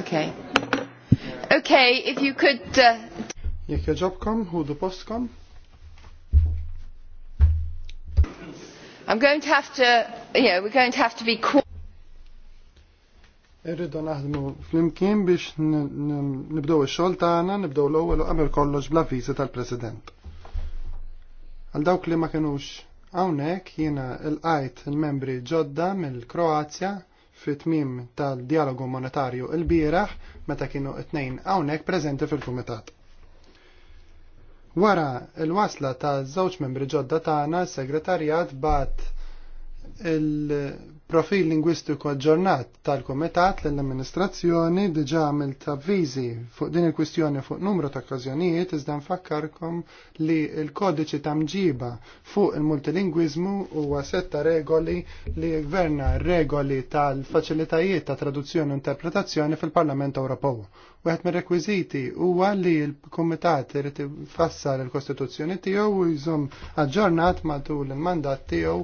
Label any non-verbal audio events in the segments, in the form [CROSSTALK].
Okay. Okay, if you could... Uh, Jek jaġobkom, du postkom. I'm going to have to, you know, we're going to have to be Irridu naħdmu flimkien biex nibdow il-xol tagħna, nibdow l-ewwel u qabel kollox bla viżi tal-President. Għal dawk li ma kinux hawnhekk jiena lqajt il-membri ġodda mill-Kroazja, fit-tmim tal-dialogu monetarju il-bieraħ meta kienu it-tnejn hawnhekk preżenti fil-kumitat. Wara il-wasla ta' żewġ membri ġodda tagħna, s-segretarjat bat il Profil lingwistiku aġġornat tal-Komitat l-Amministrazzjoni diġa għamil tabviżi fuq din il-kwistjoni fuq numru ta' okkażjonijiet iżda nfakkarkom li l-kodiċi tamġiba fuq il-multilingwiżmu huwa setta regoli li gverna regoli tal-faċilitajiet ta' traduzzjoni u interpretazzjoni fil-Parlament Ewropew. Wieħed mir-rekwiżiti huwa li l-Kumitat irid ifassar il-Kostituzzjoni tiegħu u jżomm aġġornat matul il-mandat tiegħu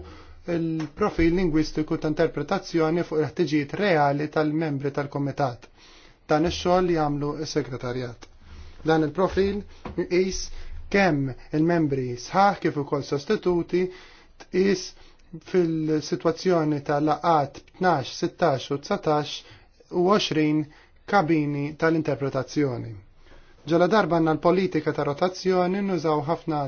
il-profil lingwistiku ta' interpretazzjoni fuq il-ħtiġijiet reali tal-membri tal-komitat. Dan ix-xogħol jagħmlu s-segretarjat. Dan il-profil jqis kemm il-membri sħaħ kif ukoll sostituti tqis fil-sitwazzjoni ta' laqat 12, 16 u 19 u 20 kabini tal-interpretazzjoni. Ġala darba għanna l-politika ta' rotazzjoni nużaw ħafna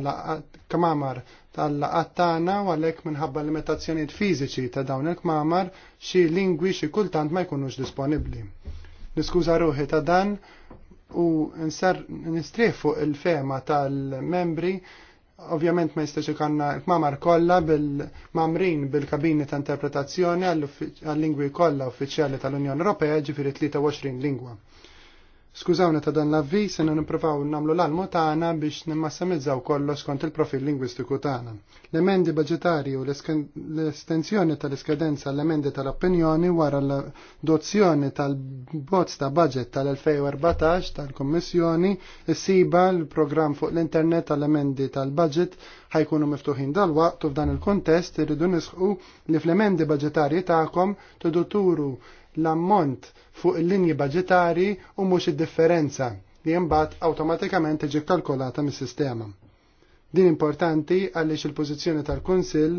kamamar tal-laqat tagħna u għalhekk minħabba limitazzjonijiet fiżiċi ta' dawn il-kmamar xi lingwi xi kultant ma jkunux disponibbli. Niskuża ruħi ta' dan u nsar nistrieħ fuq il-fema tal-membri ovvjament ma jistax ikanna kmamar kollha bil-mamrin bil-kabini ta' interpretazzjoni għall-lingwi kollha uffiċjali tal-Unjoni Ewropea ġifieri 23 lingwa. Skużawna ta' dan l-avvi, sena niprofaw namlu l-almu tagħna biex nimmassamizzaw kollox kont il-profil lingwistiku tagħna. L-emendi budgetari u l-estensjoni tal-iskadenza l-emendi tal-opinjoni wara l-dozzjoni tal-bozz ta' budget tal-2014 tal-Kommissjoni, s siba l-programm fuq l-internet tal-emendi tal-budget ħajkunu miftuħin dal-waqt u f'dan il-kontest irridu nisħu li fl-emendi budgetari tagħkom tiduturu l-ammont fuq il-linji budgetari u mhux id-differenza li mbagħad awtomatikament tiġi kalkolata mis-sistema. Din importanti għaliex il-pożizzjoni tal-Kunsill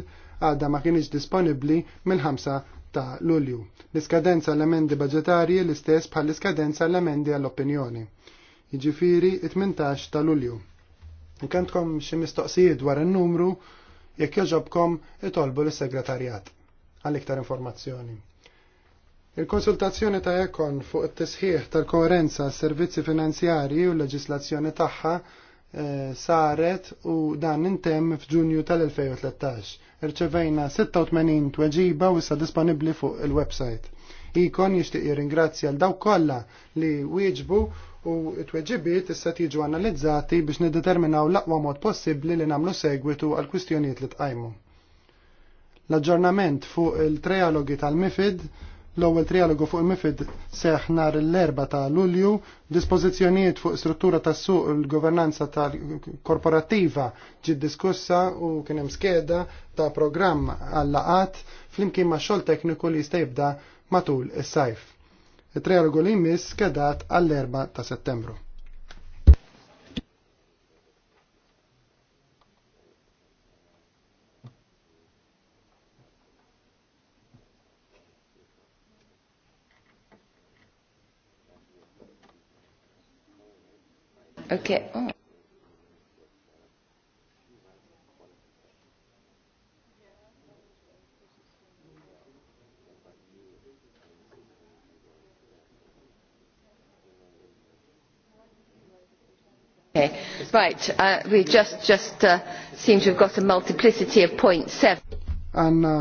għadha ma kienx disponibbli mill-5 ta' Lulju. L-iskadenza l-emendi budgetarji l-istess bħal l-iskadenza l-emendi għall-opinjoni. Jiġifieri 18 ta' Lulju. Inkantkom xi mistoqsijiet dwar in-numru jekk joġobkom itolbu l-segretarjat għal iktar informazzjoni. Il-konsultazzjoni ta' Ekon fuq it-tisħiħ tal-koerenza servizzi finanzjarji u l-leġislazzjoni tagħha eh, saret u dan intem f'Ġunju tal-2013. Irċevejna 86 tweġiba u issa disponibbli fuq il-website. Ikon jixtieq jirringrazzja l daw kollha li wieġbu u t-tweġibiet issa tiġu analizzati biex niddeterminaw l-aqwa mod possibbli li nagħmlu segwitu għal kwistjonijiet li tqajmu. L-aġġornament fuq il trealogi tal-MIFID L-ewwel trialogu fuq il-MIFID seħ nhar l-erba ta' Lulju, dispożizzjonijiet fuq struttura tas-suq il-governanza tal-korporattiva ġi diskussa u kien hemm skeda ta' programm għall-laqat flimkien ma' xogħol tekniku li jista' jibda matul is-sajf. it trialogu li jmiss skedat għall-erba ta' Settembru. Okay. Oh. Okay. Right, uh, we just, just uh, seem to have got a multiplicity of point seven. Għanna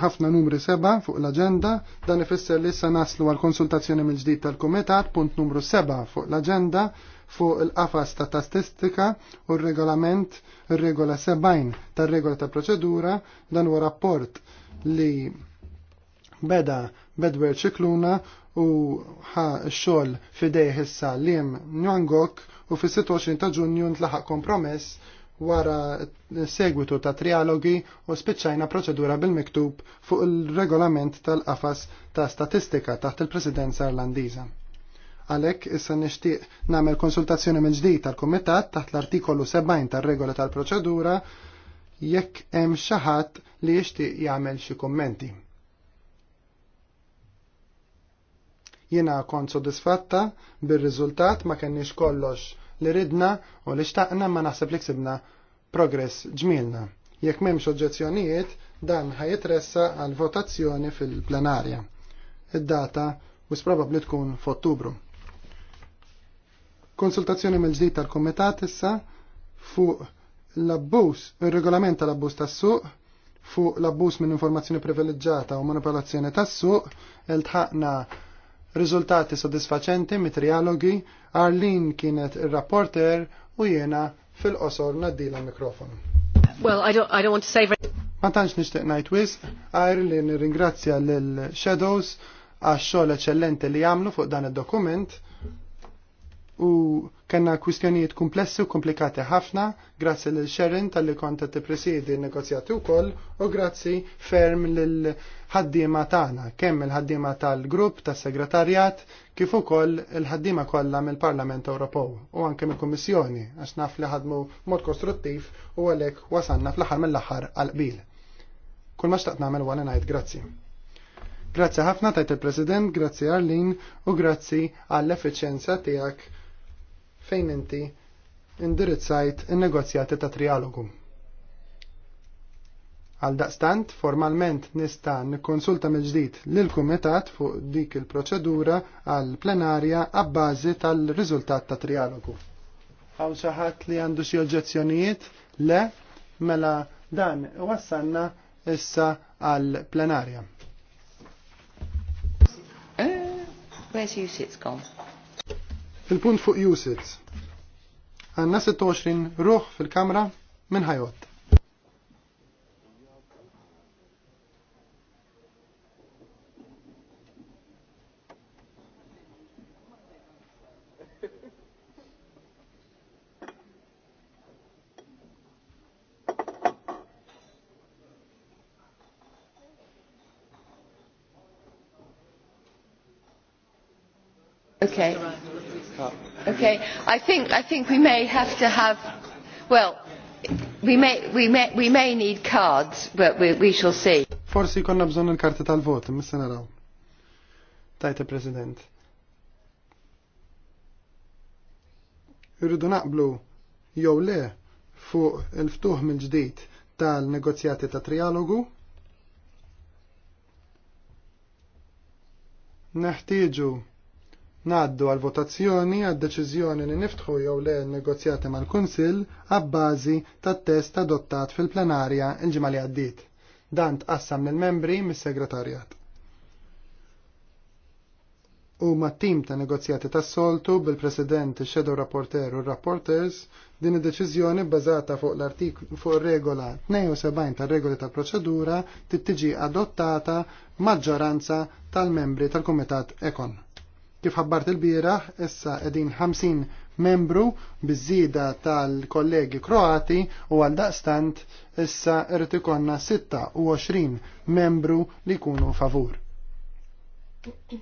ħafna numri seba fuq l-agenda, dan ifisser li sa naslu għal konsultazzjoni mill-ġdid tal komitat punt numru seba fuq l-agenda, fuq il-qafas ta' statistika u r-regolament ir-regola 70 tar-regola ta' proċedura dan huwa rapport li beda bedwer ċikluna u ħa xogħol fidejh issa jem Nwangok u fis-26 ta' Ġunju ntlaħaq kompromess wara segwitu ta' trialogi u spiċċajna proċedura bil-miktub fuq il-regolament tal-qafas ta' statistika taħt il-presidenza irlandiża. Għalhekk issa nixtieq nagħmel konsultazzjoni minn ġdid tal-Kumitat taħt l-artikolu 70 tar-regola tal-proċedura jekk hemm xi ħadd li jixtieq jagħmel xi kummenti. Jiena kont sodisfatta bir-riżultat ma kenniex kollox li ridna u li xtaqna ma naħseb li ksibna progress ġmielna. Jekk m'hemmx oġġezzjonijiet, dan ħajitressa għal votazzjoni fil-plenarja. Id-data wis probabbli tkun f'Ottubru. Konsultazzjoni mill-ġdid tal-Kumitat issa fuq l abbus ir-regolament tal abbus tas-suq fuq l abbus minn informazzjoni privileġġata u manipolazzjoni tas-suq, il-tħaqna riżultati sodisfaċenti mit-trialogi, Arlin kienet il-rapporter u jena fil-qosor naddila l-mikrofonu. Well, I don't, I don't want to say... Ma tantx nixtieq ngħid wisq, Arlin ringrazzja l Shadows għax xogħol eċċellenti li jagħmlu fuq dan id-dokument u kena kwistjonijiet komplessi u komplikati ħafna, grazzi lil Sharon tal-li konta t-presidi negozjati u koll, u grazzi ferm l ħaddima tagħna, kemm il-ħaddima tal-grupp, tas-segretarjat, kif ukoll il-ħaddima kollha mill-Parlament Ewropew u anke mill-Kummissjoni għax naf li ħadmu mod kostruttiv u għalhekk wasanna fl-aħħar mill-aħħar għal qbil. Kull ma xtaqt nagħmel wara ngħid grazzi. Grazzi ħafna tajt il-President, grazzi Arlin u grazzi għall-effiċjenza tiegħek fejn inti indirizzajt in-negozjati ta' trialogu. Għal daqstant, formalment nista' nikkonsulta mill-ġdid lill-kumitat fuq dik il-proċedura għal plenarja għabbażi tal-riżultat ta' trialogu. Għaw xaħat li għandu xi oġġezzjonijiet? Le, mela dan wassanna issa għal plenarja. Eh, where's you sit Scott? fil punt fuq usage. Għanna 26 ruħ fil-kamra minn ħajot. Okay, I think, I think we may have to have, well, we may, we may, we may need cards, but we, we shall see. Forsi konna bżon il-karti tal-vot, missa naraw. Tajta, President. Irridu naqblu jew le fuq il-ftuħ mill-ġdid tal-negozjati ta' trialogu neħtieġu Naddu għal votazzjoni għad deċiżjoni li niftħu jew le negozjati mal-Kunsill għabbażi tat-test adottat fil-plenarja il-ġimgħa li għaddiet. Dan tqassam lill-membri mis-segretarjat. U ma' tim ta' negozjati tas soltu bil-President, Shadow Rapporter u Rapporters din id-deċiżjoni bbażata fuq l-artiklu fuq regola 72 tar-regoli tal-proċedura tittiġi adottata maġġoranza tal-membri tal-Kumitat Ekon. Kif ħabbart il-bieraħ, issa edin 50 membru bizzida tal-kollegi Kroati u għal daqstant issa irrid ikonna 26 membru li jkunu favur.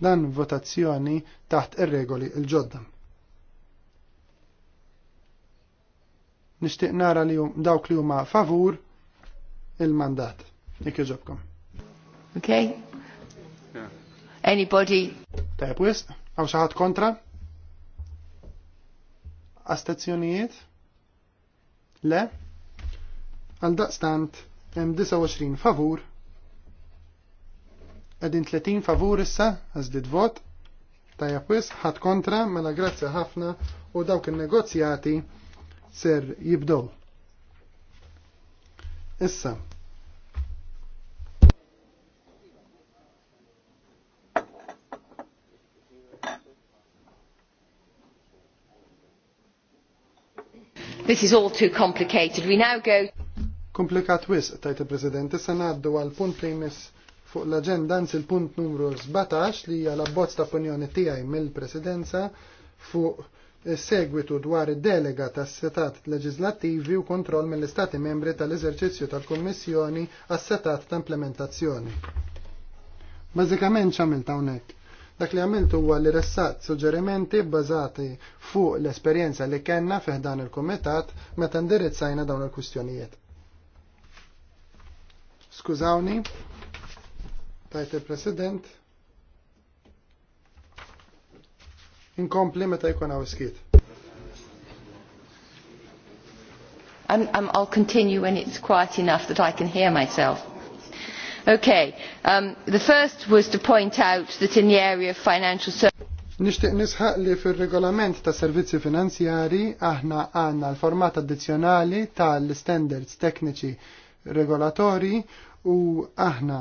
Dan votazzjoni taħt ir-regoli il-ġodda. Nixtieq nara li dawk li huma favur il-mandat. Jekk iġobkom. Okay? Anybody? Tajb wisq? Għaw xaħat kontra? Astazzjonijiet? Le? Għal daqstant, hemm 29 favur. Għedin 30 favur issa, għazdit vot. Tajja kwis, ħat kontra, mela grazzja ħafna u dawk il-negozjati ser jibdow. Issa, This is all too complicated. We now go... Komplikat wis, tajt il-President, issa naddu għal punt li jmiss fuq l-agenda, nsi l-punt numru 17 li hija l-abbozz ta' opinjoni tiegħi mill-Presidenza fuq segwitu dwar id-delega tas setat legislativi u kontroll mill-Istati membri tal-eżerċizzju tal-Kommissjoni għas setat ta' implementazzjoni. Bażikament x'għamilt hawnhekk. Dak li għamilt huwa li ressaqt suġġerimenti bbażati fuq l-esperjenza li kellna fih dan il-kumitat meta sajna dawn il-kwistjonijiet. Skużawni, tajt il-President, inkompli meta jkun hawn I'm, I'm, I'll continue when it's quiet enough that I can hear myself. Okay. Um, the first was to point out that in the area of financial services Nishtiq nisħaq li fil-regolament ta' servizzi finanzjari aħna għanna l-format addizjonali tal-standards tekniċi regolatori u aħna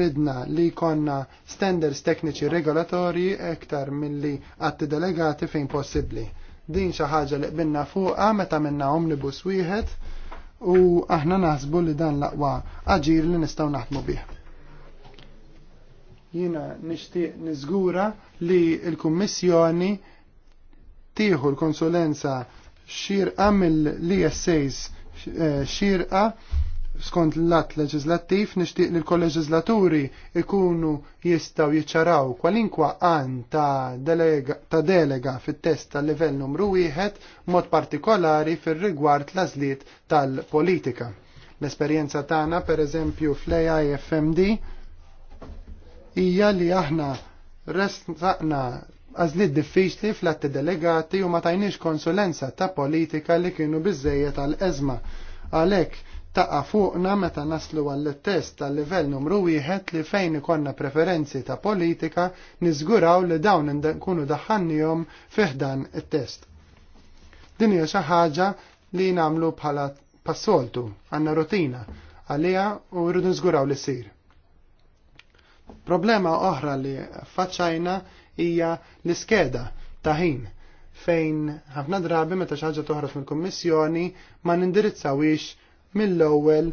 ridna li konna standards tekniċi regolatori ektar mill-li għatti delegati fejn possibli. Din xi ħaġa li qbilna fuqha meta minna omnibus wieħed u aħna naħsbu li dan l-aqwa aġir li nistgħu naħdmu bih. Jiena nixtieq niżgura li l-Kummissjoni tieħu l-konsulenza xirqa mill jessejs eh, xirqa skont l-att leġislattiv nixtieq li l-kolleġislaturi ikunu jistaw jiċċaraw kwalinkwa għan ta' delega, ta delega fit-test tal livell numru wieħed mod partikolari fir-rigward l-azliet tal-politika. L-esperjenza tagħna pereżempju fl-AIFMD hija li aħna restaqna għazliet diffiċli fl-atti delegati u ma tajniex konsulenza ta' politika li kienu biżejjed tal-eżma. Għalhekk taqa' fuqna meta naslu għall-test tal-livell numru wieħed li fejn ikonna preferenzi ta' politika niżguraw li dawn nkunu daħannihom fiħdan it-test. Din hija xi ħaġa li nagħmlu bħala passoltu, għandna rutina għalija u rridu nżguraw li sir. Problema oħra li faċċajna hija l-iskeda ta' ħin fejn ħafna drabi meta xi ħaġa toħroġ mill-Kummissjoni ma nindirizzawix mill-ewwel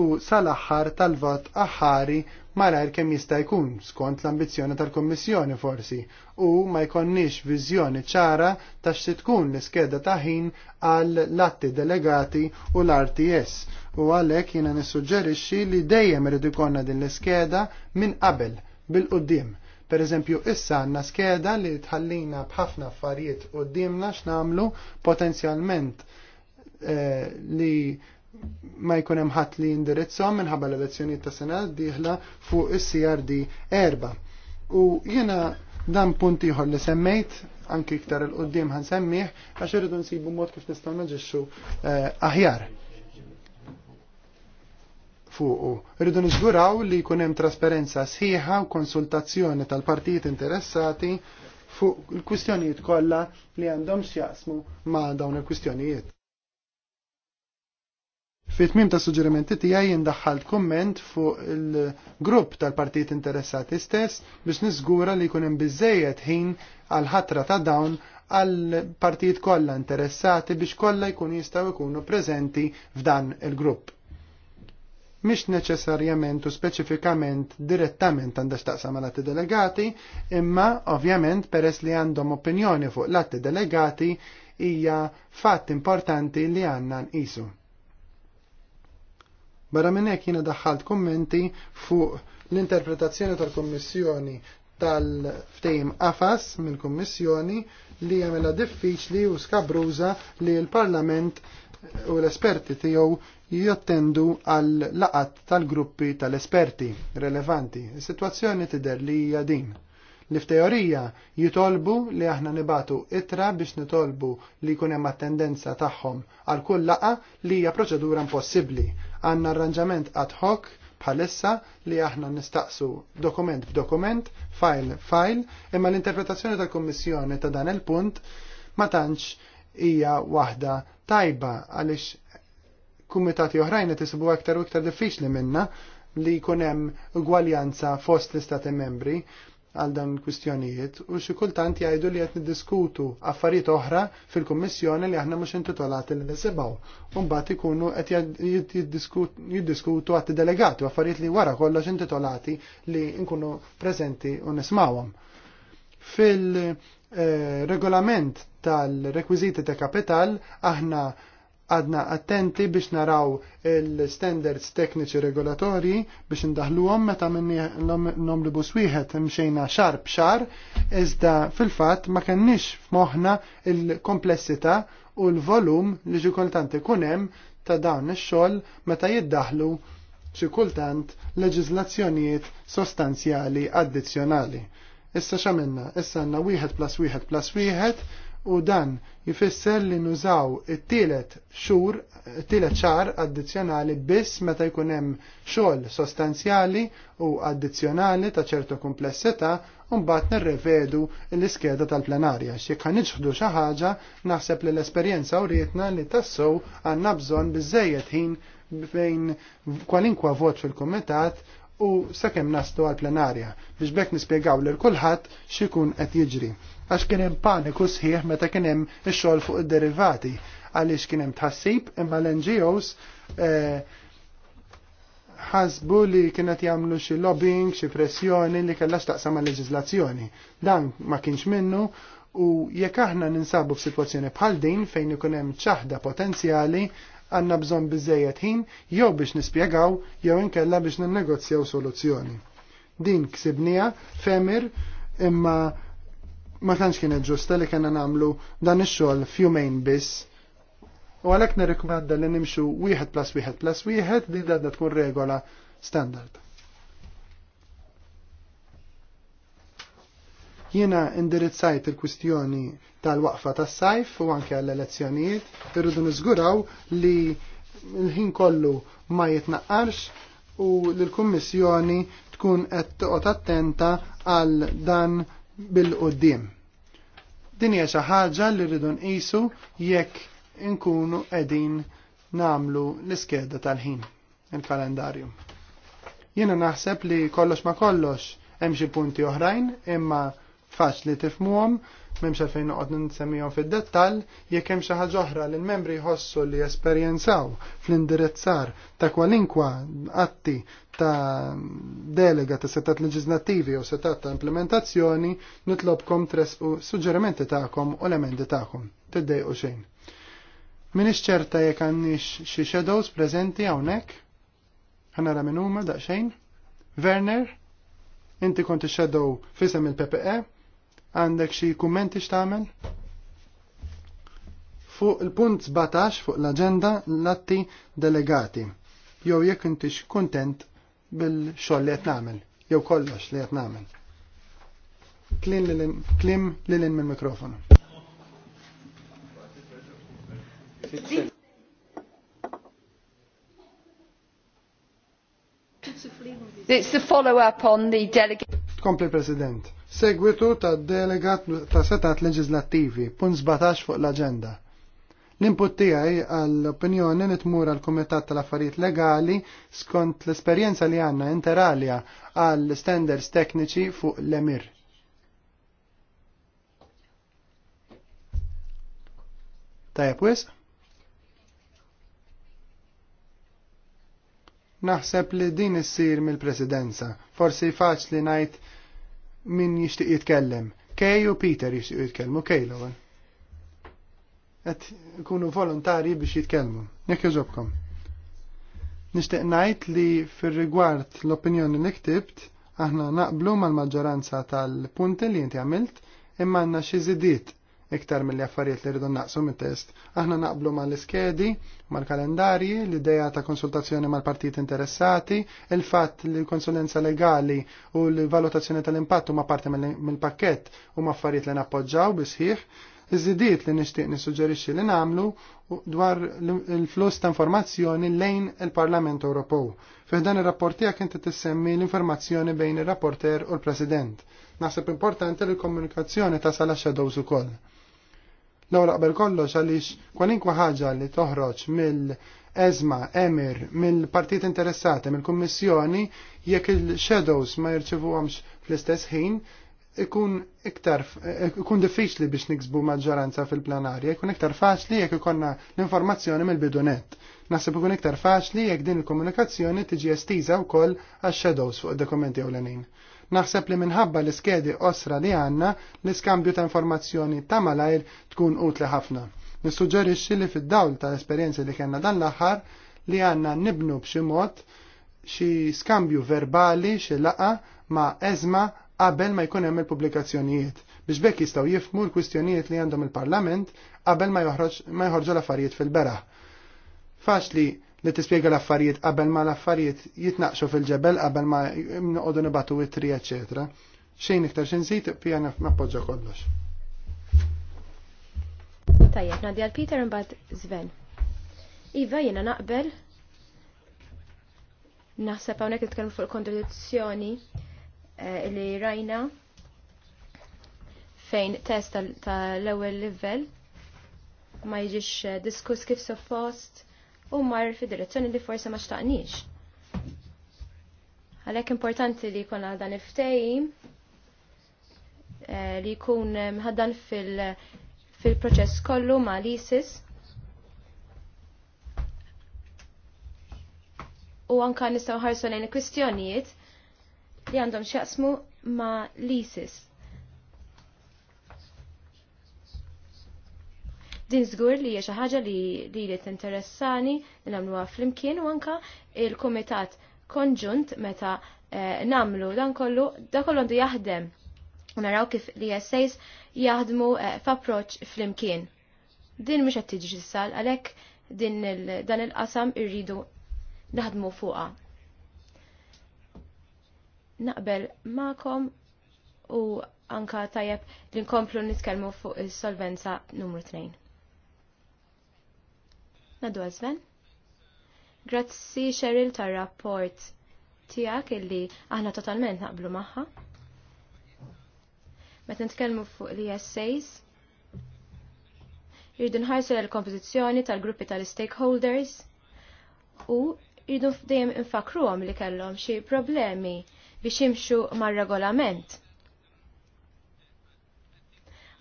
u sal-aħħar tal-vot aħħari malajr kemm jista' jkun skont l-ambizzjoni tal kummissjoni forsi u ma jkonniex viżjoni ċara ta' xi tkun l-iskeda ta' ħin għal l-atti delegati u l-RTS u għalhekk jiena nissuġġerixxi li dejjem irid ikollna din l-iskeda minn qabel bil-qudiem. Per eżempju, issa għanna skeda li tħallina bħafna affarijiet u dimna x'namlu potenzjalment eh, li ma jkun hemm ħadd li jindirizzhom minħabba l-elezzjonijiet ta' sena diħla fuq is-CRD erba. U jiena dan punt ieħor li semmejt anki iktar il-qoddim ħan semmiħ għax irridu nsibu mod kif nistgħu naġixxu eh, aħjar fuqu. Irridu niżguraw li jkun hemm trasparenza sħiħa u konsultazzjoni tal-partijiet interessati fuq il-kwistjonijiet kollha li għandhom x'jaqsmu ma' dawn il-kwistjonijiet. Fitmim tmim ta' suġġerimenti tiegħi jindaħħalt komment fuq il-grupp tal-partit interessati stess biex niżgura li jkun hemm biżejjed ħin għal ħatra ta' dawn għal partijiet kollha interessati biex kollha jkun jistgħu jkunu preżenti f'dan il-grupp. Mhix neċessarjament u speċifikament direttament għandax taqsam għal atti delegati, imma ovvjament peress li għandhom opinjoni fuq l-atti delegati hija fatt importanti li għandna nqisu. Barra minn hekk jiena daħħalt kummenti fuq l-interpretazzjoni tal-Kummissjoni tal ftejm afas mill-Kummissjoni li jagħmilha diffiċli u skabruża li l-Parlament u l-esperti tiegħu jottendu għal laqat tal-gruppi tal-esperti relevanti. Is-sitwazzjoni tidher li hija din li f'teorija jitolbu li aħna nibatu itra biex nitolbu li jkun hemm attendenza tagħhom għal kull laqa li hija proċedura impossibbli Għanna arranġament ad hoc bħalissa li aħna nistaqsu dokument b'dokument, file file, imma l-interpretazzjoni tal-Kommissjoni ta' dan il-punt ma tantx hija waħda tajba għaliex kumitati oħrajn qed isibu aktar u aktar diffiċli minna li jkun hemm ugwaljanza fost l-istati membri għal dan il-kwistjonijiet u xi kultant jgħidu li qed niddiskutu affarijiet oħra fil-Kummissjoni li aħna mhux intitolati li nisibgħu. U mbagħad ikunu qed jiddiskutu għat delegati u affarijiet li wara kollox intitolati li nkunu preżenti u nismawhom. Fil-regolament eh, tal-rekwiziti ta' kapital aħna għadna attenti biex naraw il-standards tekniċi regolatori biex ndaħluhom meta minni l-omlibus wieħed mxejna xar b'xar, iżda fil-fatt ma kenniex f'moħħna il-komplessità u l-volum li ġi kultant ikun hemm ta' dawn ix-xogħol meta jiddaħlu xi kultant leġiżlazzjonijiet sostanzjali addizzjonali. Issa xamenna, issa għanna 1 plus 1 plus 1 u dan jifisser li nużaw it-tielet xhur, it-tielet xar addizzjonali biss meta jkun hemm xogħol sostanzjali u addizzjonali ta' ċertu komplessità u mbagħad nirrevedu l-iskeda tal-plenarja. X'jekk ħa niġħdu xi ħaġa, naħseb li l-esperjenza urietna li tassew għandna bżonn biżejjed ħin fejn kwalinkwa vot fil-kumitat u sakemm nastu għal-plenarja biex bekk nispjegaw lil kulħadd x'ikun qed jiġri għax kien hemm paniku sħiħ meta kien hemm ix-xogħol fuq id-derivati għaliex kien hemm tħassib imma l-NGOs eh, ħasbu li kienet jagħmlu xi lobbying, xi pressjoni li kellax taqsam ma' leġiżlazzjoni. Dan ma kienx minnu u jekk aħna ninsabu f'sitwazzjoni bħal din fejn ikun hemm ċaħda potenzjali għandna bżonn biżejjed ħin jew biex nispjegaw jew inkella biex ninnegozjaw soluzzjoni. Din ksibnija femir imma ma tantx kienet ġusta li kena namlu dan ix-xogħol f'jumejn biss. U għalhekk nirrikomanda li nimxu wieħed plus wieħed plus wieħed li dadda tkun regola standard. Jiena indirizzajt il-kwistjoni tal-waqfa tas-sajf u anke għall-elezzjonijiet irridu niżguraw li l-ħin kollu ma jitnaqqarx u l-Kummissjoni tkun qed toqgħod attenta għal dan bil-qoddim. Din hija xi ħaġa li rridu nqisu jekk inkunu qegħdin namlu l-iskeda tal-ħin, il-kalendarju. Jiena naħseb li kollox ma kollox hemm xi punti oħrajn imma faċli tifmuhom memx għalfejn noqgħod nsemmihom fid-dettall jekk hemm xi ħaġa oħra li l-membri jħossu li esperjenzaw fl-indirizzar ta' kwalinkwa atti ta' delega ta' setat leġislattivi u setat ta' implementazzjoni nitlobkom tresqu suġġerimenti tagħkom u l-emendi tagħkom. Tiddejqu xejn. Minix ċerta jekk għannix xi shadows preżenti hawnhekk? Ħanara minn huma daqsxejn? Werner, inti konti shadow fisem il-PPE, għandek xie kummenti xtaħmel? Fuq il-punt 17 fuq l agenda l-atti delegati. Jow jek inti kuntent bil-xogħol li qed Jow jew kollox li qed nagħmel. Klim lilin mill-mikrofonu. It's a follow-up on the delegate. Tkompli President. Segwitu ta' delegat ta' setat leġislattivi, punt 17 fuq l-agenda. L-input tiegħi għall-opinjoni li tmur għall-Kumitat tal-Affarijiet Legali skont l-esperjenza li għandna interalja għall standards tekniċi fuq l-Emir. Tajab wisq? Naħseb li din issir mill-presidenza. Forsi faċli ngħid min jixtieq jitkellem. Kej u Peter jixtieq jitkellmu kej l-ewwel. Qed ikunu volontari biex jitkellmu. Jekk jogħġobkom. Nixtieq ngħid li fir-rigward l-opinjoni li ktibt aħna naqblu mal-maġġoranza tal-punti li inti għamilt imma għandna xi żidiet iktar mill affarijiet li rridu naqsu mit-test. Aħna naqblu mal-iskedi, mal-kalendarji, l-ideja ta' konsultazzjoni mal-partijiet interessati, il-fatt li l-konsulenza legali u l-valutazzjoni tal-impatt huma parti mill-pakket u ma' affarijiet li nappoġġaw bisħiħ. Iż-żidiet li nixtieq nissuġġerixxi li nagħmlu dwar il-flus ta' informazzjoni lejn il-Parlament Ewropew. F'dan ir-rapport tiegħek inti tissemmi l-informazzjoni bejn ir-rapporter u l-President. Naħseb importanti li l-komunikazzjoni tasal għax shadows ukoll. L-ewwel qabel kollox għaliex kwalinkwa ħaġa li toħroġ mill ezma, emir, mill-partit interessati, mill kummissjoni jekk il-shadows ma jirċivuhomx fl-istess ħin, ikun iktar, eh, eh, ikun diffiċli biex niksbu maġġoranza fil-planarja, ikun iktar faċli jekk ikonna l-informazzjoni mill-bidunet. Nasib ikun iktar faċli jekk din il-komunikazzjoni tiġi estiża wkoll għax-shadows fuq id-dokumenti ewlenin. Naħseb li minħabba l-iskedi osra li għanna l-iskambju ta' informazzjoni ta' malajr tkun utli ħafna. Nissuġġerixxi li fid-dawl ta' esperjenzi li kellna dan l-aħħar li għanna nibnu b'xi mod xi skambju verbali xi laqa ma' eżma qabel ma jkun hemm il-pubblikazzjonijiet biex bekk jistgħu jifmu l-kwistjonijiet li għandhom il-Parlament qabel ma jħorġu l-affarijiet fil-beraħ. Faċli li tispiega l-affarijiet qabel ma l-affarijiet jitnaqxu fil-ġebel qabel ma noqogħdu nibatu it-tri, eċetera. Xejn iktar xejn żid pjana nappoġġa kollox. Tajjeb, nadi għal Peter mbagħad Sven. Iva jiena naqbel naħseb hawnhekk nitkellmu fuq il-kontradizzjoni eh, li rajna fejn test tal-ewwel livell ma jiġix eh, diskuss kif suppost u mar fi direzzjoni li forse ma xtaqniex. Għalhekk importanti li jkun dan il-ftejim eh, li jkun eh, ħaddan fil-proċess kollu ma l-ISIS. U anka nistgħu ħarsu lejn kwistjonijiet li għandhom x'jaqsmu ma l-ISIS. Din żgur li hija xi ħaġa li li li tinteressani li nagħmluha flimkien u anka il-kumitat konġunt meta eh, namlu dan kollu dan kollu għandu jaħdem u naraw kif li essays jaħdmu eh, f'approċċ flimkien. Din mhux qed tiġi sal għalhekk din dan il-qasam irridu naħdmu fuqha. Naqbel ma'kom u anka tajjeb li nkomplu nitkellmu fuq is-solvenza numru 2. Nadu għazven. Grazzi Cheryl tar rapport tijak illi aħna totalment naqblu maħħa. Met nitkellmu fuq li essays. Irridu nħarsu l-kompozizjoni tal-gruppi tal-stakeholders u irridu fdejjem infakruhom li kellhom xi problemi biex jimxu mar-regolament.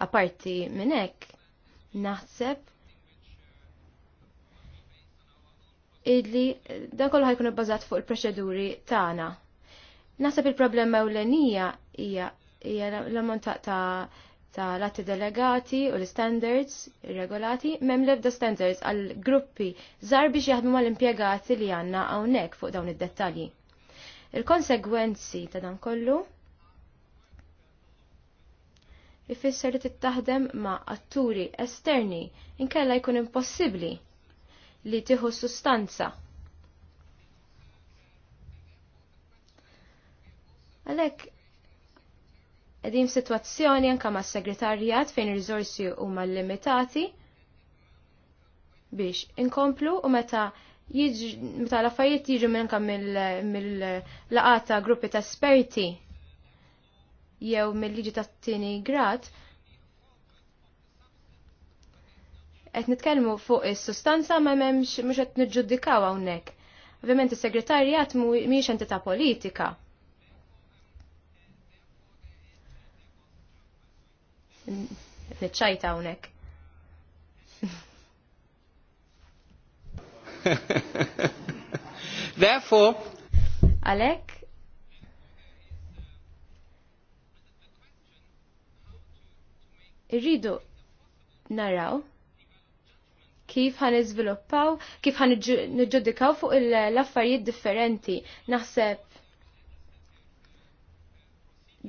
Aparti minn hekk, naħseb illi dan kollu ħajkun ibbażat fuq il-proċeduri tagħna. Nasab il-problema ewlenija hija hija l-ammont ta' ta' latti delegati u l-standards regolati mem lebda standards għal gruppi żar biex jaħdmu mal-impjegati li għanna hawnhekk fuq dawn id-dettalji. Il-konsegwenzi ta' dan kollu ifisser li tittaħdem ma' atturi esterni inkella jkun impossibbli li tieħu sustanza. Għalhekk qegħdin situazzjoni anke mas-segretarjat fejn ir-riżorsi huma limitati biex inkomplu u meta meta l-affarijiet jiġu minn mill-laqata gruppi ta' esperti jew mill-liġi ta' tieni grat, qed nitkellmu fuq is-sustanza ma m'hemmx mhux qed niġġudikaw hawnhekk. Ovvjament is-segretarjat mhijiex entità politika. Niċċajta hawnhekk. [LAUGHS] Therefore, Alek, irridu naraw kif ħan iżviluppaw, kif ħan niġġudikaw fuq l-affarijiet differenti. Naħseb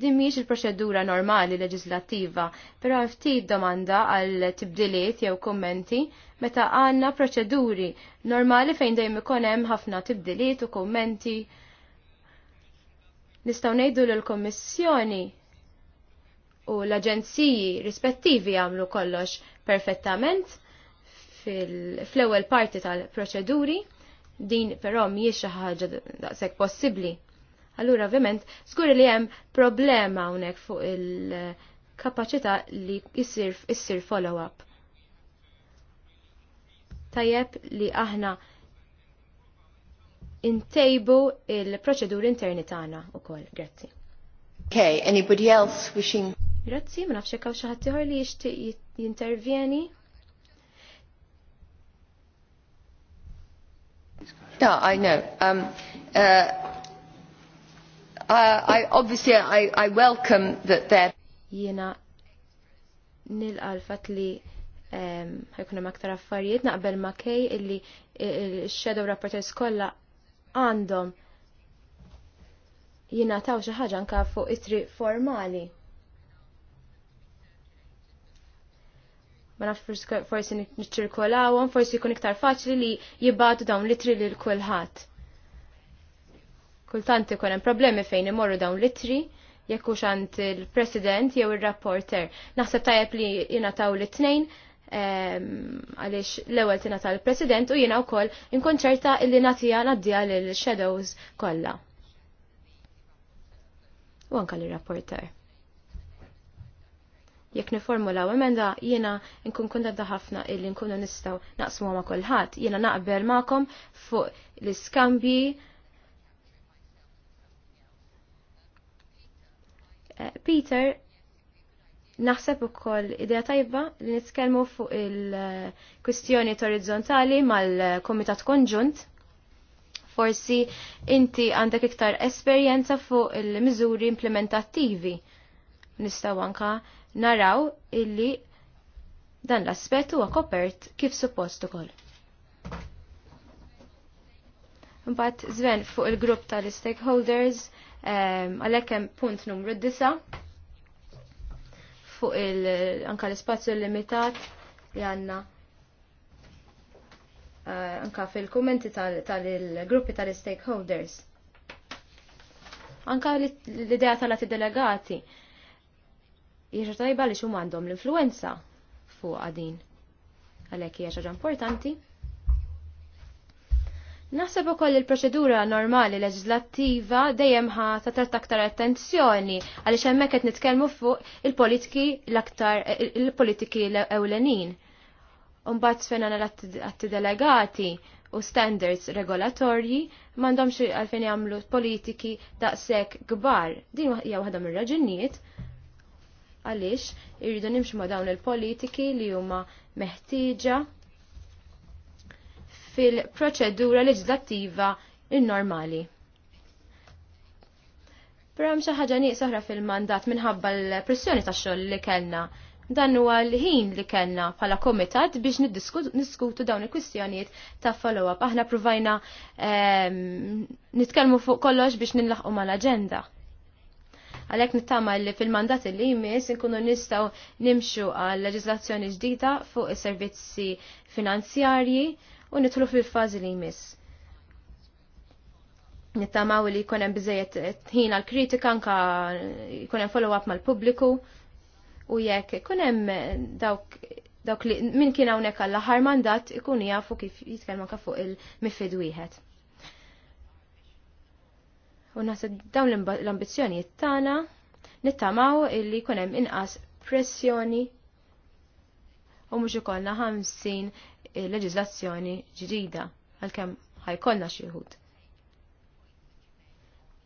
din miex il-proċedura normali leġislattiva, però ftit domanda għal tibdiliet jew kommenti meta għanna proċeduri normali fejn dejjem ikun hemm ħafna tibdiliet u kommenti. Nistgħu ngħidu l kommissjoni u l-aġenziji rispettivi jagħmlu kollox perfettament fl-ewwel parti tal-proċeduri, din però mhijiex xi ħaġa daqshekk possibbli. Allura ovvjament skur li hemm problema hawnhekk fuq il-kapaċità li issir follow-up. Tajjeb li aħna intejbu il-proċeduri interni tagħna ukoll. Grazzi. Okay, anybody else wishing? Grazzi, ma nafx hekk xi ħadd li jixtieq jintervjeni. No, I know. Um, uh, I, uh, I obviously I, I welcome that there. Jena nil-għalfat li um, ħajkun hemm aktar affarijiet naqbel ma' kej illi il-shadow rapporters kollha għandhom jingħataw xi ħaġa anke fuq itri formali. ma nafx forsi niċċirkolawhom, forsi jkun iktar faċli li jibgħatu dawn litri lil kulħadd. Kultant ikun hemm problemi fejn imorru dawn litri jekk hux għand il-President jew ir-rapporter. Naħseb tajjeb li jingħataw l-tnejn għaliex l-ewwel tingħata l-President u jiena wkoll inkonċerta illi nagħtiha ngħaddiha lil shadows kollha. U anka l-rapporter. Jekk niformulaw emenda jiena nkun kontenta ħafna illi nkunu nistgħu naqsmu ma' kulħadd. Jiena naqbel magħkom fuq l-iskambji eh, Peter naħseb ukoll idea tajba li nitkellmu fuq il-kwistjoni orizzontali mal-Komitat Konġunt. Forsi inti għandek iktar esperjenza fuq il-miżuri implementattivi. Nistaw anka naraw illi dan l-aspett huwa kopert kif suppost ukoll. Mbagħad żven fuq il-grupp tal-stakeholders ehm, għalhekk hemm punt numru 9 fuq il anka l-ispazju limitat li għandna. uh, anka fil-kommenti kummenti tal tal-stakeholders. Anka l-idea tal-għati delegati jiexa tajba li xum għandhom l-influenza fuq għadin. Għalhekk hija ħaġa importanti. Naħseb ukoll il-proċedura normali leġislattiva dejjem ħa ta' tratta aktar attenzjoni għaliex hemmhekk qed nitkellmu fuq il-politiki l-aktar il-politiki ewlenin. Umbagħad sfena l-atti delegati u standards regolatorji m'għandhomx għalfejn jagħmlu politiki daqshekk kbar. Din hija waħda mir-raġunijiet għaliex irridu nimxu ma' dawn il-politiki li huma meħtieġa fil-proċedura leġislattiva normali. Però hemm xi ħaġa soħra fil-mandat minħabba l-pressjoni tax-xogħol li kellna. Dan huwa l-ħin li kellna bħala komitat biex niskutu dawn il-kwistjonijiet ta' follow-up. Aħna provajna ehm, nitkellmu fuq kollox biex ninlaħqu mal-aġenda. Għalhekk nittama li fil-mandat li jmiss inkunu nistgħu nimxu għal leġislazzjoni ġdida fuq is-servizzi finanzjarji u nidħlu fil-fażi li jmiss. Nittamaw li jkun hemm biżejjed ħin għal kritika anka jkun hemm follow-up mal-pubbliku u jekk ikun hemm dawk dawk li min kien hawnhekk għall aħħar mandat ikun jafu kif jitkellmu fuq il-mifid wieħed. U naħseb dawn l-ambizzjonijiet tagħna nittamaw illi jkun hemm inqas pressjoni u mhux ikollna 50 eh, leġiżlazzjoni ġdida għalkemm ħajkollna xi wħud.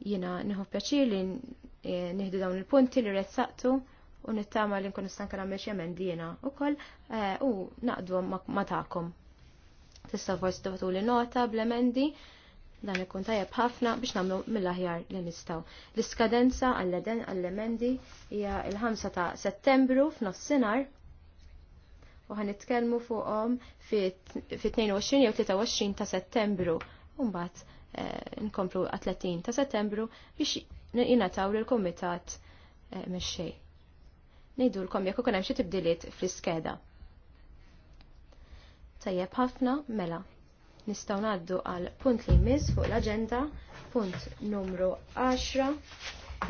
Jiena nieħu pjaċir li eh, nieħdu dawn il-punti li ressaqtu u nittama li nkun nistanka nagħmel xi emendi jiena wkoll eh, u naqdu ma tagħkom. Tista' forsi tuħtu li nota bl-emendi Dan ikun tajjeb ħafna biex nagħmlu mill-aħjar li nistgħu. L-iskadenza għall-eden għall-emendi hija il-5 ta' Settembru f'nofsinhar u ħanitkellmu fuqhom fi 22 jew 23 ta' Settembru. Mbagħad eh, nkomplu 30 ta' Settembru biex jingħataw lill-kumitat eh, mexxej. Ngħidulkom jekk ikun hemm xi tibdiliet fl-iskeda. Tajjeb ħafna mela Nistgħu ngħaddu għal punt li jmiss fuq l-aġenda, punt numru 10,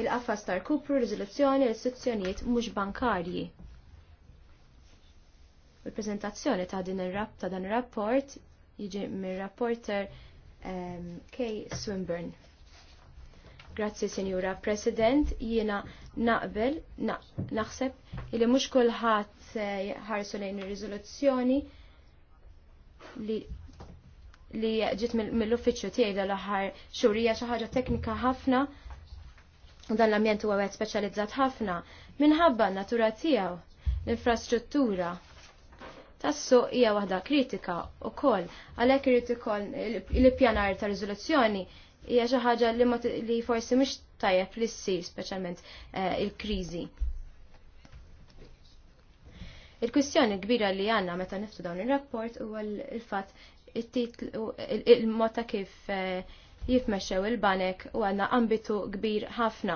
il-qafas tal-kupru riżoluzzjoni l-istituzzjonijiet mhux bankarji. Il-preżentazzjoni ta' din ta' dan ir-rapport jiġi mir-rapporter um, Kay Swinburne. Grazzi, Sinjura President, jiena naqbel, na, naħseb li mhux kulħadd ħarsu lejn ir-riżoluzzjoni li li ġiet mill-uffiċċju tiegħi dal-aħħar xhur hija xi ħaġa teknika ħafna u dan l-ambjent huwa wieħed speċjalizzat ħafna minħabba n-natura tiegħu l-infrastruttura tas-suq hija waħda kritika wkoll għalhekk irid ikoll l-ippjanar ta' riżoluzzjoni hija xi ħaġa li forsi mhux tajjeb li ssir speċjalment eh, il-kriżi. Il-kwistjoni kbira li għanna meta niftu dawn ir rapport huwa l-fatt il-mod ta' kif eh, jifmexxew il-banek u għandna ambitu kbir ħafna.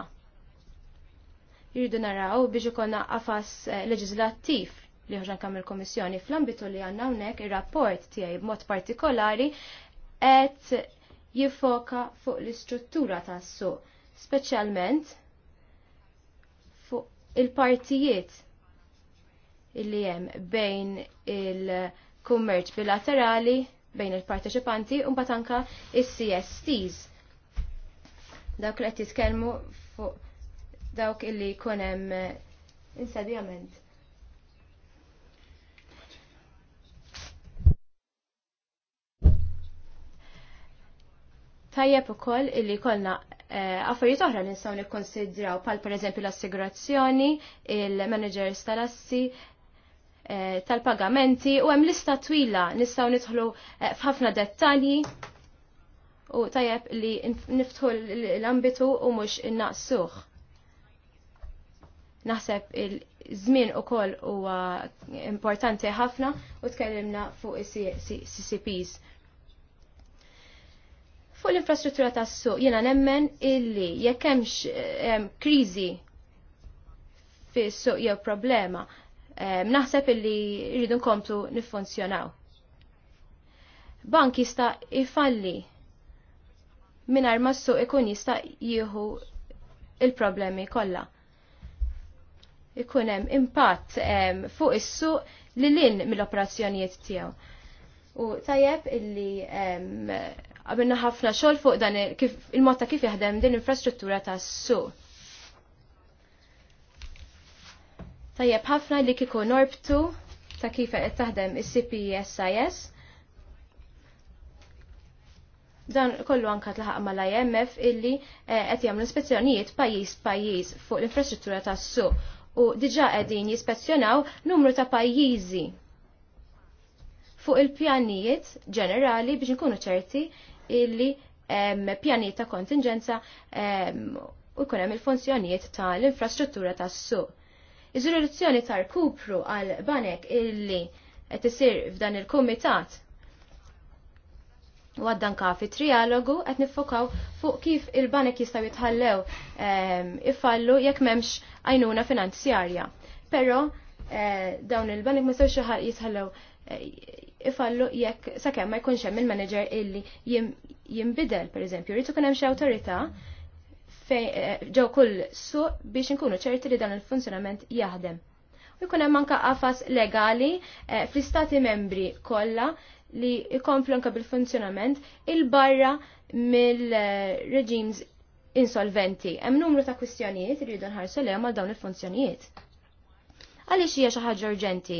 Jridu naraw biex ikonna għafas eh, leġislattiv li ħoġan kam il-Komissjoni fl-ambitu li għanna unnek il-rapport tiegħi b'mod partikolari qed jiffoka fuq l-istruttura tas-suq, speċjalment fuq il-partijiet illi hemm bejn il-kummerċ bilaterali bejn il-parteċipanti u mbagħad il is-CSTs. Dawk li qed jitkellmu fuq dawk illi jkun hemm eh, insedjament. Tajjeb ukoll illi kollna eh, affarijiet oħra li nistgħu nikkonsidraw per pereżempju l-assigurazzjoni, il-managers tal-assi, Eh, tal-pagamenti u hemm lista twila nistgħu nidħlu eh, f'ħafna dettalji u tajjeb li niftħu l-ambitu u mhux innaqsuh. Naħseb il-żmien ukoll huwa importanti ħafna u tkellimna fuq is-CCPs. Fuq l-infrastruttura tas-suq jiena nemmen illi jekk hemmx eh, kriżi fis-suq jew problema naħseb illi jridu nkomplu nifunzjonaw. Bank jista' ifalli mingħajr ma suq ikun jista' jieħu il-problemi kollha. Ikun hemm impatt fuq is-suq li lin mill-operazzjonijiet tiegħu. U tajjeb illi għamilna ħafna xogħol fuq dan kif il-mod ta' kif jaħdem din l-infrastruttura tas-suq. Tajjeb ħafna li kiku norbtu ta' kif qed taħdem is-CPSIS. Dan kollu anka tlaħaq mal-IMF illi eh, qed jagħmlu ispezzjonijiet pajjiż pajjiż fuq l-infrastruttura tas-suq u diġà qegħdin jispezzjonaw numru ta' pajjiżi fuq il-pjanijiet ġenerali biex nkunu ċerti illi pjanijiet ta' kontingenza u jkun hemm il-funzjonijiet tal-infrastruttura tas-suq. Iżoluzzjoni tar kupru għal banek illi qed isir f'dan il-kumitat u għaddanka fi trialogu qed nifokaw fuq kif il-banek jistgħu jitħallew ehm, ifallu jekk m'hemmx għajnuna finanzjarja. Però eh, dawn il-banek ma sewx jitħallew eh, ifallu jekk sakemm ma jkunx hemm il-manager illi jimbidel pereżempju, rridu ikun hemm xi awtorità Eh, ġew kull suq biex inkunu ċerti li dan il-funzjonament jaħdem. U jkun hemm anke qafas legali eh, fl-istati membri kollha li jkomplu anke bil-funzjonament il-barra mill-reġims insolventi. Hemm numru ta' kwistjonijiet li jridu nħarsu lehom għal dawn il-funzjonijiet. Għaliex hija xi ħaġa urġenti?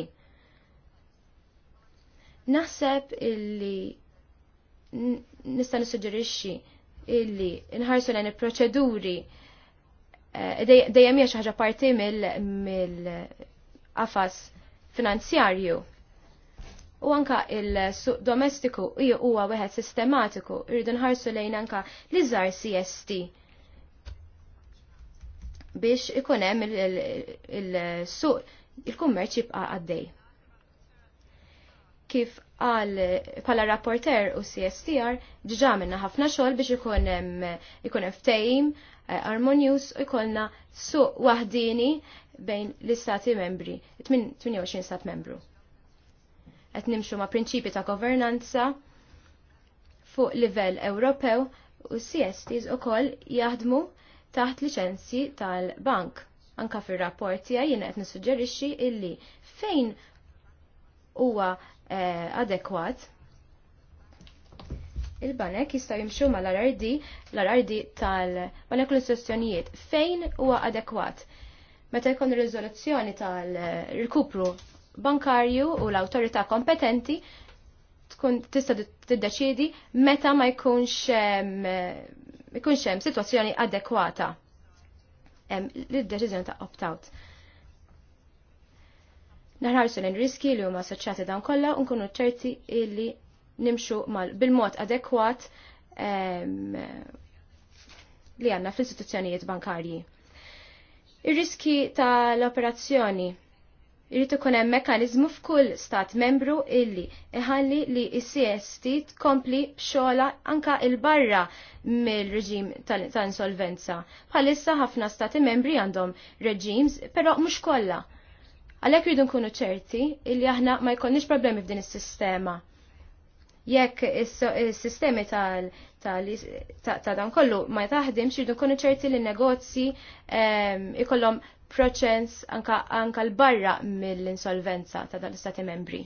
Naħseb illi nista' nissuġġerixxi illi nħarsu l il-proċeduri eh, dejjem hija ħaġa parti mill-qafas finanzjarju. U anka il-suq domestiku huwa wieħed sistematiku, irridu nħarsu lejn anka l żar CST biex ikun hemm il-suq il-kummerċ jibqa' għaddej kif għal pala rapporter u CSTR ġiġa minna ħafna xogħol biex ikun ikun ftehim eh, armonjus u jkollna su wahdini bejn l-istati membri, 28 stat membru. Qed nimxu ma' prinċipi ta' governanza fuq livell Ewropew u CSTs ukoll jaħdmu taħt liċenzji tal-bank. Anka fir-rapport tiegħi jien qed nissuġġerixxi illi fejn huwa Eh, adekwat. Il-banek jista' jimxu ma l-arardi, l-arardi tal-banek l-istituzzjonijiet fejn huwa adekwat. Meta jkun riżoluzzjoni tal-rikupru bankarju u l-awtorità kompetenti tkun tista' tiddeċiedi meta ma jkunx hemm situazzjoni adekwata. Hemm l-deċiżjoni ta' opt-out naħarsu l-riski li huma assoċjati dan kollha u nkunu ċerti illi nimxu bil-mod adekwat li għanna fl-istituzzjonijiet bankarji. Ir-riski tal-operazzjoni irrid ikun hemm mekkaniżmu f'kull stat membru illi iħalli li s-CST tkompli b'xogħla anka il barra mill-reġim tal-insolvenza. Bħalissa ħafna stati membri għandhom reġims, però mhux kollha Għalhekk rridu nkunu ċerti illi aħna ma jkollniex problemi f'din is-sistema. Jekk is-sistemi tal ta' dan kollu ma jtaħdimx rridu nkunu ċerti li negozji ehm, ikollhom proċens anka l-barra mill-insolvenza ta' dal istati membri.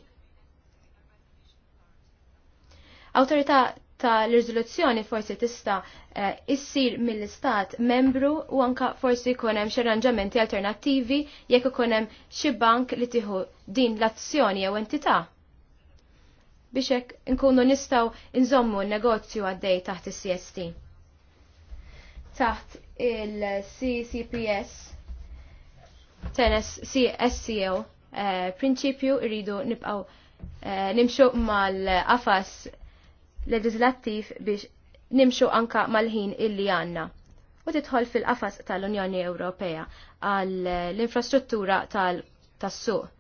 Autorità ta' l-rizoluzzjoni forsi tista' eh, issir mill-istat membru u anka forsi jkun hemm xi arranġamenti alternattivi jekk ikun hemm xi bank li tieħu din l-azzjoni jew entità. Biex hekk inkunu nistgħu nżommu n-negozju għaddej taħt is-CST. Taħt il-CCPS tenes CSCO eh, prinċipju rridu nibqgħu eh, nimxu mal-qafas leġislattiv biex nimxu anka mal-ħin illi għanna u titħol fil-qafas tal-Unjoni Ewropea għal l-infrastruttura tal-suq.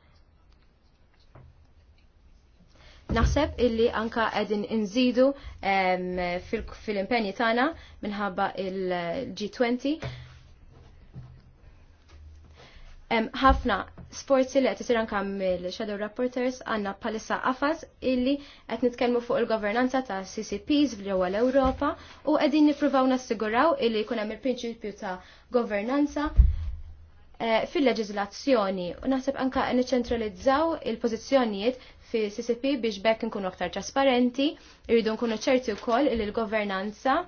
Naħseb illi anka għedin inżidu fil-impenji tagħna minħabba il-G20 ħafna sforzi li qed isir mill-Shadow Rapporters għandna bħalissa qafas illi qed nitkellmu fuq il-governanza ta' CCPs ġewwa l-Ewropa u qegħdin nippruvaw nassiguraw illi jkun hemm il-prinċipju ta' governanza eh, fil-leġiżlazzjoni u naħseb anka niċċentralizzaw il-pożizzjonijiet fi CCP biex bekk nkunu aktar trasparenti, irridu nkunu ċerti wkoll li l-governanza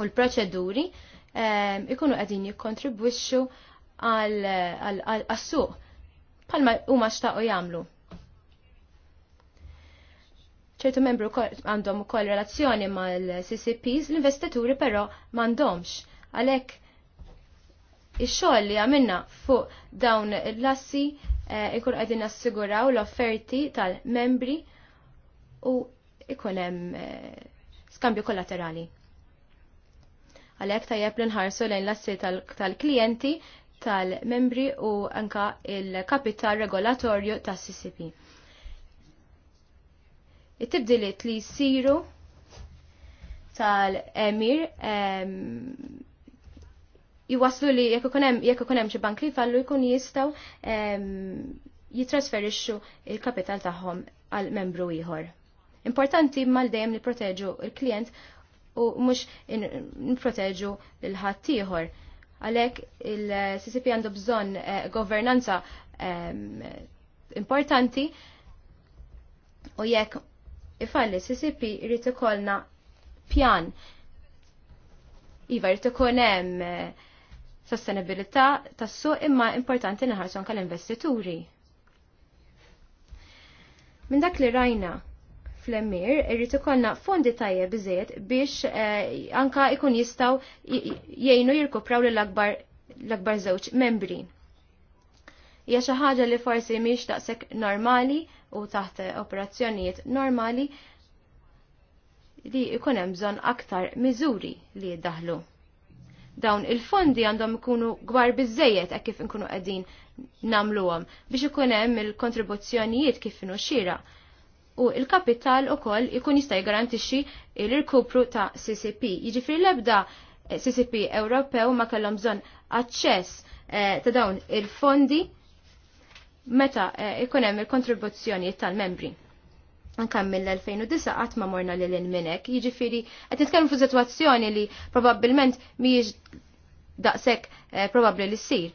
u l-proċeduri eh, ikunu għedin jikkontribwixxu għal-suq palma huma xtaqu jagħmlu. ċertu membru għandhom ukoll relazzjoni mal-CCPs, l-investituri però m'għandhomx. Għalhekk ix-xogħol li għamilna fuq dawn l-assi eh, ikun qegħdin nassiguraw l-offerti tal-membri u ikun hemm eh, skambju kollaterali. Għalhekk tajjeb l nħarsu lejn l-assi tal-klijenti tal-membri u anka il-kapital regolatorju tas ccp It-tibdiliet li jsiru tal-emir jwaslu li jekk ikun hemm xi bank li fallu jkun jistgħu jitrasferixxu il-kapital tagħhom għal membru ieħor. Importanti mal dejjem li proteġu il-klient u mhux nproteġu il-ħadd ieħor. Għalek il-CCP għandu bżon eh, governanza ehm, importanti u jekk ifalli CCP irrit ikollna pjan. Iva irrit ikun hemm eh, sostenibilità tas-suq imma importanti nħarsu anke l-investituri. Minn dak li rajna fl-emir, irrit ikollna fondi tajjeb biżiet biex eh, anka ikun jistaw jgħinu jirkupraw l-akbar l-akbar żewġ membri. Hija xi ħaġa li forsi mhix taqsek normali u taħt operazzjonijiet normali li ikun hemm bżonn aktar miżuri li jiddaħlu. Dawn il-fondi għandhom ikunu gwar biżejjed hekk kif inkunu qegħdin nagħmluhom, biex ikun hemm il-kontribuzzjonijiet kif inhu xira u il-kapital u koll ikun jista' jgarantixxi l-irkupru ta' CCP. Jiġifieri l-ebda eh, CCP Ewropew ma kellhom bżonn aċċess eh, ta' dawn il-fondi meta eh, ikun hemm il-kontribuzzjoni tal-membri. Anka mill-2009 qatt ma morna lil minnek, jiġifieri qed nitkellmu fuq sitwazzjoni li probabbilment mhijiex daqshekk probabbli li ssir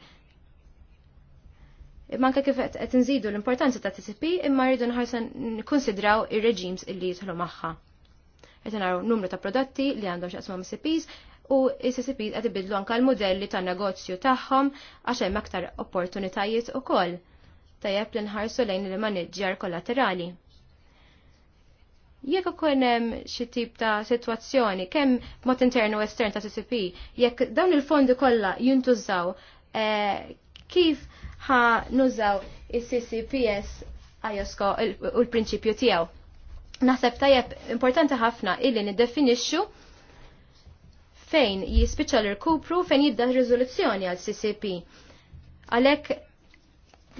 manka kif qed inżidu l-importanza ta' TTP imma rridu nħarsa nikkonsidraw ir-reġims illi jidħlu magħha. Qed naraw numru ta' prodotti li għandhom x'aqsma CPs u s-CPs qed ibidlu anke l-modelli ta' negozju tagħhom għax hemm aktar opportunitajiet ukoll. Tajjeb li nħarsu lejn il-maniġġjar kollaterali jekk ikun hemm xi tip ta' sitwazzjoni kemm mod internu u estern ta' CCP, jekk dawn il-fondi kollha jintużaw, eh, kif ħa nużaw il-CCPS għajosko u l-prinċipju tijaw. Naħseb tajab importanti ħafna illi niddefinixxu fejn jispiċċa l-irkupru fejn jibda riżoluzzjoni għal CCP. Għalek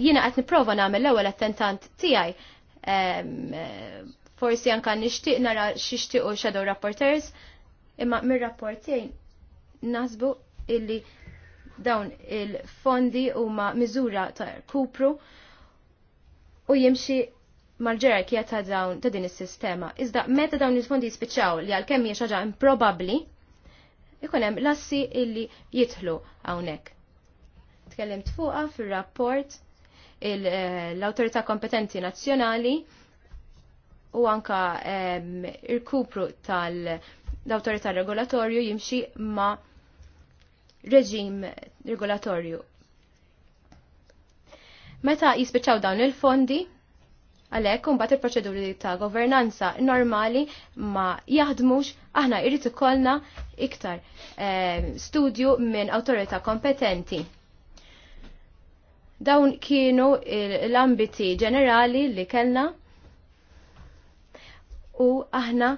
jiena qed nipprova nagħmel l-ewwel attentant tiegħi ehm, forsi kan nixtieq nara xixtiequ shadow rapporters imma mir-rapportejn naħsbu illi Dawn il-fondi huma miżura ta' kupru u jimxi mal-ġerarkija ta' dawn ta' din is-sistema. Iżda meta dawn il-fondi jispiċaw li għalkemm kemmi xaġa improbabbli, ikun hemm lassi illi jidħlu hawnhekk. Tkellimt fuqha fir-rapport eh, l-awtorità kompetenti nazzjonali u anka ehm, il-kupru tal-awtorità regolatorju jimxi ma' reġim regolatorju. Meta jispiċċaw dawn il-fondi, għalek mbagħad il-proċeduri ta' governanza normali ma jaħdmux aħna irrid ikollna iktar eh, studju minn awtorità kompetenti. Dawn kienu l-ambiti ġenerali li kellna u aħna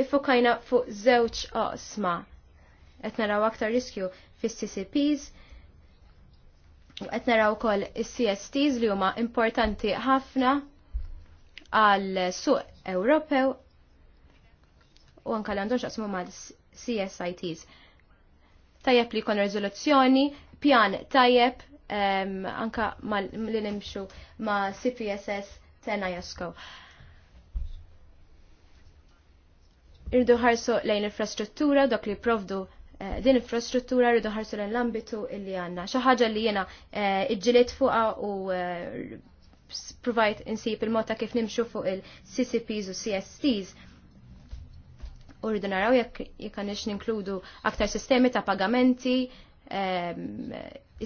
ifokajna fuq żewġ osma qed naraw aktar riskju fis-CCPs u qed naraw ukoll is-CSTs li huma importanti ħafna għal suq Ewropew u anke għandhom għasmu mal-CSITs. Tajjeb li jkun riżoluzzjoni, pjan tajjeb um, anka li nimxu ma' CPSS tena jasko. Irdu ħarsu lejn infrastruttura dok li provdu Eh, din infrastruttura rridu ħarsu l-ambitu illi għanna. ħaġa li jena eh, iġġilet fuqa u eh, provajt insib il-mota kif nimxu fuq il-CCPs u CSTs. U rridu naraw jek jikanix ninkludu aktar sistemi ta' pagamenti,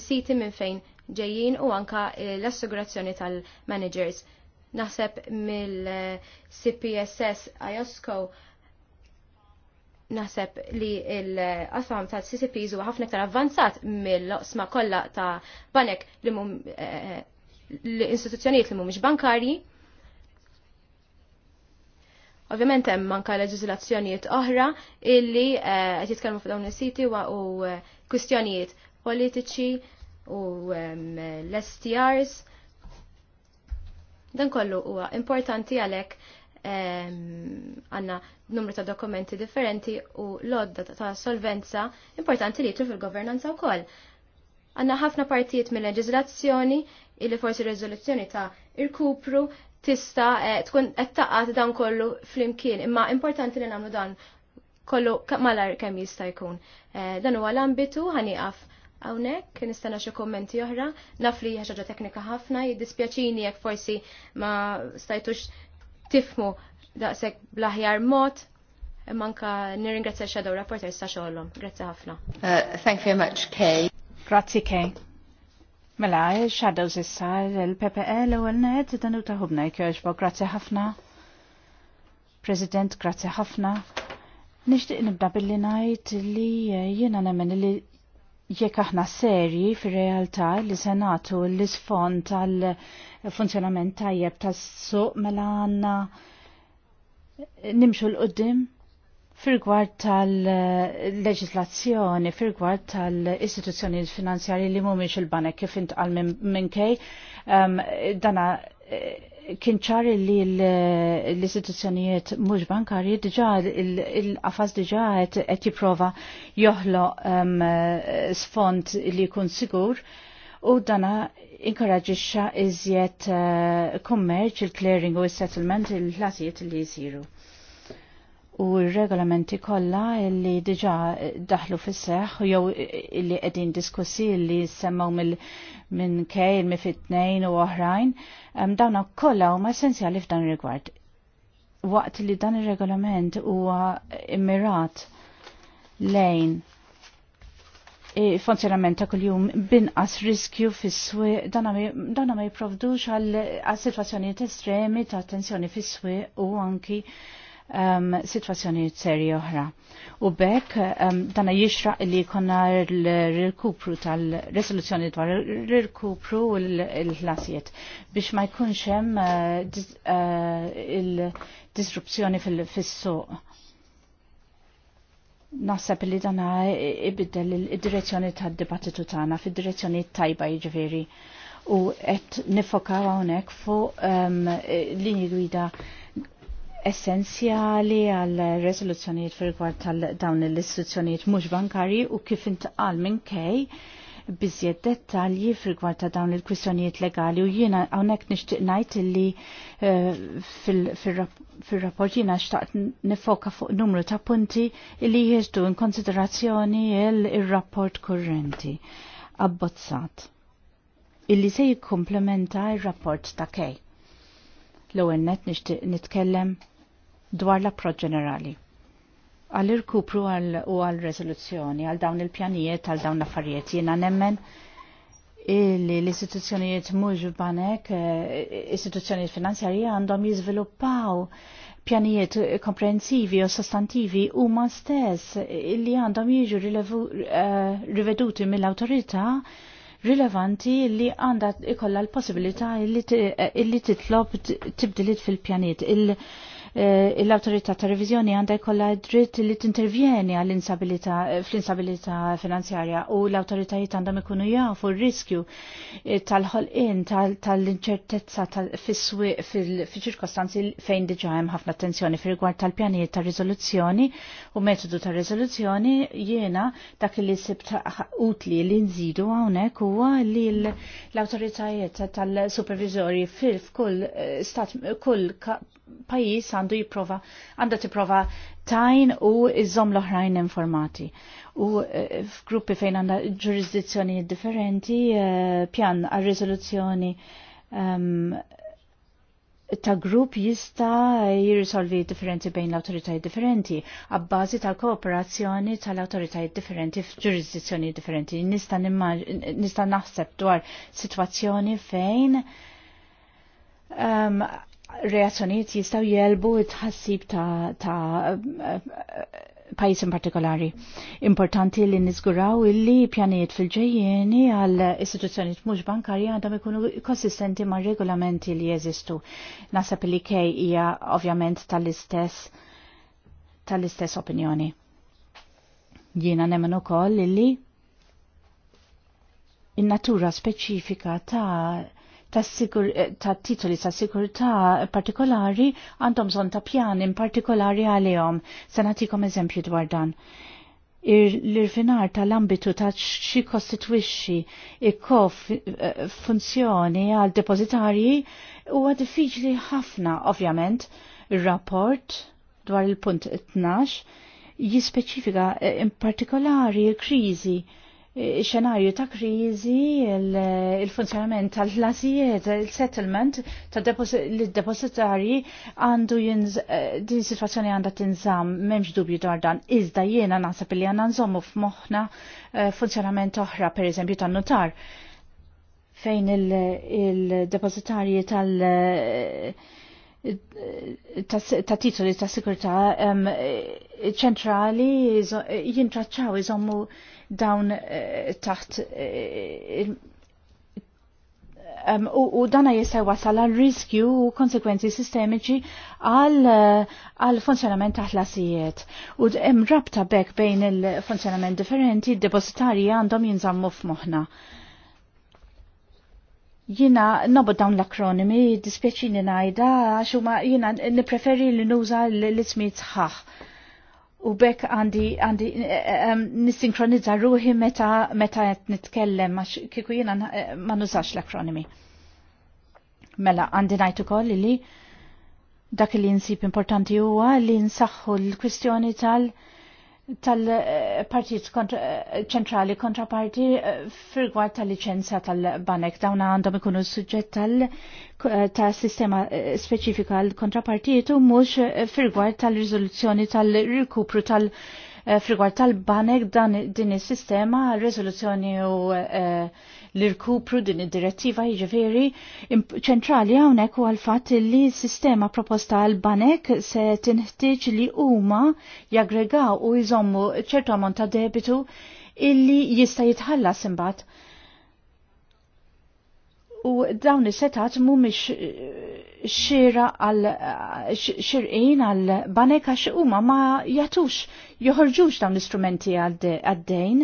siti minn fejn ġejjin u anka l-assigurazzjoni tal-managers. Naħseb mill-CPSS IOSCO naħseb li l-qasam ta' CCPs huwa ħafna iktar avvanzat mill-oqsma kollha ta' banek li mhum eh, l-istituzzjonijiet li mhumiex bankarji. Ovvjament hemm manka leġiżlazzjonijiet oħra illi eh, qed jitkellmu fuq dawn is-siti u eh, kwistjonijiet politiċi u l-STRs. Dan kollu huwa importanti għalhekk għanna numru ta' dokumenti differenti u lodda ta' solvenza importanti li jitru fil-governanza u koll. Għanna ħafna partijiet mill-leġizlazzjoni illi forsi rezoluzzjoni ta' irkupru tista eh, tkun qed dan kollu flimkien, imma importanti li nagħmlu dan kollu malar kemm jista' jkun. Eh, dan huwa l-ambitu ħaniqaf hawnhekk nistana xi kommenti oħra, naf li hija teknika ħafna, jiddispjaċini jekk forsi ma stajtux tifmu daqsek blaħjar mod manka nirringrazzja shadow rapporters ta' xogħolhom. Grazzi ħafna. Uh, thank you very much, Kay. Grazzi Kay. Mela, shadows issa l-PPL e, u l ned dan u taħubna jkjoġbo. Grazzi ħafna. President, grazzi ħafna. Nishtiq nibda billi najt li eh, jiena nemmen li jekk aħna serji fir-realtà li se nagħtu l-isfond tal-funzjonament tajjeb tas-suq mela għandna nimxu l-qudiem fir-gward tal-leġislazzjoni, fir-gward tal-istituzzjoni finanzjari li mhumiex il-banek kif intqal minn kej, dana eh, kien ċar li l-istituzzjonijiet mhux bankarji diġà il-qafas diġà qed jipprova joħlo sfond li jkun sigur u dana inkoraġixxa iżjed eh, kummerċ il-clearing u s-settlement il-ħlasijiet li jsiru u regolamenti kollha li diġa daħlu fis seħħ jew li qegħdin diskussi li semmaw minn kejl mifit tnejn u oħrajn, dawna kollha huma essenzjali f'dan rigward Waqt li dan ir-regolament huwa immirat lejn funzjonament ta' kuljum binqas riskju fis-swieq dana ma jipprovdux għal situazzjonijiet estremi ta' tensjoni fis-swieq u anki um, situazzjoni seri oħra. U bekk um, dana jixra li konna l-rikupru tal-resoluzzjoni dwar l-rikupru u l-ħlasijiet biex ma jkunx hemm uh, dis, uh, il-disrupzjoni fil-suq. Naħseb li dana ibiddel id-direzzjoni tad-dibattitu tagħna fid-direzzjoni tajba iġveri u qed nifokaw hawnhekk fuq um, linji gwida essenzjali għal rezoluzzjoniet fil rigward tal-dawn l-istituzzjonijiet mhux bankari u kif intqal minn kej biżjed dettalji fil rigward ta' dawn il-kwistjonijiet legali u jiena hawnhekk nixtieq ngħid illi eh, fil-rapport jiena xtaqt nifoka fuq numru ta' punti li jieħdu in konsiderazzjoni il-rapport kurrenti abbozzat illi se jikkomplementa il-rapport ta' kej. L-ewwel net nixtieq nitkellem dwar l-approċ ġenerali għal irkupru u għall-rezoluzzjoni, għal dawn il-pjanijiet, għal dawn l-affarijiet. Jena nemmen li l-istituzzjonijiet mux banek, eh, istituzzjonijiet finanzjarji għandhom jizviluppaw pjanijiet komprensivi u sostantivi u ma stess li għandhom jiġu eh, riveduti mill-autorita rilevanti li għandha ikolla l-possibilità li eh, titlob tibdilit fil-pjanijiet. Eh, l-autorità ta' revizjoni għandha jkollha dritt li tintervjeni għall-insabilità eh, fl-insabilità finanzjarja u l-autoritajiet għandhom ikunu jafu r-riskju eh, tal-ħolqien tal-inċertezza fis-swieq fil-ċirkostanzi fejn diġà hemm ħafna attenzjoni fir-rigward tal-pjanijiet ta' riżoluzzjoni u metodu ta' riżoluzzjoni jiena dak li sib utli li nżidu hawnhekk huwa li l-awtoritajiet tal-supervizori fil-kull stat kull pajis għandu jiprofa, għanda tiprofa tajn u iżom l-oħrajn informati. U eh, f'gruppi fejn għanda ġurisdizzjoni differenti, eh, pjan għal rizoluzzjoni ehm, ta' grupp jista jirrisolvi differenti bejn l autoritajt differenti, għabbażi ta' kooperazzjoni tal autoritajt differenti f'ġurisdizzjoni differenti. Nista' nista' naħseb dwar situazzjoni fejn um, reazzjoniet jistaw jelbu tħassib ta', ta', uh, pajis in partikolari. Importanti li nizguraw illi pjaniet fil-ġejjeni għal istituzzjoniet mhux bankarja għandhom ikunu konsistenti ma' regolamenti li jeżistu. Nasab li kej hija ovvjament tal-istess tal-istess opinjoni. Jiena nemmen ukoll illi in-natura speċifika ta' Eh, ta' titoli ta' sikurta' partikolari għandhom zon ta' pjanin partikolari għalihom. Se nagħtikom eżempju dwar dan. L-irfinar tal-ambitu ta' xi kostitwixxi ikkof eh, funzjoni għal depozitarji huwa diffiċli ħafna ovvjament. Ir-rapport dwar il-punt 12 jispeċifika eh, in partikolari l-kriżi xenarju ta' krizi, il-funzjonament tal lazijiet il-settlement, ta' depositarji għandu eh, din situazzjoni għanda tinżam, memx dubju dwar dan, iżda jiena naħseb li għanna nżommu f'moħna eh, funzjonament oħra, per eżempju, tan-notar, fejn il-depositarji tal- eh, ta' titoli ta' sikurta ehm, ċentrali jintraċċaw iżommu dawn taħt Um, u, u dana jista' wasal għal riskju u konsekwenzi sistemiċi għal, għal funzjonament taħt lasijiet. U hemm rabta bek bejn il-funzjonament differenti, depozitarji għandhom jinżammu f'moħħna. Jina nobod dawn l-akronimi, dispjaċini najda, xuma jina nipreferi li nuża l ismi sħaħ u bekk għandi għandi eh, eh, eh, nisinkronizza ruħi meta meta qed nitkellem għax kieku jiena ma nużax l-akronimi. Mela għandi ngħid ukoll li dak li nsib importanti huwa li nsaħħu l-kwistjoni tal- tal-partijiet ċentrali kontraparti eh, firgwar tal-licenza tal-banek dawna għandhom ikunu suġġett tal- ta' sistema eh, speċifika għal kontrapartijiet u mux eh, firgwar tal-rizoluzzjoni tal-rikupru tal- frigwar tal-banek dan din is-sistema rizoluzzjoni u li rkupru din id-direttiva jiġifieri ċentrali hawnhekk huwa l-fatt li s-sistema proposta għal banek se tinħtieġ li huma jaggregaw u jżommu ċertu ammont ta' debitu illi jista' jitħallas imbagħad. U dawn is-setat mhumiex eh, xira għal eh, xirqin għal banek għax huma ma jagħtux joħorġux dawn l-istrumenti għad-dejn. għad dejn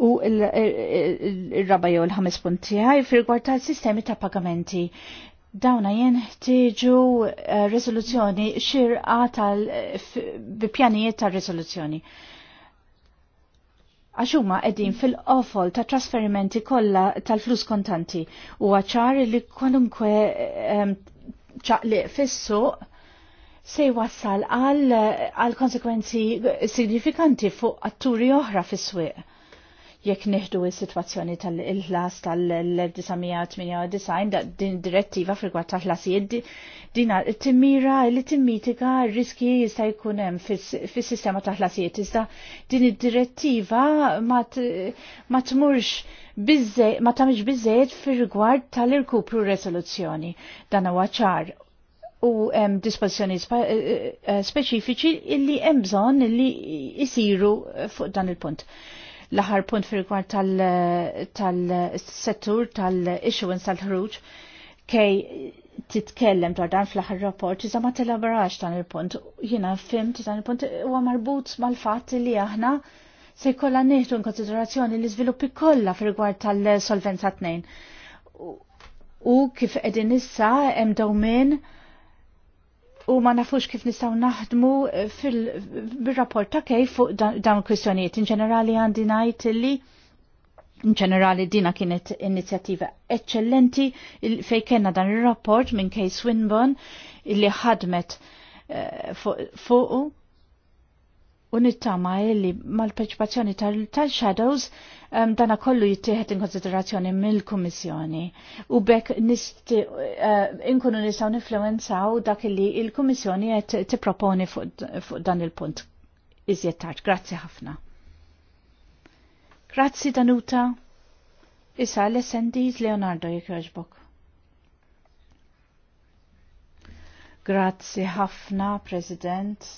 u il-raba jew il-ħames punti ħaj fil-gwar tal-sistemi ta' pagamenti. Dawna jen tiġu eh, rezoluzzjoni xirqa tal-pjanijiet tal-rezoluzzjoni għaxuma edin fil-qofol ta' trasferimenti kollha tal-flus kontanti u għacħar li kwalunkwe ehm, ċaqliq fissu se jwassal għal konsekwenzi signifikanti fuq atturi oħra fis-swieq jekk neħdu il sitwazzjoni tal-ħlas tal-1998 din direttiva frigwat ta' ħlasijiet dina timmira li timmitika riski jista' jkun hemm fis-sistema ta' ħlasijiet iżda din id-direttiva ma tmurx ma tagħmilx biżejjed fir-rigward tal-irkupru resoluzzjoni. Dan huwa ċar u hemm dispożizzjoni eh, eh, eh, speċifiċi illi hemm bżonn illi jisiru fuq dan il-punt l-aħar punt fi gwar tal-settur tal-issuance tal-ħruġ kej titkellem dwar dan fl-aħħar rapport, iżda ma telaborax dan il-punt. jina fimt dan il-punt huwa marbut mal-fatt li aħna se jkollha in konsiderazzjoni l-iżviluppi kollha fi rigward tal-solvenza tnejn. U kif qegħdin issa hemm dawmin u ma nafux kif nistaw naħdmu eh, fil-rapport ta' kej fuq dawn kwistjonijiet. In ġenerali għandi najt li in ġenerali dina kienet inizjattiva eccellenti fej kena dan il-rapport minn kej Swinburne illi ħadmet eh, fuq u nittama illi mal preċipazzjoni tal-shadows um, dana kollu jittieħed in konsiderazzjoni mill-Kummissjoni u bekk uh, inkunu nistgħu nifluenzaw dak li il-Kummissjoni qed tipproponi fuq fu dan il-punt iżjed tard. Grazzi ħafna. Grazzi Danuta. Issa l-essendiz Leonardo jekjoġbok. Grazzi ħafna, President.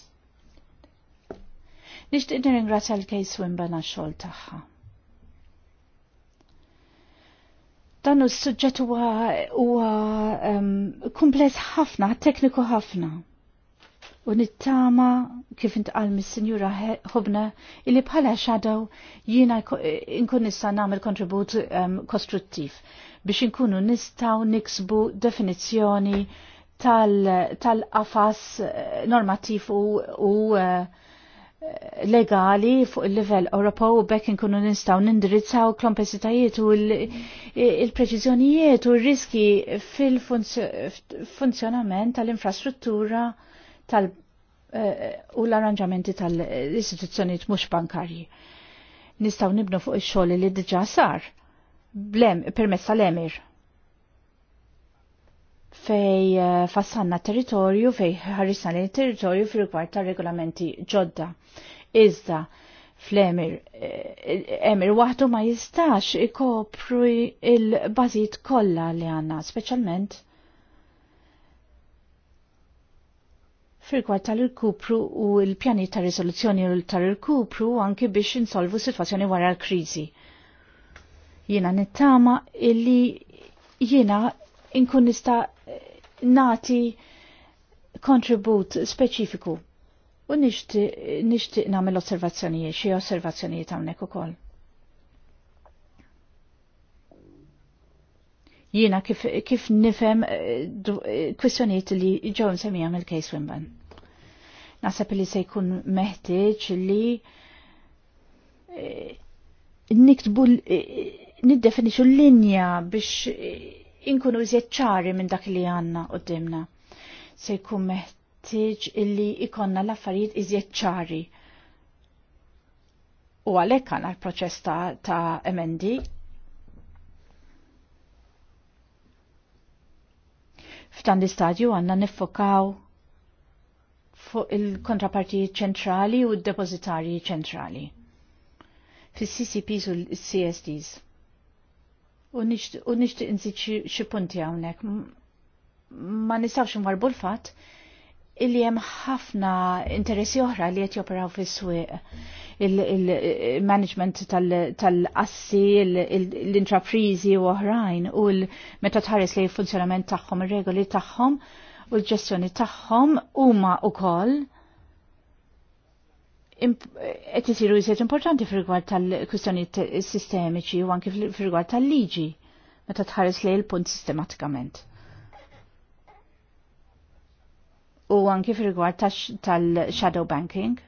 Nixtieq nirringrazzja l-Kej Swinban għax-xogħol tagħha. Dan is-suġġett huwa huwa ehm, kumpless ħafna, tekniku ħafna. U nittama kif intqal mis-Sinjura Hobna illi bħala xadaw jiena nkun nista' nagħmel kontribut ehm, kostruttiv biex inkunu nistgħu niksbu definizzjoni tal-qafas eh, normattiv u, u uh, legali fuq il-level Ewropew u bekk inkunu nistgħu nindirizzaw l kompleksitajiet u l-preċiżjonijiet u r-riski fil-funzjonament tal-infrastruttura tal- eh, u l-arranġamenti tal-istituzzjonijiet mhux bankarji. Nistgħu nibnu fuq ix-xogħol li diġà sar blem permezz tal-emir fej eh, fassanna territorju, fej ħarrisna li territorju fil rigward ta' regolamenti ġodda. Iżda, fl-emir, eh, emir waħdu ma jistax ikopru il-bazit kollha li għanna, specialment fil-rigward tal-irkupru u il-pjani ta' risoluzzjoni tal kupru anki biex insolvu situazzjoni wara l-krizi. Jiena nittama illi jiena inkun nista' nati kontribut speċifiku u nixtieq nagħmel osservazzjonijiet xi osservazzjonijiet hawnhekk ukoll. Jiena kif, kif nifhem eh, eh, kwistjonijiet li ġew semmija mill kejs Wimban. Naħseb li se jkun meħtieġ li eh, niktbu niddefinixu l-linja biex inkunu iżjed ċari minn dak li għanna qoddimna. Se jkun meħtieġ illi ikonna l-affarijiet iżjed ċari. U għalhekk għandna l-proċess ta, ta' emendi f'dan l-istadju għanna niffokaw fuq il-kontrapartijiet ċentrali u d-depozitarji ċentrali. Fis-CCPs u l-CSDs u nixtieq inżid xi punti hawnhekk. Ma nistgħux nwarbu l-fatt illi hemm ħafna interessi oħra li qed joperaw fis-swieq il-management tal-assi, l-intraprizi u oħrajn u l-meta tħares li funzjonament tagħhom, ir-regoli tagħhom u l-ġestjoni tagħhom huma wkoll qed isiru jisiet importanti fir-rigward tal-kwistjonijiet sistemiċi u anki fir-rigward tal-liġi meta tħares lej il-punt sistematikament. U anke fir-rigward tal-shadow banking.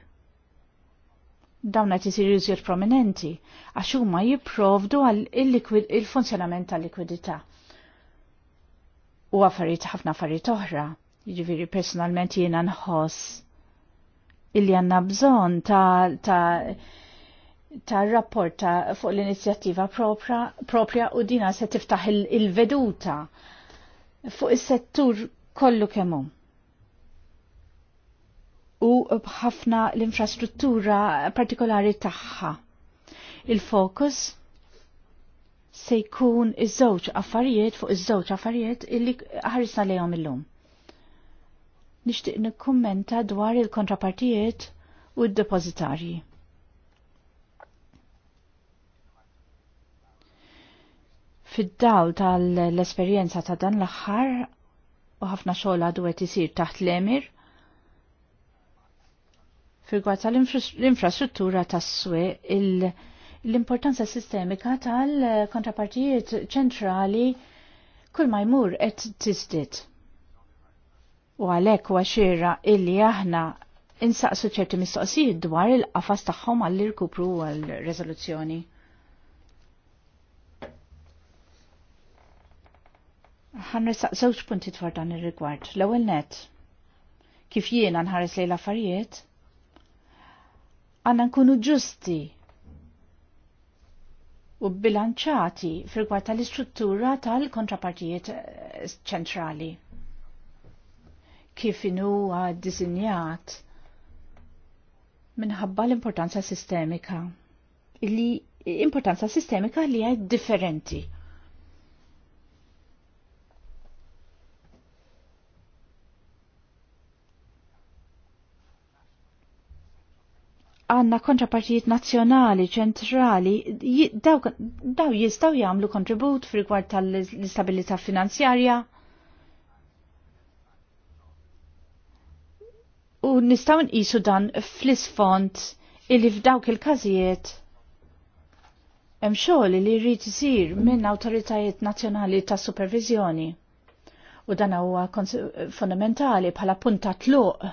Dawn qed isiru jsiet prominenti għax huma jipprovdu għal il-funzjonament tal-likwidità u affarijiet ħafna affarijiet oħra. Jiġifieri personalment jiena nħoss illi għanna bżon ta', ta ta' rapporta fuq l-inizjattiva propja u dina se tiftaħ il-veduta fuq is-settur kollu kemmu. U bħafna l-infrastruttura partikolari tagħha. Il-fokus se jkun iż-żewġ affarijiet fuq iż-żewġ affarijiet illi ħarisna lejhom illum nixtieq nikkummenta dwar il-kontrapartijiet u d-depozitarji. Fid-dawl tal-esperjenza ta' dan l-aħħar u ħafna xogħol għadu qed isir taħt l-emir, Firgwad tal-infrastruttura tas-swe l-importanza sistemika tal-kontrapartijiet ċentrali kull ma jmur qed tiżdied U għalhekk huwa illi aħna insaqsu ċerti mistoqsijiet dwar il-qafas tagħhom għall-irkupru għall-reżoluzzjoni. ħan żewġ punti dwar dan ir-rigward. L-ewwel net. Kif jiena nħares lejn l-affarijiet? Għandna nkunu ġusti u bilanċati fil-gwar tal-istruttura tal-kontrapartijiet eh, ċentrali kif għad-dizinjat minħabba l-importanza sistemika. Illi importanza sistemika li hija differenti. għanna kontrapartijiet nazjonali, ċentrali, daw, jistaw jamlu kontribut fil kwart tal-istabilita finanzjarja, u nistaw nqisu dan fl-isfont illi f'dawk il-każijiet hemm xogħol li jrid isir minn awtoritajiet nazzjonali ta' supervizjoni. U dan huwa fondamentali bħala punta tluq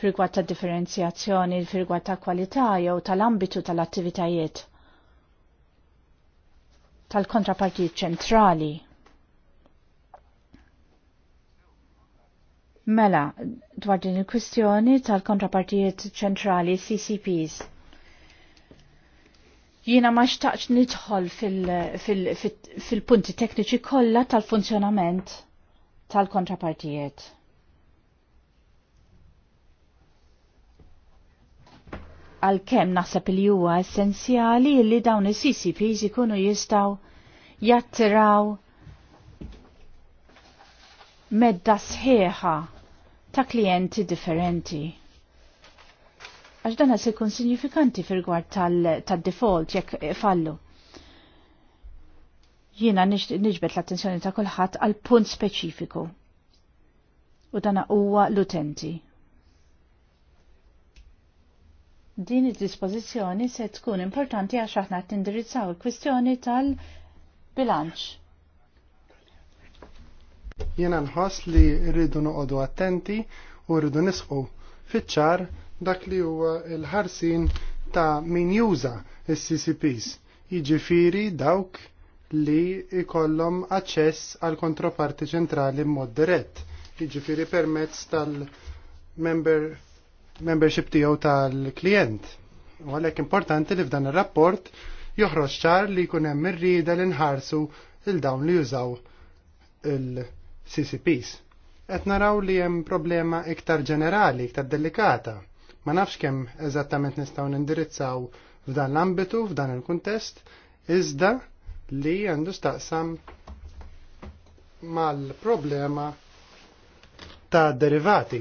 fil-rigward ta' differenzjazzjoni, fil ta' kwalità jew tal-ambitu tal-attivitajiet tal-kontrapartijiet ċentrali. Mela, dwar din il-kwistjoni tal-kontrapartijiet ċentrali CCPs. Jiena ma xtaqx nidħol fil-punti fil, fil, fil tekniċi kollha tal-funzjonament tal-kontrapartijiet. Għal-kem naħseb li huwa essenzjali li dawn is-CCPs ikunu jistaw jattiraw medda sħiħa ta' klijenti differenti. Għax dan se jkun sinifikanti fil-gwar tal-default tal jekk fallu. Jiena nġbet l-attenzjoni ta' kulħadd għal punt speċifiku. U dan huwa l-utenti. Din id-dispożizzjoni se tkun importanti għax aħna tindirizzaw il-kwistjoni tal-bilanċ Jena nħoss li rridu noqogħdu attenti u rridu nisħu fitxar dak li huwa l-ħarsin ta' min juża s-CCPs, jiġifieri dawk li ikollhom aċċess għal kontroparti ċentrali mod dirett, jiġifieri permezz tal-member membership tiegħu tal-klient. U għalhekk importanti li f'dan ir-rapport joħroġ ċar li jkun hemm irrieda li nħarsu il dawn li jużaw il-, -dawn CCPs. Et naraw li hemm problema iktar ġenerali, iktar delikata. Ma nafx kemm eżattament nistgħu nindirizzaw f'dan l-ambitu, f'dan il-kuntest, iżda li għandu staqsam mal-problema ta' derivati.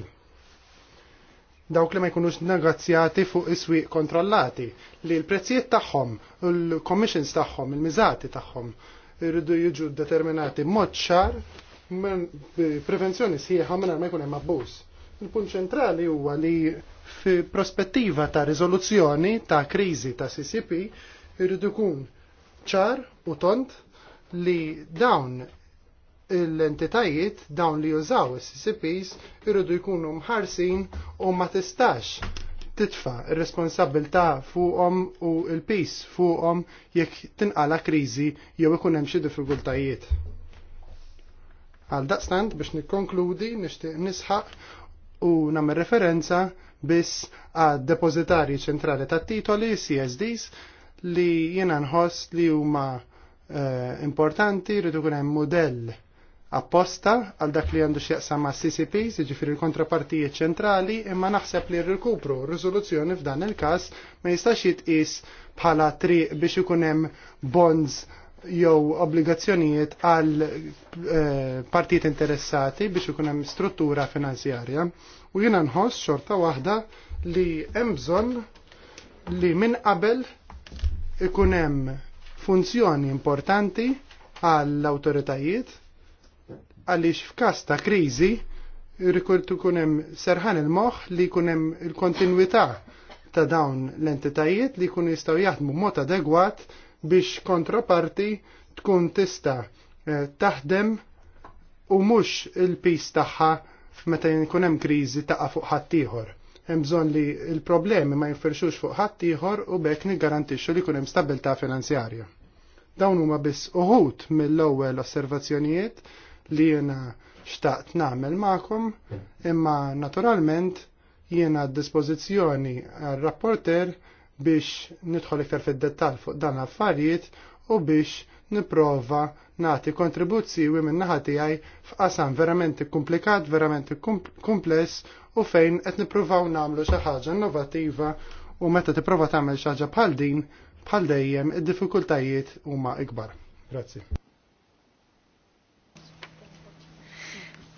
Dawk li ma jkunux negozjati fuq iswiq kontrollati, li l-prezzijiet tagħhom, il-commissions tagħhom, il-miżati tagħhom irridu jiġu determinati mod ċar prevenzjoni sħiħa minna ma jkun hemm abbuż. Il-punt ċentrali huwa li fi prospettiva ta' riżoluzzjoni ta' kriżi ta' CCP irridu kun ċar u tont li dawn l-entitajiet dawn li jużaw is-CCPs irridu jkunu mħarsin u ma tistax titfa ir-responsabilità fuqhom u l-pis fuqhom jekk tinqala kriżi jew ikun hemm xi diffikultajiet. Għal daqstant biex nikkonkludi nixtieq nisħaq u nagħmel referenza biss għad depozitarji ċentrali tat titoli CSDs li jiena nħoss li huma uh, importanti rridu kun hemm modell apposta għal dak li għandu x'jaqsam ma' ccp jiġifieri l-kontrapartijiet ċentrali, imma naħseb li rrikupru r-riżoluzzjoni f'dan il-każ ma jistax jitqis bħala triq biex ikun hemm bonds jew obbligazzjonijiet għal eh, partijiet interessati biex ikun hemm struttura finanzjarja u jiena nħoss xorta waħda li hemm bżonn li minn qabel ikun hemm funzjoni importanti għall awtoritajiet għaliex f'każ ta' kriżi jrid ikun hemm serħan il-moħħ li jkun hemm il-kontinwità ta' dawn l-entitajiet li jkunu jistgħu jaħdmu mod adegwat biex kontraparti tkun tista eh, taħdem u mhux il-pis tagħha meta jkun hemm kriżi taqa' fuq ħaddieħor. Hemm bżonn li l-problemi ma jinfirxux fuq ħadd ieħor u bekk niggarantixxu li jkun hemm stabilità finanzjarja. Dawn huma biss uħud mill-ewwel osservazzjonijiet li jiena xtaqt nagħmel magħkom, imma naturalment jiena d-dispożizzjoni għal-rapporter biex nidħol iktar fid dettall fuq dan l-affarijiet u biex niprova nagħti kontribuzzjoni minn naħa tiegħi f'qasam verament komplikat, verament kumpless u fejn qed nippruvaw nagħmlu xi ħaġa innovattiva u meta tipprova tagħmel xi ħaġa bħal din bħal dejjem id-diffikultajiet huma ikbar. Grazzi.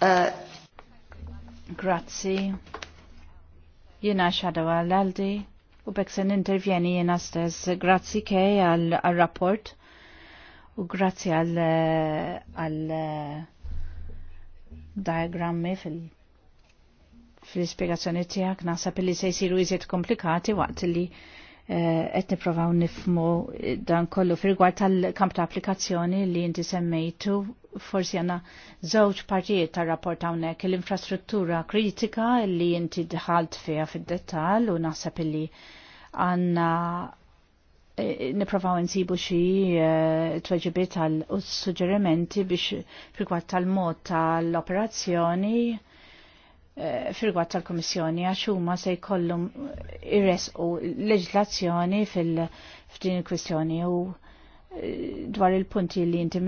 Uh, grazzi. Jina xadawa l-aldi U bekk se nintervjeni jena stess. Grazzi kej għal rapport u grazzi għal diagrammi fil fil-spiegazzjoni tijak nasab li se jisiru jizet komplikati waqt li qed nipprovaw nifmu dan kollu fir-rigward tal-kamp ta' applikazzjoni li inti semmejtu forsi għanna żewġ partijiet tar rapport hawnhekk l-infrastruttura kritika li inti dħalt fiha fid-dettall u naħseb illi għandna e, niprofaw nsibu xi e, tweġibiet għal suġġerimenti biex frikwat tal-mod tal-operazzjoni Eh, firgwat tal-Komissjoni għax huma se jkollhom irresqu leġislazzjoni fil-din il-kwistjoni u eh, dwar il-punti li inti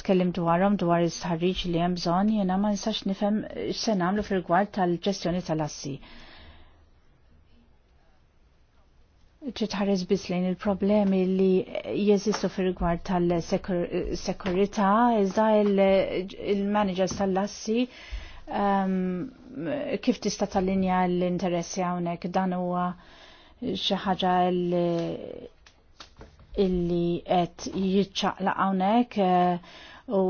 tkellim dwarhom dwar is-ħarriġ li hemm bżonn jiena ma nistax nifhem x'se nagħmlu firgwat tal-ġestjoni tal-assi. ċitħares bis lejn il-problemi li jeżistu fil rigward tal-sekurita, iżda il-managers tal-assi Ehm, kif tista' tal-linja l-interessi hawnhekk dan huwa xi ħaġa illi qed jiċċaqlaq hawnhekk eh, u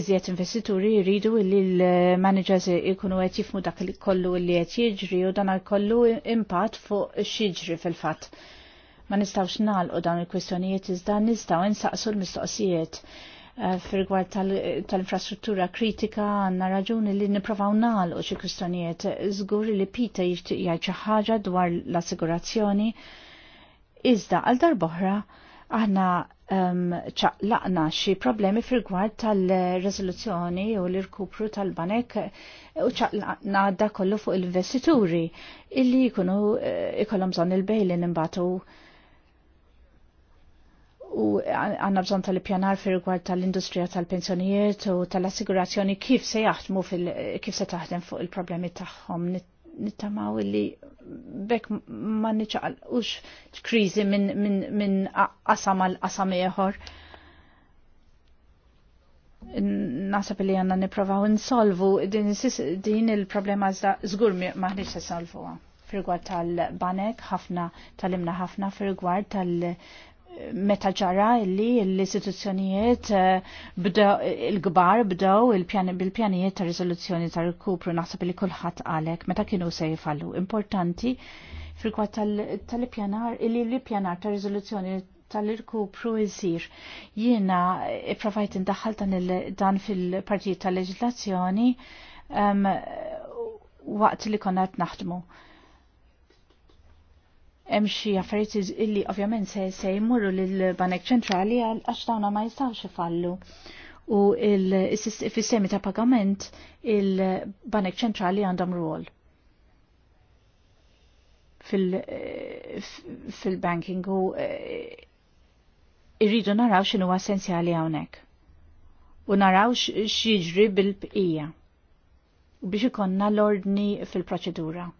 iżjed investituri jridu li l-managers ikunu qed jifmu dak li kollu li qed jiġri u dan jkollu impatt fuq x'jiġri fil-fatt. Ma nistgħux nagħlqu dawn il-kwistjonijiet iżda nistgħu nsaqsu l-mistoqsijiet Eh, fil tal-infrastruttura kritika għanna raġuni li niprofaw nagħlqu xi kwistjonijiet żgur li Pita jgħid xi ħaġa dwar l-assigurazzjoni. Iżda għal darboħra għanna ċaqlaqna xi problemi fil tal-rezoluzzjoni u l-irkupru tal-banek u ċaqlaqna da kollu fuq il-investituri illi jikunu eh, ikollhom bżonn il-bejlin imbatu u għanna bżon tal-pjanar fi rigward tal-industrija tal-pensjonijiet u tal-assigurazzjoni kif se jaħdmu fil kif se taħdem fuq il-problemi tagħhom nittamaw li bekk ma niċaqal ux krizi minn qasam għal qasam ieħor. Nasab li għanna niprofaw insolvu din, il-problema zgur maħniċ se solvuha firgwar tal-banek ħafna tal-imna ħafna firgwar tal-, meta ġara illi l-istituzzjonijiet eh, il-gbar bdew il-pjanijiet ta' riżoluzzjoni ta' rikupru naħseb li kulħadd għalek meta kienu se jifallu. Importanti fil-kwad tal-pjanar illi l-pjanar ta' riżoluzzjoni tal-irkupru jisir. Jiena ipprovajt eh, indaħħal dan fil-partijiet tal-leġislazzjoni waqt li konna qed naħdmu hemm xi affarijiet illi ovvjament se se jmorru lill-Banek Ċentrali għax dawna ma jistgħux ifallu. U fis-sistemi ta' pagament il-Banek Ċentrali għandhom rwol eh, fil-banking u eh, irridu naraw x'inhu essenzjali hawnhekk. U naraw x'jiġri bil-bqija. U biex ikonna l-ordni fil-proċedura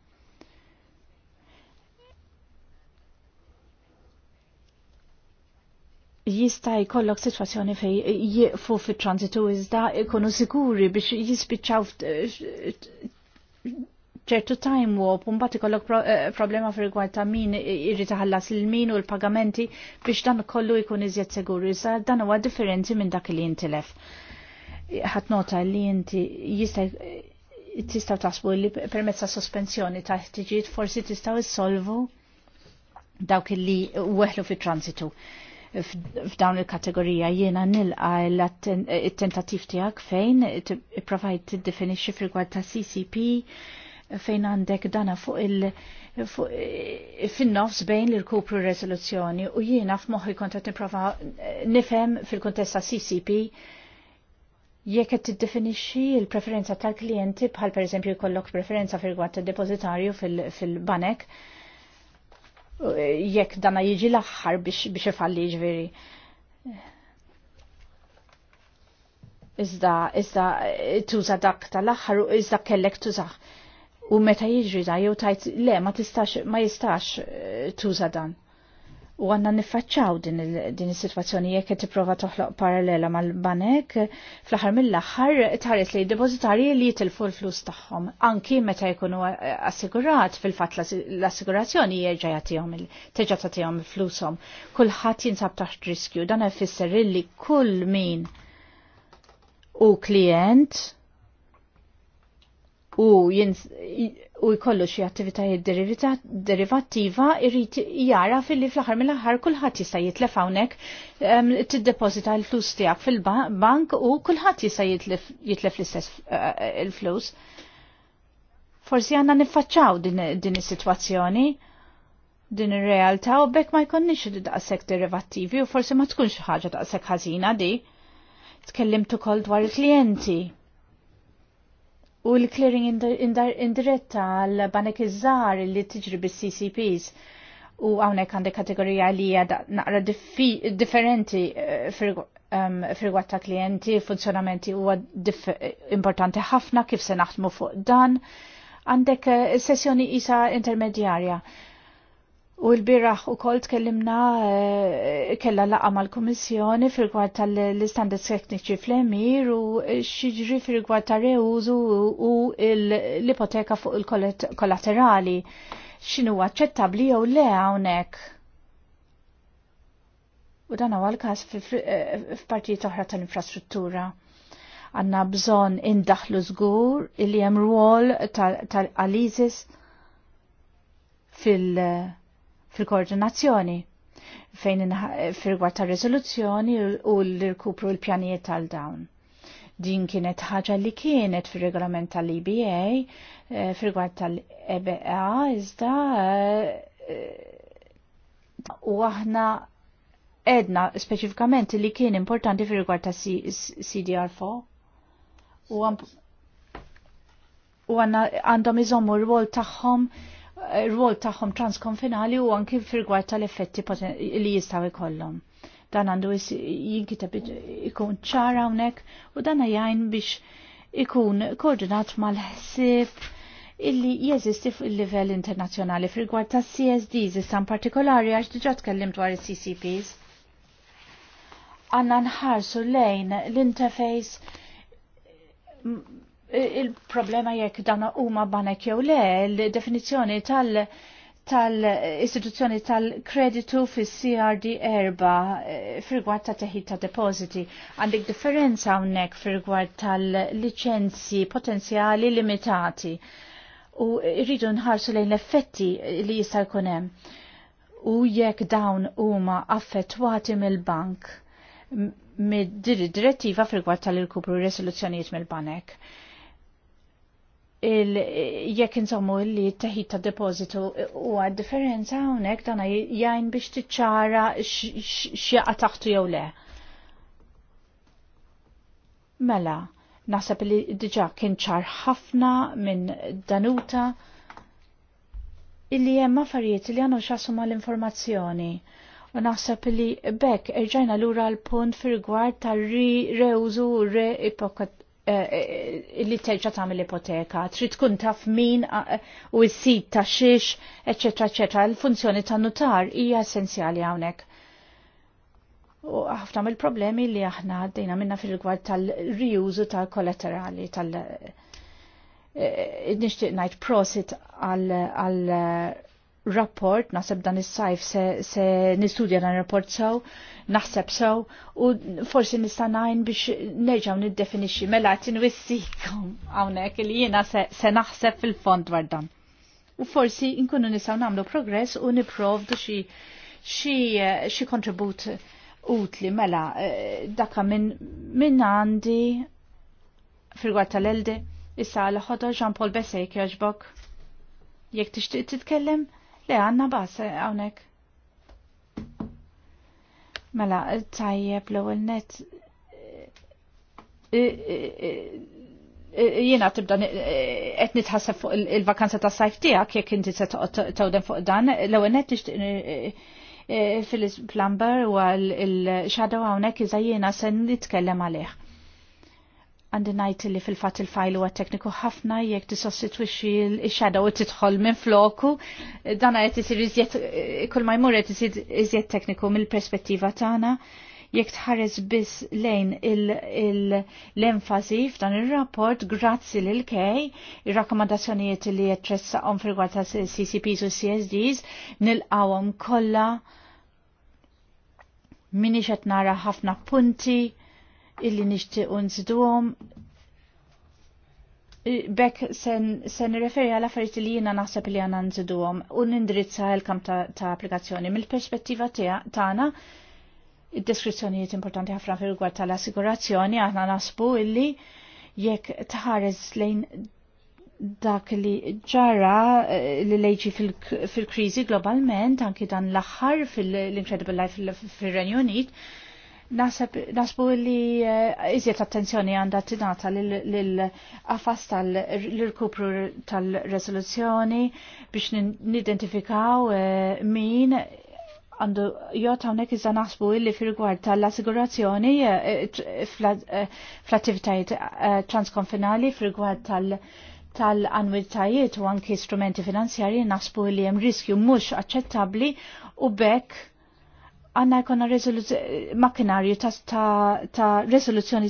jista' jkollok sitwazzjoni fej jieqfu fit-transitu iżda jkunu sikuri biex jispiċċaw ċertu time warp un bat ikollok eh, problema fil-rigward ta' min irrid taħallas il-min u l-pagamenti biex dan kollu jkun iżjed seguri. Sa dan huwa differenti minn dak li jintilef. Ħadd nota li inti jista' tistaw tasbu li permezz ta' sospensjoni ta' ħtiġijiet forsi tistaw issolvu dawk li weħlu fit transitu f'dawn il-kategorija jiena nilqa il-tentativ tiegħek fejn ipprovajt tiddefinixxi fil-gwad ta' CCP fejn għandek dana fuq il- eh, fin-nofs bejn li rkupru resoluzzjoni u jiena f'moħħi kont qed nipprova eh, nifhem fil-kuntest ta' CCP jekk qed tiddefinixxi l-preferenza tal-klijenti bħal pereżempju jkollok preferenza fil-gwatt depozitarju fil-banek fil banek jekk dana jiġi l-axħar biex ifalli ġveri. Iżda, iżda, tuża dak tal-axħar, iżda kellek tuża. U meta jiġri da, jew tajt, le, ma tistax, ma jistax eh, tuża dan u għanna nifacċaw din is-sitwazzjoni jekk qed tipprova toħloq parallela mal-banek fl-aħħar mill-aħħar tħares li depozitarji li jitilfu l-flus tagħhom anki meta jkunu assigurat fil-fatt l-assigurazzjoni jerġa' jagħtihom terġa' tagħtihom flushom. Kulħadd jinsab taħt riskju dan ifisser li kull min u klient u u jkollu xi attivitajiet derivattiva irrit jara filli fl-aħħar mill-aħħar kulħadd jista' jitlef hawnhekk deposita l-flus tiegħek fil-bank u kulħadd jista' jitlef l-istess eh, il-flus. Forsi għandna niffaċċaw din is-sitwazzjoni din ir-realtà u bekk ma jkunniex daqsek derivattivi u forsi ma tkunx ħaġa daqshekk ħażina di. Tkellimt ukoll dwar il-klijenti u l-clearing indiretta għal banek iż-żar li tiġri bis-CCPs u għawnek għande kategorija li naqra differenti eh, ehm, firgwat ta' klienti, funzjonamenti u importanti ħafna kif se naħdmu fuq dan. Għandek eh, sessjoni isa intermedjarja U l-birraħ u kol tkellimna eh, kella laqa mal-Komissjoni fil-gwad tal-standards tekniċi fl-emir u xieġri fil-gwad tal-reużu u l-ipoteka fuq il-kollaterali. Xinu għacċettabli jew le hawnhekk? U dan għal kas eh, f'partijiet oħra tal-infrastruttura. Għanna bżon indaħlu żgur il-jem ruol tal alizis fil- fil-koordinazzjoni fejn fil-gwar ta' rezoluzzjoni u l-rkupru l-pjanijiet tal dawn. Din kienet ħaġa li kienet fil-regolament tal-EBA eh, fil tal-EBA iżda eh, u aħna edna speċifikament li kien importanti fil-rigward ta' CDR4 u għandhom iżommu r-rwol tagħhom rwol tagħhom transkonfinali u anki fil-gwar tal-effetti li jistaw ikollhom. Dan għandu jinkitab ikun ċara hawnhekk u dan għajn biex ikun koordinat mal-ħsieb illi jeżisti fuq il-livell internazzjonali fil-gwar ta' CSDs zistan partikolari għax diġat kellim dwar il-CCPs. Għanna nħarsu lejn l-interface il-problema jekk dan huma banek jew le, l-definizzjoni tal- tal-istituzzjoni tal-kreditu fis crd erba eh, firgwad ta' teħid ta' depositi. għandik differenza hawnhekk firgwad tal licenzi potenzjali limitati u rridu nħarsu lejn l-effetti li jista' jkun hemm. U jekk dawn huma affettwati mill-bank mid-direttiva firgwad tal-irkupru resoluzzjonijiet mill-banek jekk insommu li t-teħid ta' depozitu u għad differenza hawnhekk dana jgħin biex tiċċara x'jaqa' taħtu jew le. Mela, naħseb li diġà kien ċar ħafna minn Danuta illi hemm affarijiet li għandhom x'assu mal-informazzjoni u naħseb li bekk erġajna lura l-punt fil rigward tar-rewżu re Eh, eh, li terġa tagħmel ipoteka, trid tkun taf min eh, u s-sit ta' xiex, eċetera, eċetera. Il-funzjoni ta' notar hija essenzjali hawnhekk. U ħafna mill-problemi li aħna għaddejna minna fil-rigward tal-riużu tal-kollaterali tal-nixtieq ngħid prosit għal rapport, naħseb dan is-sajf se, se nistudja dan rapport sew, naħseb sew, u forsi nistanajn biex nerġgħu niddefinixxi mela qed inwissikom hawnhekk li jiena se, se naħseb fil-fond dwar dan. U forsi nkunu nistgħu nagħmlu progress u niprovdu xi xi xi kontribut utli mela eh, dakka minn min għandi fil-gwar tal-elde issa l-ħodor Jean Paul Besek jaġbok. Jekk tixtieq titkellem? Le għanna bas eh, għonek. Mela, tajjeb l ewwel net eh, eh, Jena tibda etni tħasse fuq il-vakanza ta' sajf tiegħek jekk inti se tawden fuq dan, l-ewwel net nixtieq Phyllis Plumber u il-shadow għawnek iżajjena sen nitkellem għalih għandi najt li fil-fat il-fajlu għat tekniku ħafna jek tisostitwixi il t titħol minn floku, dana għet isir iżjed, kull ma jmur għet isir iżjed tekniku mill-perspettiva tana, jek tħares bis lejn l-enfasi f'dan il-rapport grazzi l kej il-rakkomandazzjonijiet li tressa għom fil-gwar CCPs u CSDs, nil-għawom kolla minni xet nara ħafna punti, illi nixtiequ nżiduhom Bekk sen, sen referi għal affarijiet li jiena naħseb li għandna nżiduhom u nindirizza l-kamp ta', ta applikazzjoni mill-perspettiva tagħna id-deskrizzjonijiet importanti ħafna fil rigward tal-assigurazzjoni aħna nasbu illi jekk tħares lejn dak li ġara eh, li leġi fil-krizi globalment, anki dan l aħħar fil-Incredible Life fil-Renju Unit, Nasbu li eh, iżjed attenzjoni għandha tinata lill-qafas tal-rikupru tal-resoluzzjoni biex nidentifikaw eh, min għandu jota unnek iżda naħsbu illi fir-rigward tal-assigurazzjoni eh, fl-attivitajiet transkonfinali fir-rigward tal- tal-anwiltajiet u anki strumenti finanzjarji nasbu li hemm riskju mhux aċċettabbli u bekk għanna jkonna makinarju ta', ta, ta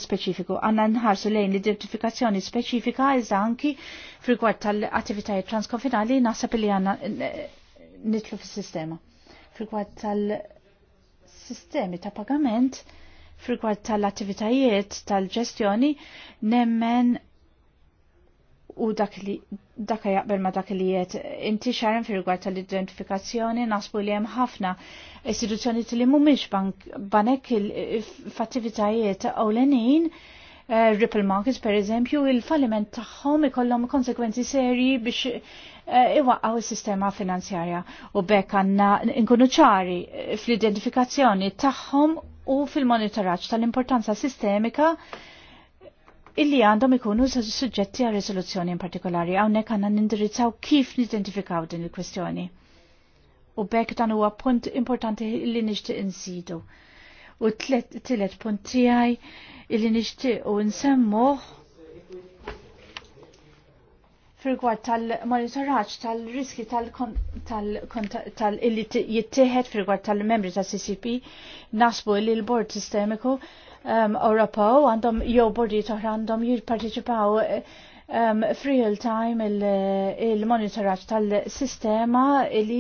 speċifiku, għanna nħarsu lejn l-identifikazzjoni speċifika iżda anki frigward tal-attivitajiet transkonfinali nasab li għanna nitlu fil-sistema. Frigward tal-sistemi ta' pagament, frigward tal-attivitajiet tal-ġestjoni, nemmen u dak li dak jaqbel ma dak li jiet inti xarren fi rigward tal-identifikazzjoni nasbu li hemm ħafna istituzzjoni li mhumiex bank banek f'attivitajiet ewlenin uh, Ripple Markets per eżempju il-falliment tagħhom ikollhom konsekwenzi serji biex uh, iwaqqaw is-sistema finanzjarja u bekk għandna nkunu ċari fl-identifikazzjoni tagħhom u fil-monitoraġġ tal-importanza sistemika uh, illi għandhom ikunu suġġetti għal rezoluzzjoni in partikolari għawnek għanna nindirizzaw kif nidentifikaw din il-kwestjoni. U bekk dan huwa punt importanti li nixtieq insidu. U t-tielet punt tiegħi illi nixtieq u nsemmuh fil-gwad tal-monitoraġġ tal-riski tal-illi jittieħed fil-gwad tal-membri tal ccp nasbu li l-bord sistemiku Um, Ewropew għandhom jew bordi oħra għandhom jipparteċipaw um, time il-monitoraġġ tal-sistema li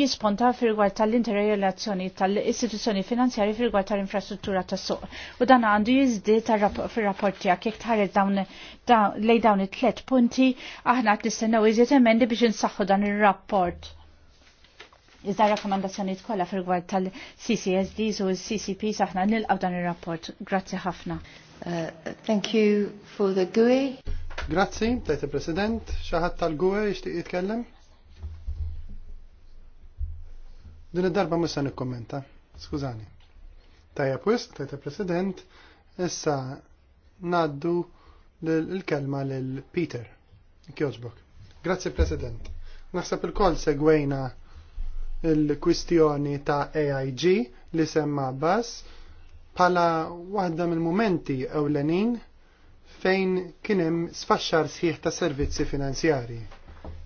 jisponta fil-gwar tal-interrelazzjoni tal-istituzzjoni finanzjari fil-gwar tal-infrastruttura tas-suq. U dan għandu jizdi fil-rapport tiegħek jekk tħares dawn lej dawn it-tlet punti aħna qed nistennew iżjed emendi biex insaħħu dan ir-rapport. Iżda rakkomandazzjoniet kollha fil-gwad tal-CCSDs u l-CCP saħna nilqgħu dan ir-rapport. Grazzi ħafna. Uh, thank you for the GUI. Grazzi, tajt president Xaħat tal gue jixtieq jitkellem? Din id-darba musa nikkommenta. Skużani. Tajja pwis, tajta president Issa naddu l-kelma lil Peter. Kjoġbok. Grazzi President. Naħseb il-koll segwejna il-kwistjoni ta' AIG li semma bas pala waħda mill-mumenti ewlenin fejn kienem sfaxxar sħiħ ta' servizzi finanzjari.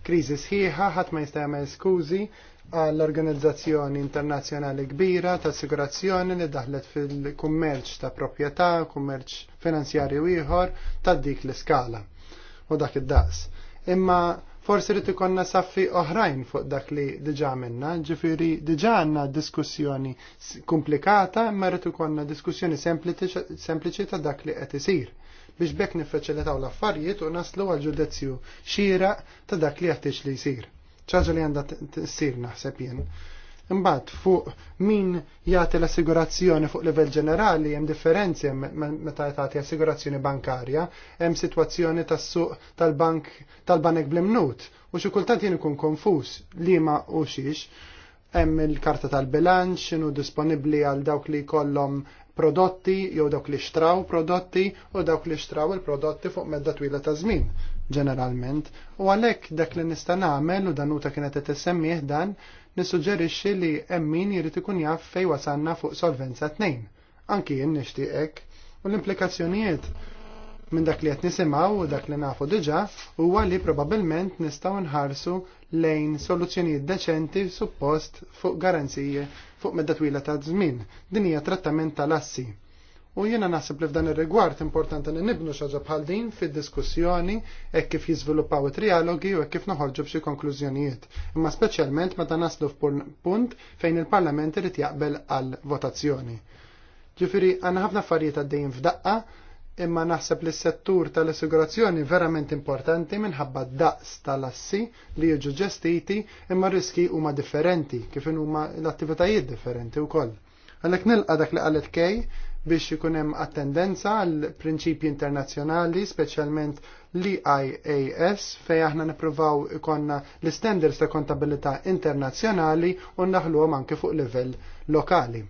Kriżi sħiħa ħadd ma jista' jagħmel skużi għall-organizzazzjoni internazzjonali kbira ta' assigurazzjoni li daħlet fil-kummerċ ta' proprjetà, kummerċ finanzjarju ieħor ta' dik l-iskala u dak id-daqs. Imma forsi rrit ikonna saffi oħrajn fuq dak li diġa minna, ġifiri diġa għanna diskussjoni komplikata, imma rrit ikonna diskussjoni sempliċi ta' dak li qed isir biex bekk niffaċilitaw l-affarijiet u naslu għal ġudezzju xira ta' dak li għattiex li jisir. ċaġa li għanda t-sir naħseb jien. Imbagħad fuq min jagħti l-assigurazzjoni fuq livell ġenerali hemm differenzi meta tagħti assigurazzjoni bankarja, hemm sitwazzjoni tas-suq tal-bank tal-banek blimnut u xi kultant jien ikun konfuż li u xiex hemm il-karta tal-bilanċ inhu disponibbli għal dawk li jkollhom prodotti jew dawk li xtraw prodotti u dawk li xtraw il-prodotti fuq medda twila ta' żmien ġeneralment u għalhekk dak li nista' nagħmel u danuta kienet qed issemmih dan nissuġġerixxi li hemm min jrid ikun jaf fej wasanna fuq solvenza tnejn. Anki jien nixtieqek u l-implikazzjonijiet minn dak li qed nisimgħu u dak li nafu diġà huwa li probabbilment nistgħu nħarsu lejn soluzzjonijiet deċenti suppost fuq garanzije fuq medda twila ta' żmien. Din hija trattament tal-assi U jiena naħseb li f'dan ir-rigward importanti li nibnu xaġa bħal din fid-diskussjoni hekk kif jiżviluppaw it-trialogi u hekk kif noħorġu b'xi konklużjonijiet. Imma speċjalment meta naslu f'punt fejn il-Parlament irid jaqbel għal votazzjoni. Ġifieri għandna ħafna affarijiet għaddejjin f'daqqa, imma naħseb li s-settur tal-assigurazzjoni verament importanti minħabba daqs tal-assi li jiġu ġestiti imma riski huma differenti kif huma l-attivitajiet differenti wkoll. Għalhekk nilqa dak li qalet kej biex ikun hemm attendenza għal prinċipji internazzjonali, speċjalment l-IAS, fejn aħna nippruvaw ikonna l-standards ta' kontabilità internazzjonali u għom anke fuq livell lokali.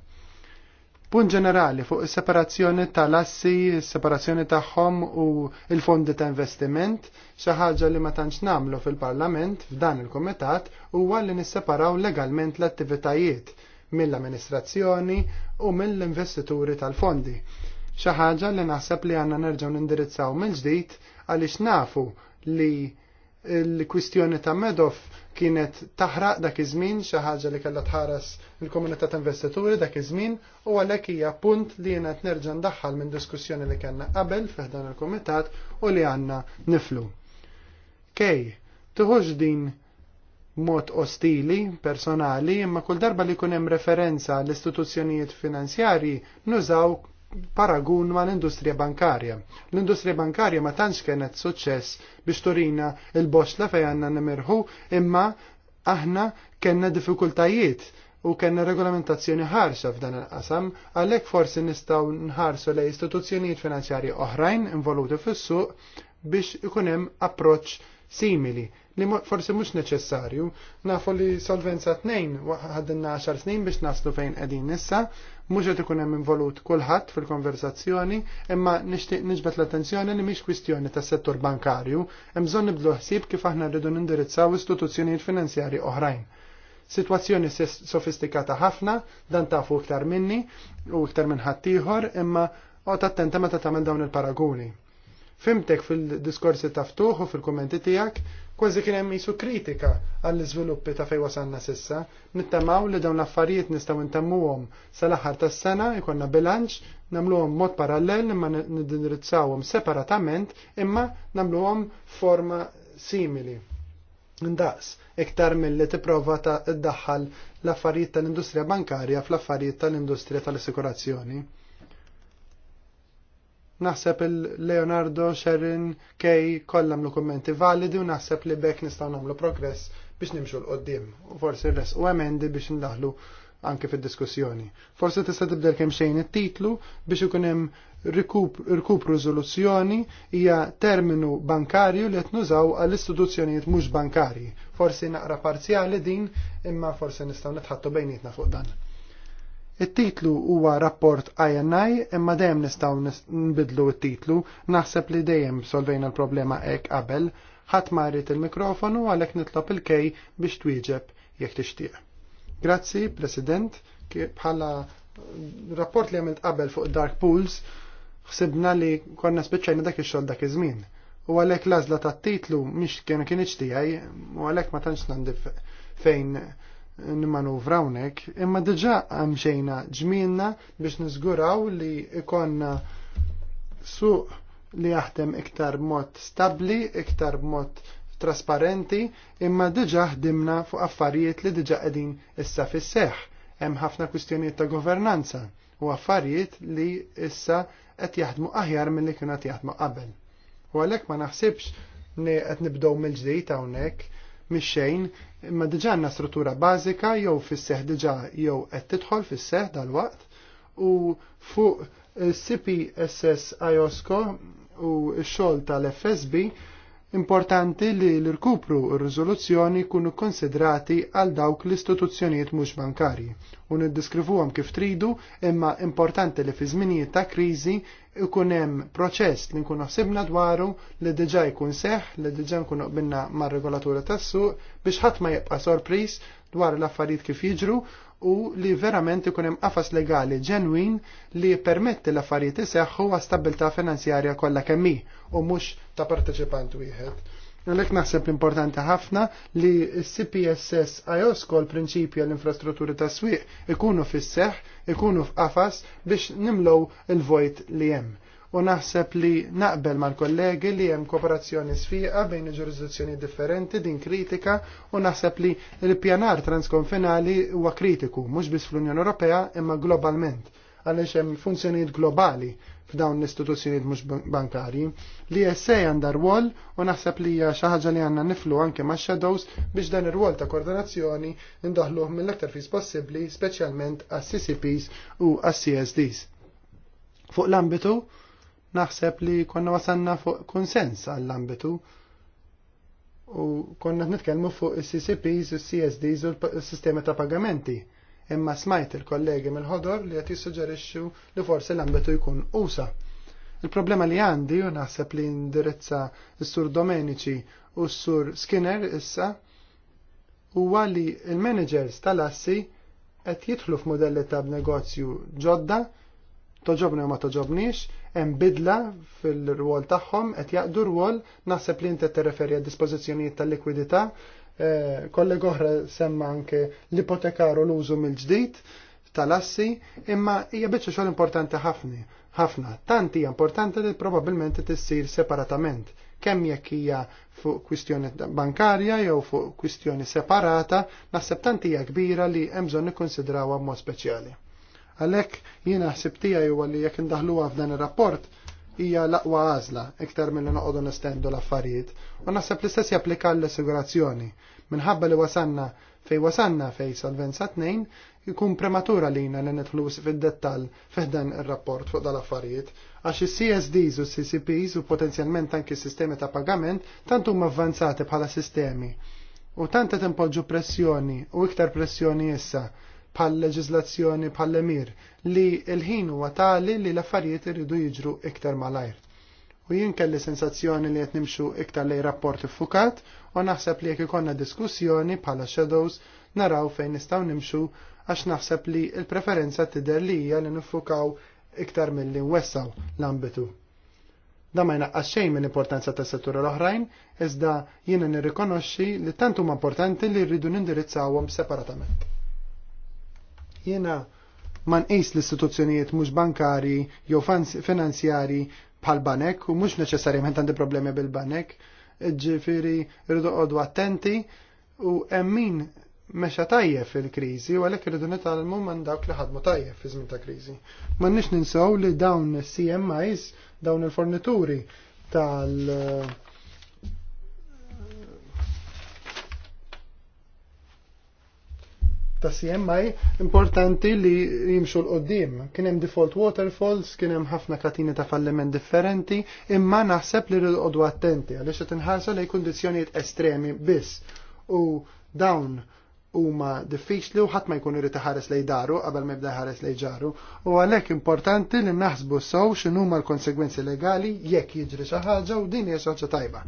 Punt ġenerali fuq is-separazzjoni tal-assi, is-separazzjoni tagħhom u l-fondi ta' investiment, xi ħaġa li ma tantx nagħmlu fil-Parlament f'dan il-Kumitat huwa li nisseparaw legalment l-attivitajiet mill-amministrazzjoni u mill-investituri tal-fondi. Xi ħaġa li naħseb li għandna nerġgħu nindirizzaw mill-ġdid għaliex nafu li l-kwistjoni ta' Medoff kienet taħraq dak iż-żmien xi ħaġa li kellha tħares il-komunità ta' investituri dak iż-żmien u għalhekk hija punt li jiena qed nerġa' ndaħħal minn diskussjoni li kellna qabel fih dan il-kumitat u li għandna niflu. Kej, tuħux din mod ostili, personali, imma kull darba li kunem referenza l-istituzzjonijiet finanzjarji nużaw paragun ma l-industrija bankarja. L-industrija bankarja ma tantx kienet suċċess biex turina il-boxla fej għanna nimirħu, imma aħna kena diffikultajiet u kena regolamentazzjoni ħarxa f'dan il-qasam, għalek forsi nistaw nħarsu l istituzzjonijiet finanzjarji oħrajn involuti fis-suq biex ikunem approċ simili li forsi mhux neċessarju, nafu li solvenza tnejn ħaddinna 10 snin biex naslu fejn qegħdin issa, mhux qed ikun hemm involut kulħadd fil-konversazzjoni, imma nixtieq niġbed l-attenzjoni li mhix kwistjoni tas-settur bankarju, hemm bżonn nibdlu ħsieb kif aħna rridu nindirizzaw istituzzjonijiet finanzjarji oħrajn. Situazzjoni sofistikata ħafna, dan tafu iktar minni u iktar minn ħaddieħor, imma qod attenta meta tagħmel dawn il-paraguni. Fimtek fil-diskorsi taftuħ u fil-kommenti tijak Kważi kien hemm isu kritika għall-iżviluppi ta' fejn wasanna sissa, nittamaw li dawn l-affarijiet nistgħu ntemmuhom sal-aħħar tas-sena jkollna bilanċ nagħmluhom mod parallel imma nindirizzawhom separatament imma nagħmluhom forma simili. Ndaqs, iktar mill-li tipprova ta' iddaħħal l-affarijiet tal-industrija bankarja fl-affarijiet tal-industrija tal-assikurazzjoni. Naħseb il-Leonardo, Sherin, Kej kollam lu kommenti validi u naħseb li bekk nistaw namlu progress biex nimxu l-qoddim u forsi res u emendi biex ndaħlu anke fil-diskussjoni. Forsi tista' tibdel kemm xejn it-titlu biex ikun hemm rikupru soluzzjoni hija terminu bankarju li qed nużaw għall istituzzjonijiet mhux bankarji. Forsi naqra parzjali din imma forsi nistgħu nitħattu bejnietna fuq dan. It-titlu huwa rapport INI imma dejjem nistgħu nbidlu t-titlu, naħseb li dejjem solvejna l-problema hekk qabel, ħadd marit il-mikrofonu għalhekk nitlob il-kej biex twieġeb jekk tixtieq. Grazzi, President, bħala rapport li għamilt qabel fuq Dark Pools, ħsibna li konna spiċċajna dak ix-xogħol dak iż-żmien. U għalhekk l-għażla tat-titlu mhix kienu kien iġtiegħi, u għalhekk ma tantx nandif fejn nimanuvra hawnhekk, imma diġà għamxejna ġminna biex niżguraw li ikonna suq li jaħdem iktar mod stabbli, iktar mod trasparenti, imma diġà ħdimna fuq affarijiet li diġà qegħdin issa fisseħ. Hemm ħafna kwistjonijiet ta' governanza u affarijiet li issa qed jaħdmu aħjar milli kienu qed jaħdmu qabel. U għalhekk ma naħsibx li qed nibdew mill-ġdid hawnhekk mix-xejn, imma diġà għandna struttura bażika jew fis-seħ diġà jew qed tidħol fis-seħ dal-waqt u fuq CPSS IOSCO u x-xogħol tal-FSB importanti li l-irkupru r-riżoluzzjoni kunu konsidrati għal dawk l-istituzzjonijiet mhux bankarji u niddiskrivuhom kif tridu imma importanti li fi żminijiet ta' kriżi ikun hemm proċess li nkunu ħsibna dwaru li diġà jkun seħ, li diġà nkunu qbilna mar-regolatura tas-suq biex ħadd ma jibqa' sorpriż dwar l-affarijiet kif jiġru u li verament ikun hemm qafas legali ġenwin li jippermetti l-affarijiet iseħħu għas stabilità finanzjarja kollha kemm u mhux ta' parteċipant wieħed. Għalek naħseb importanti ħafna li CPSS iOS kol prinċipju l-infrastrutturi ta' swiq ikunu fis ikunu f'qafas biex nimlow il-vojt li hemm. U naħseb li naqbel mal-kollegi li hemm kooperazzjoni sfiqa bejn ġurisdizzjoni differenti din kritika u naħseb li l-pjanar transkonfinali huwa kritiku mhux biss fl-Unjoni Ewropea imma globalment għaliex hemm funzjonijiet globali f'dawn l-istituzzjonijiet mhux bankarji. Li essej għandha rwol u naħseb li hija xi ħaġa li għandna niflu anke ma' shadows biex dan ir-rwol ta' koordinazzjoni indaħluh mill-aktar fis possibbli, speċjalment għas CCPs u għas CSDs. Fuq l-ambitu, naħseb li konna wasanna fuq konsens għall-ambitu u konna nitkellmu fuq is-CCPs, is-CSDs u s-sistema ta' pagamenti imma smajt il-kollegi mill-ħodor li qed jissuġġerixxu li forsi l-ambitu jkun usa. Il-problema li għandi u naħseb li indirizza s-sur Domenici u s-sur Skinner issa huwa li il-managers tal-assi qed jidħlu f'modelli ta' negozju ġodda toġobni u ma toġobniex, hemm bidla fil-rwol tagħhom qed jaqdu rwol naħseb li t tirreferi għad dispożizzjonijiet tal-likwidità Eh, kolle oħra semma anke l-ipotekaru l-użu mill-ġdid tal-assi, imma hija biċċa xogħol importanti ħafna. Ħafna, Tanti hija importanti li probabbilment tissir separatament. Kemm jekk hija fuq kwistjoni bankarja jew fuq kwistjoni separata, naħseb tanti hija kbira li hemm bżonn nikkonsidrawha b'mod speċjali. Għalhekk jiena ħsibtija tiegħi huwa li jekk indaħluha f'dan ir-rapport, hija l-aqwa għażla iktar milli noqogħdu nestendu l-affarijiet u naħseb l-istess japplika l-assigurazzjoni. Minħabba li wasanna fej wasanna fej solvenza tnejn jkun prematura lina li nidħlu fid-dettall fiħdan ir-rapport fuq dal-affarijiet għax is-CSDs u CCPs u potenzjalment anki s-sistemi ta' pagament tant huma avvanzati bħala sistemi. U tant qed impoġġu pressjoni u iktar pressjoni issa pal leġizlazzjoni pal emir li l-ħin huwa tali li l-affarijiet irridu jiġru iktar malajr. U jien kelli sensazzjoni li qed nimxu iktar lej rapport iffukat u naħseb li jekk ikonna diskussjoni bħala shadows naraw fejn nistgħu nimxu għax naħseb li l-preferenza tidher li hija li niffukaw iktar milli nwessaw l-ambitu. Da ma jnaqqas xejn minn importanza ta' settura l-oħrajn, iżda jiena nirrikonoxxi li tant huma importanti li rridu nindirizzawhom separatament. Jiena ma nqis l-istituzzjonijiet mhux bankari jew finanzjari bħal banek u mhux neċessarjament għandi problemi bil-banek. Ġifieri rridu qogħdu attenti u hemm min mexa tajjeb fil-kriżi u għalhekk irridu nitgħalmu minn dawk li ħadmu tajjeb fi żmien ta' kriżi. M'għandniex ninsaw li dawn is-CMIs dawn il-fornituri tal- ta' CMI importanti li jimxu l-qoddim. Kienem default waterfalls, kienem ħafna katini ta' falliment differenti, imma naħseb li l-qodu attenti, għalix tinħarsa li kondizjoniet estremi biss. U dawn huma diffiċli u ħadd ma jkun irid iħares lej daru qabel ma jibda ħares lej ġaru. U għalhekk importanti li naħsbu sew x'inhuma l-konsegwenzi legali jekk jiġri xi ħaġa u din hija soċja tajba.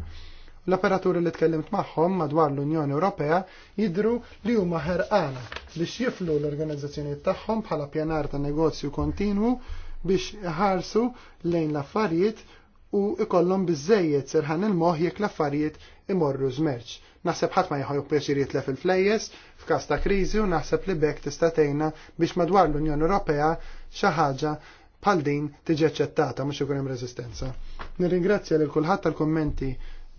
L-operaturi li tkellimt magħhom madwar l-Unjoni Ewropea jidru li huma ħerqana biex jiflu l-organizzazzjonijiet tagħhom bħala pjanar ta' negozju kontinwu biex iħarsu lejn l-affarijiet u ikollhom biżejjed serħan il-moħ jekk l-affarijiet imorru żmerġ. Naħseb ħadd ma jħajju pjaċir jitlef il-flejjes f'każ ta' kriżi u naħseb li bekk tista' tgħinna biex madwar l-Unjoni Ewropea xi ħaġa bħal din tiġi aċċettata mhux ikun hemm reżistenza. Nirringrazzja lil kulħadd tal-kummenti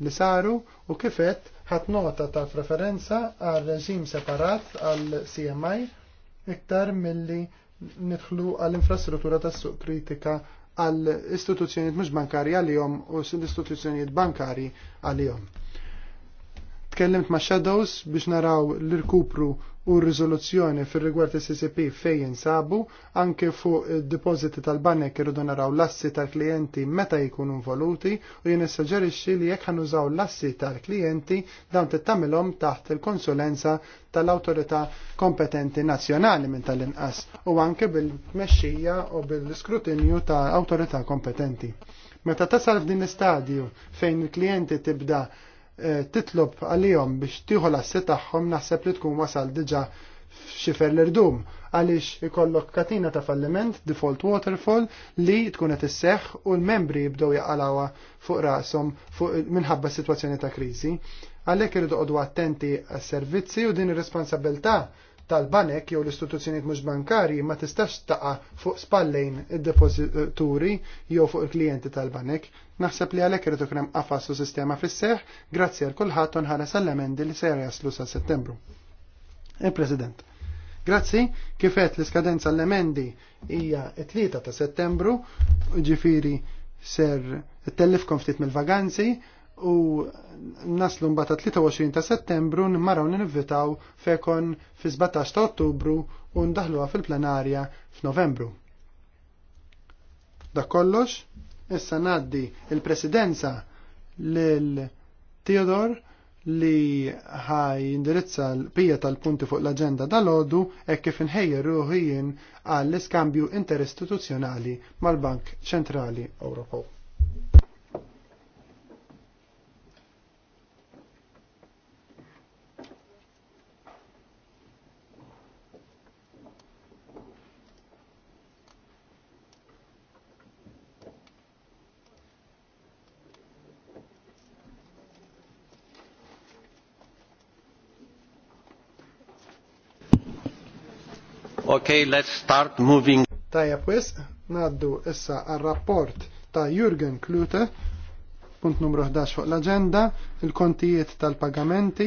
li saru u kifet ħat nota ta' preferenza għal reġim separat għal CMI iktar milli nidħlu għal infrastruttura ta' suq kritika għal mux mhux għal għalihom u l-istituzzjonijiet għal għalihom. Tkellimt ma' Shadows biex naraw l-irkupru u r-riżoluzzjoni fir rigward is-CCP fejn jinsabu anke fuq id-depożiti tal-banek irridu naraw l-assi tal-klijenti meta jkunu involuti u jien nissuġġerixxi li jekk ħanużaw l-assi tal-klijenti dawn tittamilhom taħt il-konsulenza tal-awtorità kompetenti nazzjonali minn tal-inqas u anke bil-tmexxija u bil-iskrutinju ta' awtorità kompetenti. Meta tasal f'din l-istadju fejn il-klijenti tibda' Eh, titlob għalihom biex tieħu l-assi tagħhom naħseb li tkun wasal diġà f'xifer l-irdum għaliex ikollok katina ta' falliment, default waterfall, li tkun qed isseħħ u l-membri jibdew jaqalawha fuq rashom minħabba s-sitwazzjoni ta' kriżi. Għalhekk irid qogħdu attenti għas-servizzi u din ir-responsabilità tal-banek jew l-istituzzjonijiet mhux bankari ma tistax taqa' fuq spallejn id-depożituri jew fuq il-klijenti tal-banek. Naħseb li għalhekk irid ikun hemm qafas u sistema fis-seħħ grazzi għal kulħadd nħares għall-emendi li se jaslu sa' Settembru. Il-President. Grazzi, kifet l-iskadenza l-emendi hija 3 ta' Settembru, ġifiri ser tellifkom ftit mill-vaganzi, u naslu mbata 23 ta' settembru n nivvitaw fekon fi 17 ta' ottubru u ndaħluha fil-plenarja f'Novembru. Da kollox, issa naddi il-presidenza lil Theodor li ħaj indirizza l-pija tal-punti fuq l-agenda dal-ħodu e kif inħejjer ruħijin għall-iskambju interistituzzjonali mal-Bank Ċentrali Ewropew. Okay, let's start moving. Tajja wis, naddu issa għal-rapport ta' Jürgen Klute, punt numru 11 fuq l-agenda, il-kontijiet tal-pagamenti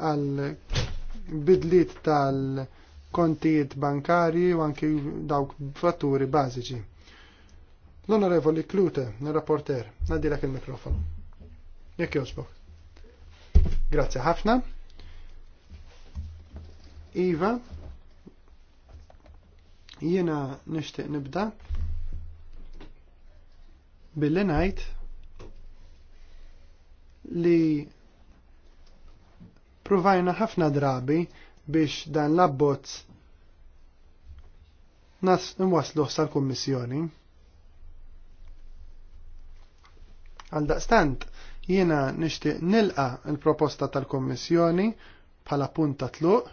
għal-bidliet tal-kontijiet bankari u anki dawk fatturi bażiċi. L-Onorevoli Klute, il-rapporter, nadilak il-mikrofon. Jek joġbok. Grazie ħafna. Iva, Jiena nixtieq nibda billi ngħid li provajna ħafna drabi biex dan l-abbozz nas nwaslu sal-Kummissjoni. Għaldaqstant, jiena nixtieq nilqa l-proposta tal-Kommissjoni bħala punta tluq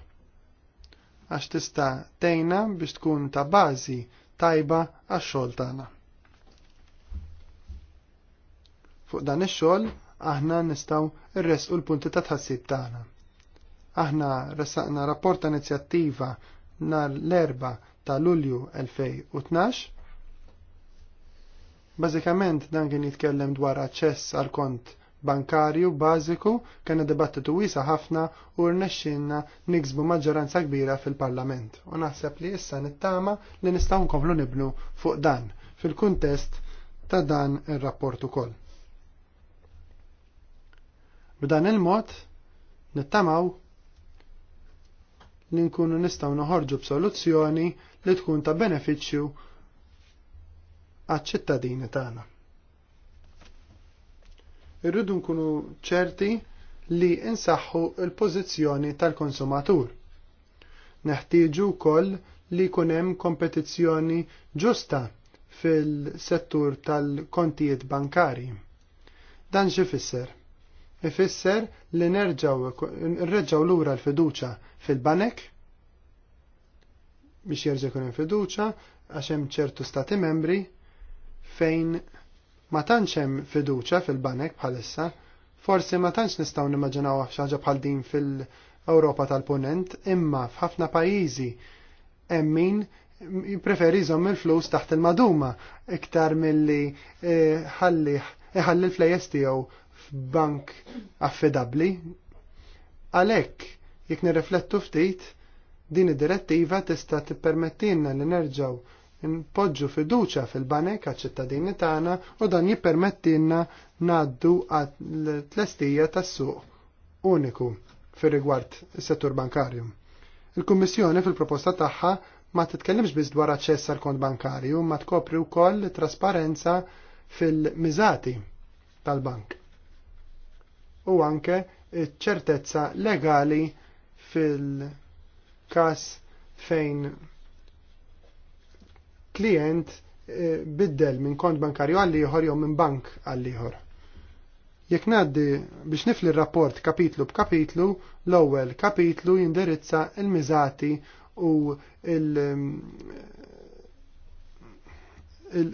għax tista' tejna biex tkun ta' bażi tajba għax-xogħol tagħna. Fuq dan ix-xogħol aħna nistgħu irresqu l-punti ta' tħassib tagħna. Aħna ressaqna rapport ta' inizjattiva nhar l 4 ta' Lulju 2012. Bażikament dan kien jitkellem dwar aċċess għal kont bankarju bażiku kena dibattitu wiesa ħafna u rnexxinna niksbu maġġoranza kbira fil-Parlament. U naħseb li issa nittama li nistgħu nkomplu nibnu fuq dan fil-kuntest ta' dan ir-rapport ukoll. B'dan il-mod nittamaw li nkunu nistgħu noħorġu b'soluzzjoni li tkun ta' benefiċċju għaċ-ċittadini tagħna irridu nkunu ċerti li insaħħu il-pożizzjoni tal-konsumatur. Neħtieġu wkoll li jkun hemm kompetizzjoni ġusta fil-settur tal-kontijiet bankari. Dan x'ifisser. fisser? Ifisser li nerġaw lura l-fiduċa fil-banek biex jerġa' kunem hemm fiduċa għax hemm ċertu stati membri fejn Ma tantx hemm fiduċja fil-banek bħalissa, forsi ma tantx nistgħu nimmaġinaw xaġa bħal din fil-Ewropa tal-Punent, imma f'ħafna pajjiżi hemm min preferi jżomm il-flus taħt il-maduma iktar milli eh, ħalli iħalli l-flejes tiegħu f'bank affidabbli. Għalhekk jekk nirriflettu ftit din id-direttiva tista' tippermettilna li nerġgħu impoġġu fiduċa fil-banek għaċ-ċittadini tagħna u dan jippermettilna ngħaddu għat-tlestija tas-suq uniku fir-rigward is-settur bankarju. Il-Kummissjoni fil-proposta tagħha ma titkellimx biss dwar aċċess għal kont bankarju ma tkopri wkoll trasparenza fil-miżati tal-bank. U anke ċertezza legali fil-każ fejn klient eh, biddel minn kont bankarju għal ieħor jew minn bank għalli jħor. Jekk ngħaddi biex nifli rapport kapitlu b'kapitlu, l-ewwel kapitlu jindirizza l-miżati u mm, l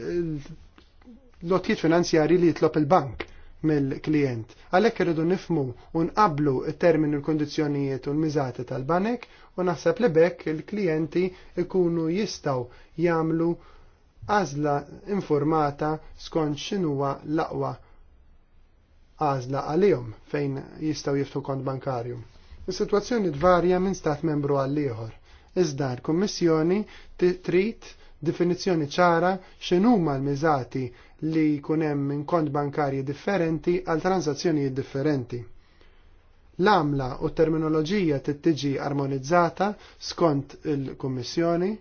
lotjiet finanzjarji li jitlob il-bank mill-klient. Għalhekk irridu nifmu u il t-termini l-kondizzjonijiet u l-miżati tal-banek u naħseb li bekk il-klijenti ikunu jistaw jagħmlu għażla informata skont x'inhuwa l-aqwa għażla għalihom fejn jistaw jiftu kont bankarju. Is-sitwazzjoni tvarja minn stat membru għal ieħor. Iżda l-Kummissjoni trid definizzjoni ċara x'inhuma l-miżati li jkun hemm minn kont bankarji differenti għal transazzjonijiet differenti. L-għamla u terminoloġija tittiġi armonizzata skont il-Kummissjoni.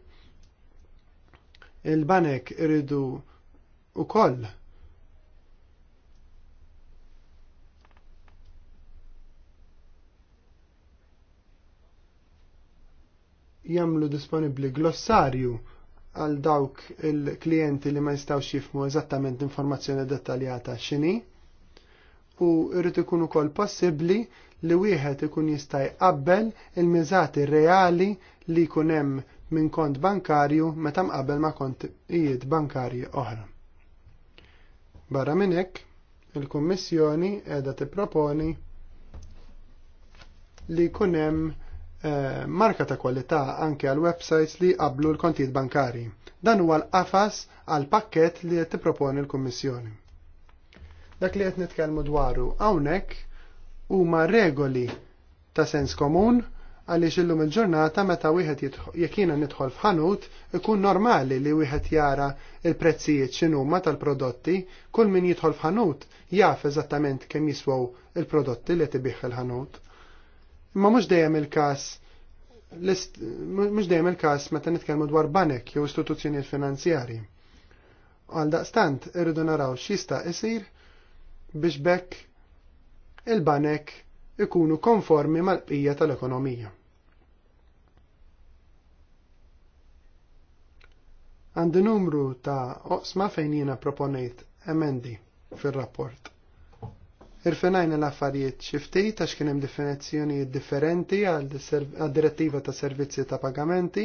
Il-banek iridu u koll jamlu disponibli glossarju għal dawk il-klienti li ma jistawx jifmu eżattament informazzjoni dettaljata x'inhi u irrid ikun ukoll possibbli li wieħed ikun jista' jqabbel il-miżati reali li jkun hemm minn kont bankarju meta mqabbel ma' kontijiet bankarji oħra. Barra minn hekk, il-Kummissjoni qiegħda tipproponi li jkun hemm Eh, marka ta' kwalità anke għal websites li qablu l-kontijiet bankari. Dan huwa l-qafas għal pakket li qed tipproponi l-Kummissjoni. Dak li qed nitkellmu dwaru hawnhekk huma regoli ta' sens komun għaliex illum il-ġurnata meta wieħed jekk jiena nidħol f'ħanut ikun normali li wieħed jara il-prezzijiet x'inhuma tal-prodotti, kull min jidħol f'ħanut jaf eżattament kemm jiswaw il-prodotti li tibih il-ħanut. Ma mhux dejjem il-każ mhux dejjem il-każ meta nitkellmu dwar banek jew istituzzjonijiet finanzjarji. Għal daqstant irridu naraw xista isir biex bekk il-banek ikunu konformi mal-bqija tal-ekonomija. Għandi numru ta' oqsma fejn jiena proponejt emendi fil-rapport. Irfenajna l-affarijiet xifti ta' xkien hemm definizzjonijiet differenti għal direttiva ta' servizzi ta' pagamenti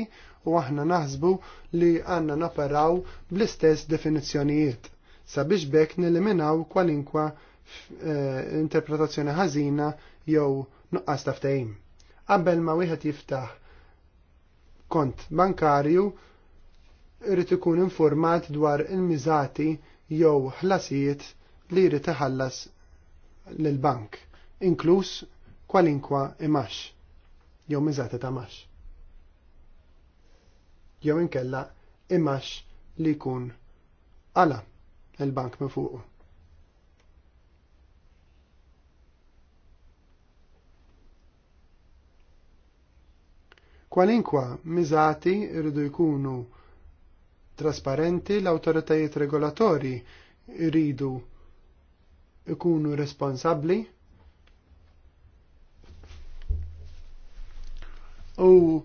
u aħna naħsbu li għanna naparaw bl-istess definizzjonijiet sabiex bekk neliminaw kwalinkwa eh, interpretazzjoni ħażina jew nuqqas ta' ftehim. Qabel ma wieħed jiftaħ kont bankarju irid ikun informat dwar il-miżati jew ħlasijiet li jrid iħallas l-bank, inkluż kwalinkwa imax, jew miżata ta' max. Jew inkella imax li jkun għala il-bank me fuqu. Kwalinkwa miżati rridu jkunu trasparenti l-autoritajiet regolatori rridu ikunu responsabbli u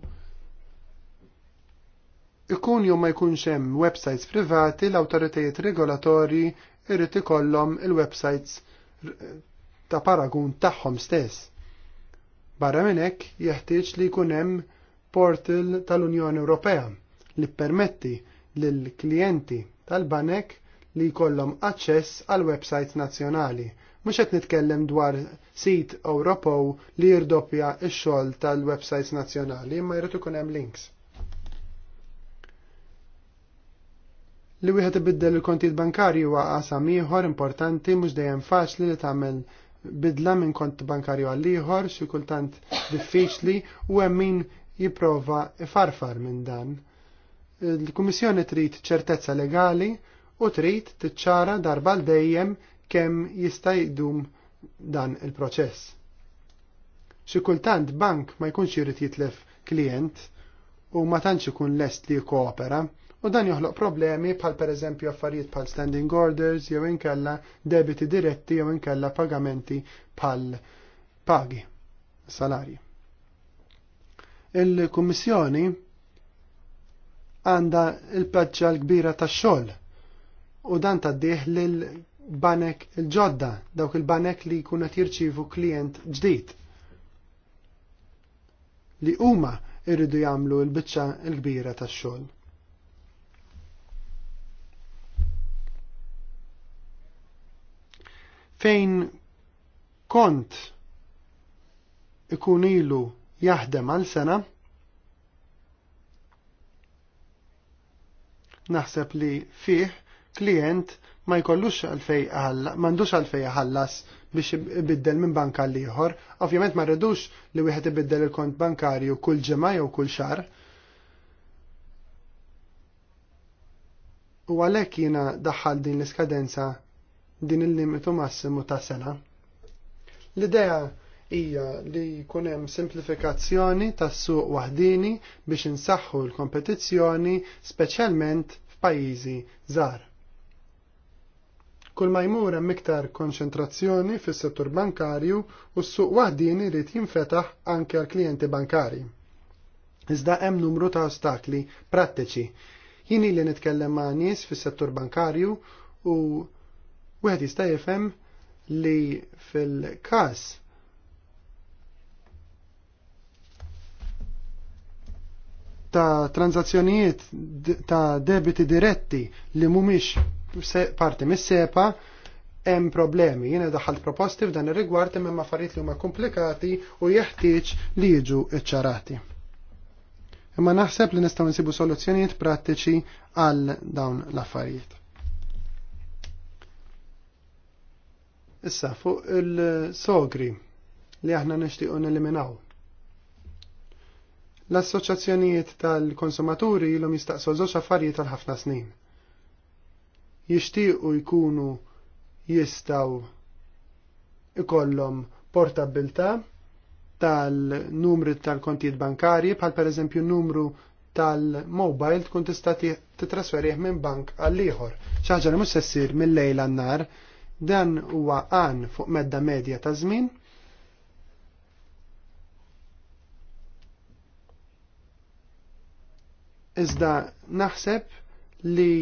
ikun jew ma jkunx hemm websites privati l-awtoritajiet regolatorji irid ikollhom il-websites ta' paragun tagħhom stess. Barra minn hekk jeħtieġ li jkun hemm portal tal-Unjoni Ewropea li permetti lill klijenti tal-banek li jkollhom aċċess għal websites nazzjonali. Mhux qed nitkellem dwar sit Ewropew li jirdoppja x-xogħol tal-websites nazzjonali, imma jrid ikun hemm links. Li wieħed ibiddel il-kontijiet bankarji huwa qasam ieħor importanti mhux dejjem faċli li tagħmel bidla minn kont bankarju għal ieħor xi kultant diffiċli u hemm min jipprova farfar minn dan. Il-Kummissjoni trid ċertezza legali u trid tiċċara darba l dejjem kemm jista' jdum dan il-proċess. Xi kultant bank ma jkunx irid jitlef klient u ma tantx ikun lest li jkoopera u dan joħloq problemi bħal pereżempju affarijiet bħal standing orders jew inkella debiti diretti jew inkella pagamenti bħal pagi salarji. Il-Kummissjoni għanda il-paċċa l-kbira tax xogħol u dan taddiħ lil banek il-ġodda, dawk il-banek li jkunu qed jirċievu klient ġdid. Li huma irridu jagħmlu l-biċċa l-kbira tax-xogħol. Fejn kont ikun ilu jaħdem għal sena, naħseb li fih klient ma jkollux għalfej ħallas, mandux għalfej ħallas biex ibiddel minn banka l Ovvjament ma rridux li wieħed ibiddel il-kont bankarju kull ġimgħa jew kull xar. U għalhekk jiena daħħal din l-iskadenza din il-limitu massimu ta' sena. L-idea hija li jkun hemm simplifikazzjoni tas-suq waħdini biex insaħħu l-kompetizzjoni speċjalment f'pajjiżi żgħar. Kull ma jmur hemm iktar konċentrazzjoni fis-settur bankarju u s-suq waħdin irid jinfetaħ anke għal klijenti bankari. Iżda hemm numru ta' ostakli prattiċi. Jien li nitkellem ma' nies fis-settur bankarju u wieħed jista' jifhem li fil-każ ta' tranzazzjonijiet ta' debiti diretti li mhumiex parti mis-sepa hemm problemi. Jiena daħalt proposti f'dan ir-rigward imma affarijiet li huma komplikati u jeħtieġ li jiġu ċċarati. Imma naħseb li nistgħu nsibu soluzzjonijiet prattiċi għal dawn l-affarijiet. Issa fuq il-sogri li aħna nixtiequ neliminaw. L-assoċjazzjonijiet tal-konsumaturi ilhom jistaqsu żewġ affarijiet għal ħafna snin jishtiqu jkunu jistaw ikollhom portabilta tal-numri tal-kontijiet bankarji bħal pereżempju numru tal-mobile tkun tista' titrasferih minn bank għal ieħor. Xi ħaġa li mhux se ssir mill-lejl għan-nar, dan huwa għan fuq medda medja ta' żmien iżda naħseb li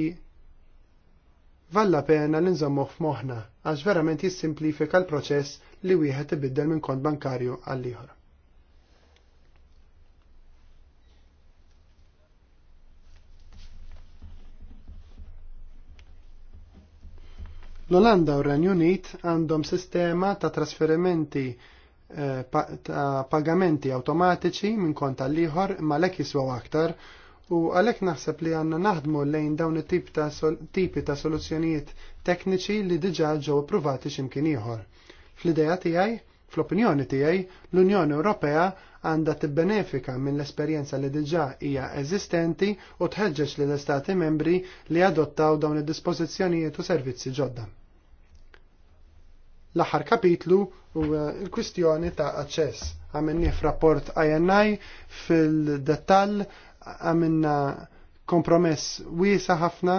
valla pena li nżammuh f'moħħna għax verament jissimplifika l-proċess li wieħed ibiddel minn kont bankarju għal ieħor. L-Olanda u Renju Unit għandhom sistema ta' trasferimenti eh, ta' pagamenti automatiċi minn kont għall ieħor ma lek jiswaw aktar U għalhekk naħseb li għandna naħdmu lejn dawn it tip ta', sol ta soluzzjonijiet tekniċi li diġà ġew approvati x'imkien ieħor. Fl-idea tiegħi, fl-opinjoni tiegħi, l-Unjoni Ewropea għandha tibbenefika minn l-esperjenza li diġà hija eżistenti u tħeġġeġ lill istati membri li adottaw dawn id-dispożizzjonijiet u servizzi ġodda. L-aħħar kapitlu huwa l-kwistjoni ta' aċċess. Għamenni f'rapport INI fil-dettall għamilna kompromess wiesa ħafna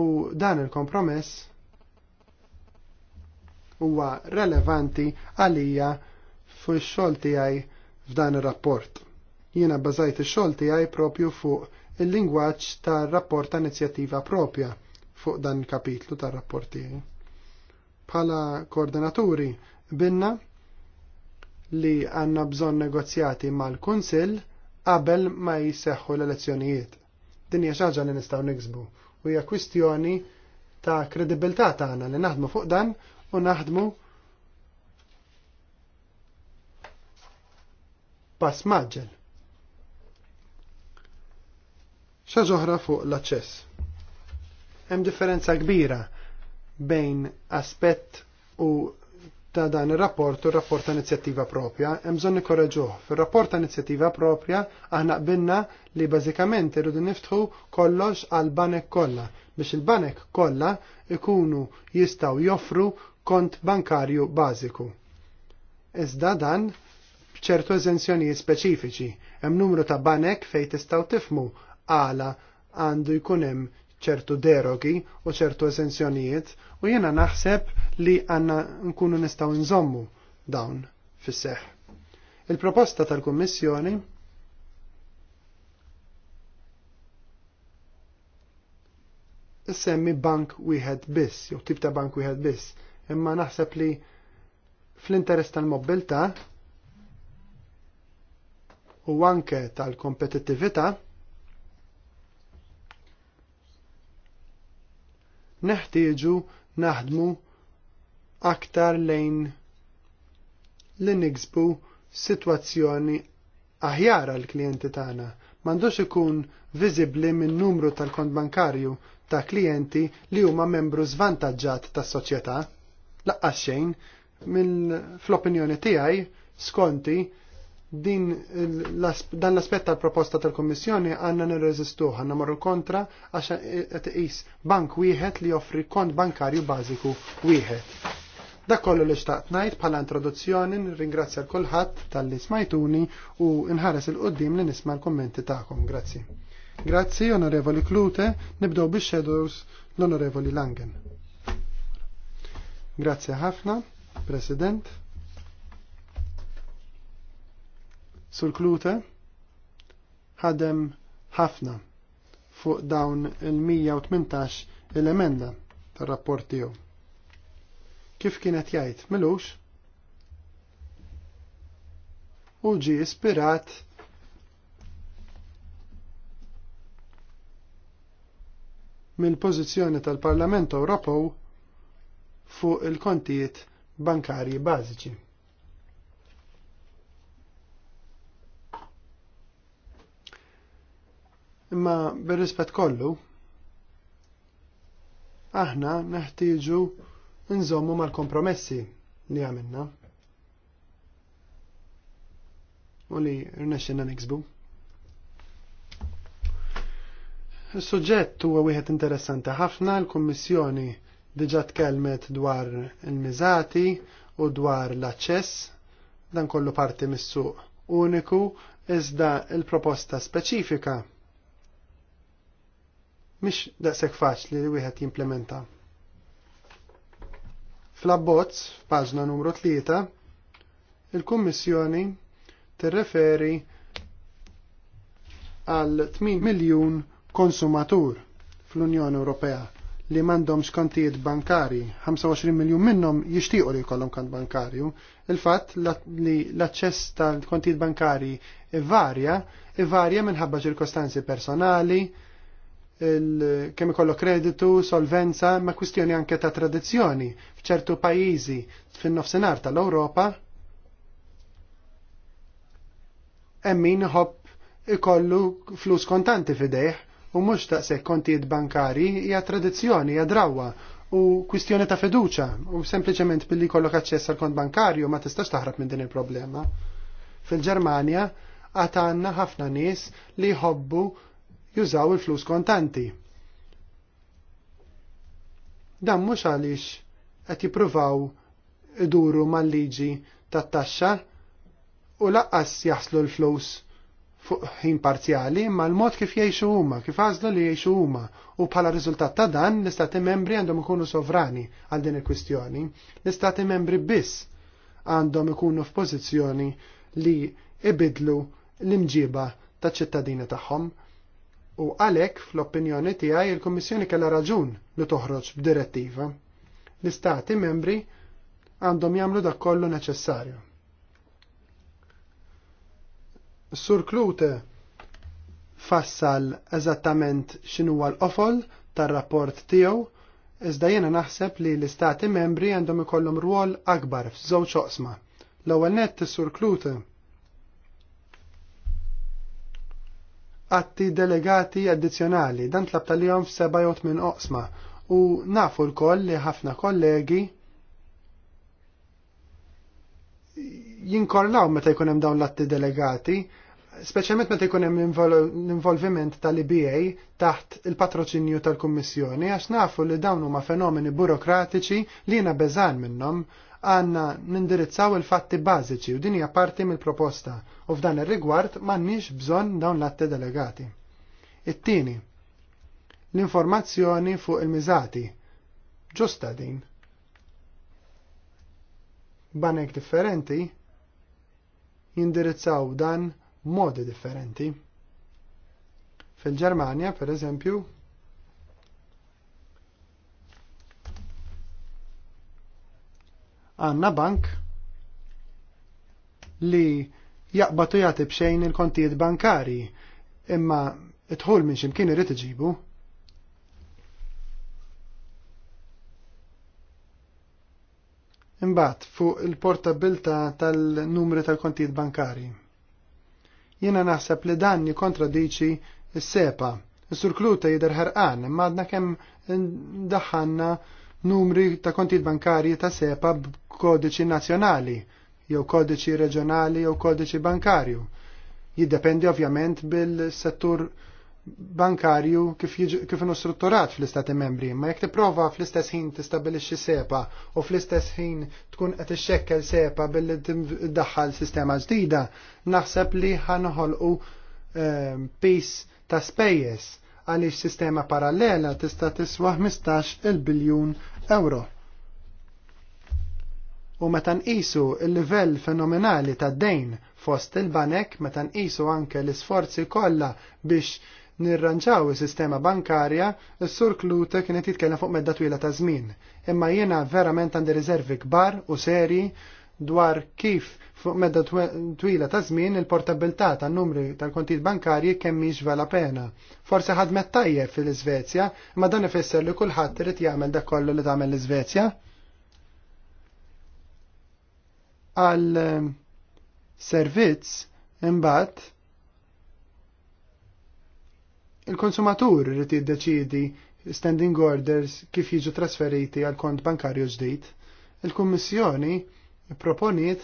u dan il-kompromess huwa relevanti għalija fuq x xogħol tiegħi f'dan ir-rapport. Jiena bbażajt ix-xogħol tiegħi propju fuq il-lingwaġġ tar-rapport ta' inizjattiva propja fuq dan il-kapitlu tar-rapport tiegħi. Bħala koordinaturi binna li għanna bżon negozjati mal-Kunsill qabel ma jiseħħu l-elezzjonijiet. Din hija xaġa li nistgħu niksbu u hija kwistjoni ta' kredibilità tagħna li naħdmu fuq dan u naħdmu pass maġġel. ġoħra fuq l-aċċess. Hemm differenza kbira bejn aspett u ta' dan ir-rapport u r-rapport ta' inizjattiva propja, hemm bżonn fil Fir-rapport ta' inizjattiva propja aħna qbinna li bażikament irridu niftħu kollox għal banek kollha biex il-banek kollha ikunu jistgħu joffru kont bankarju bażiku. Iżda dan b'ċertu eżenzjonijiet speċifiċi, hemm numru ta' banek fejn tistgħu tifmu għala għandu jkun hemm ċertu derogi u ċertu esenzjonijiet u jena naħseb li għanna nkunu nistaw nżommu dawn fis-seħ. Il-proposta tal-Kummissjoni semmi bank wieħed biss, jew tip ta' bank wieħed biss, imma naħseb li fl-interess tal-mobilta u anke tal-kompetittività neħtieġu naħdmu aktar lejn li niksbu sitwazzjoni aħjar għal klijenti tagħna. M'għandux ikun viżibbli minn numru tal-kont bankarju ta' klijenti li huma membru żvantaġġat tas-soċjetà. Laqqas xejn, mill-fl-opinjoni tiegħi skonti din dan l-aspett tal-proposta tal-Kommissjoni għanna nirreżistu, għanna marru kontra għax qed iqis bank wieħed li joffri kont bankarju bażiku wieħed. Dak kollu li xtaqt ngħid bħala introduzzjoni nirringrazzja l-kulħadd tal-li smajtuni u nħares il-qoddim li nisma' l-kummenti tagħkom. Grazzi. Grazzi, Onorevoli Klute, nibdow bix-shadows l-Onorevoli Langen. Grazzi ħafna, President. Sur Klute ħadem ħafna fuq dawn il-118 il-emenda tar-rapport tiegħu. Kif kienet jgħid, milux? U ispirat mill-pożizzjoni tal-Parlament Ewropew fuq il-kontijiet bankarji bażiċi. Imma bil rispett kollu, aħna neħtieġu nżommu mal-kompromessi li għamilna u li rnexxinna niksbu. Is-suġġett huwa wieħed interessanti ħafna, l-Kummissjoni diġà tkellmet dwar il-miżati u dwar l-aċċess dan kollu parti mis-suq uniku iżda il-proposta speċifika mhix daqshekk faċli li wieħed jimplementa. Fl-abbozz, f'paġna numru 3, il-Kummissjoni tirreferi għal 8 miljun konsumatur fl-Unjoni Ewropea li m'għandhomx kontijiet bankari, 25 miljun minnhom jixtiequ li jkollhom kont bankarju. Il-fatt li l-aċċess tal-kontijiet bankari varja, varja minħabba ċirkostanzi personali, kemm ikollok kreditu, solvenza, ma kwistjoni anke ta' tradizzjoni f'ċertu pajjiżi fin-nofsinhar tal-Ewropa. Hemm min iħobb ikollu flus kontanti fidejh u mhux taqsek kontijiet bankari hija tradizzjoni, hija drawwa u kwistjoni ta' fiduċa u sempliċement billi kollok aċċess għal kont bankarju ma tistax taħrab minn din il-problema. Fil-Ġermanja għatanna ħafna nies li jħobbu jużaw il-flus kontanti. Dan mhux għaliex qed jippruvaw iduru mal-liġi tat-taxxa u laqqas jaħslu l-flus fuq ħin parzjali, imma l-mod kif jgħixu huma, kif għażlu li jgħixu huma, u bħala riżultat ta' dan l-istati membri għandhom ikunu sovrani għal din il-kwistjoni. L-istati membri biss għandhom ikunu f'pożizzjoni li ibidlu l-imġiba ta' ċittadini tagħhom. U għalek, fl-opinjoni tiegħi, il-Kommissjoni kellha raġun li toħroġ b'direttiva. L-Istati membri għandhom jagħmlu dak kollu neċessarju. Sur Klute fassal eżattament x'inhuwa l-qofol tar-rapport tiegħu, iżda jiena naħseb li l-Istati membri għandhom ikollhom rwol akbar f'żewġ oqsma. L-ewwel nett is-Sur Klute atti delegati addizjonali, dan tlab tal-jom f-78 minn oqsma, u nafu l-koll li ħafna kollegi jinkorlaw meta jkun hemm dawn l-atti delegati, speċjalment meta jkun hemm l-involviment tal-IBA taħt il-patroċinju tal-Kummissjoni għax nafu li dawn huma fenomeni burokratiċi li jiena beżan minnhom għanna nindirizzaw il-fatti bażiċi u dinja parti mill-proposta u f'dan ir-rigward m'għandniex bżonn dawn l-atti delegati. It-tieni, l-informazzjoni fuq il-miżati. Ġusta din. Banek differenti jindirizzaw dan modi differenti. Fil-Ġermanja, per eżempju, Għanna bank li jaqbatu jagħti bxejn il-kontijiet bankari imma itħol minn ximkien irid iġibu. Imbagħad fuq il-portabilta tal-numri tal-kontijiet bankari. Jiena naħseb li dan jikontradiċi s-sepa. Is-surkluta jidher ħarqan, imma għadna kemm daħħanna numri ta' kontijiet bankarji ta' sepa b'kodiċi nazzjonali, jew kodiċi reġjonali jew kodiċi bankarju. Jiddependi ovvjament bil-settur bankarju kif, kif strutturat fl-istati membri, ma jek tipprova fl-istess ħin tistabilixxi sepa u fl-istess ħin tkun qed ixxekkel sepa billi tiddaħħal sistema ġdida, naħseb li ħanħolqu uh, eh, pis ta' spejjeż għaliex sistema parallela tista' tiswa 15 il-biljun euro. U meta nqisu il-livell fenomenali tad dejn fost il-banek, meta nqisu anke l-isforzi kollha biex nirranġaw is-sistema bankarja, s-sur Klute kienet jitkellem fuq medda twila ta' żmien. Imma jiena verament għandi riservi kbar u seri dwar kif fuq medda twila ta' żmien il-portabilità tan numri tal-kontijiet bankarji kemm mhix vala pena. Forsi ħadmet tajjeb fil-Iżvezja, ma dan ifisser li kulħadd irid jagħmel dak kollu li tagħmel l-Iżvezja. Għal ehm, servizz imbagħad il-konsumatur irid jiddeċiedi standing orders kif jiġu trasferiti għal kont bankarju ġdid. Il-Kummissjoni proponiet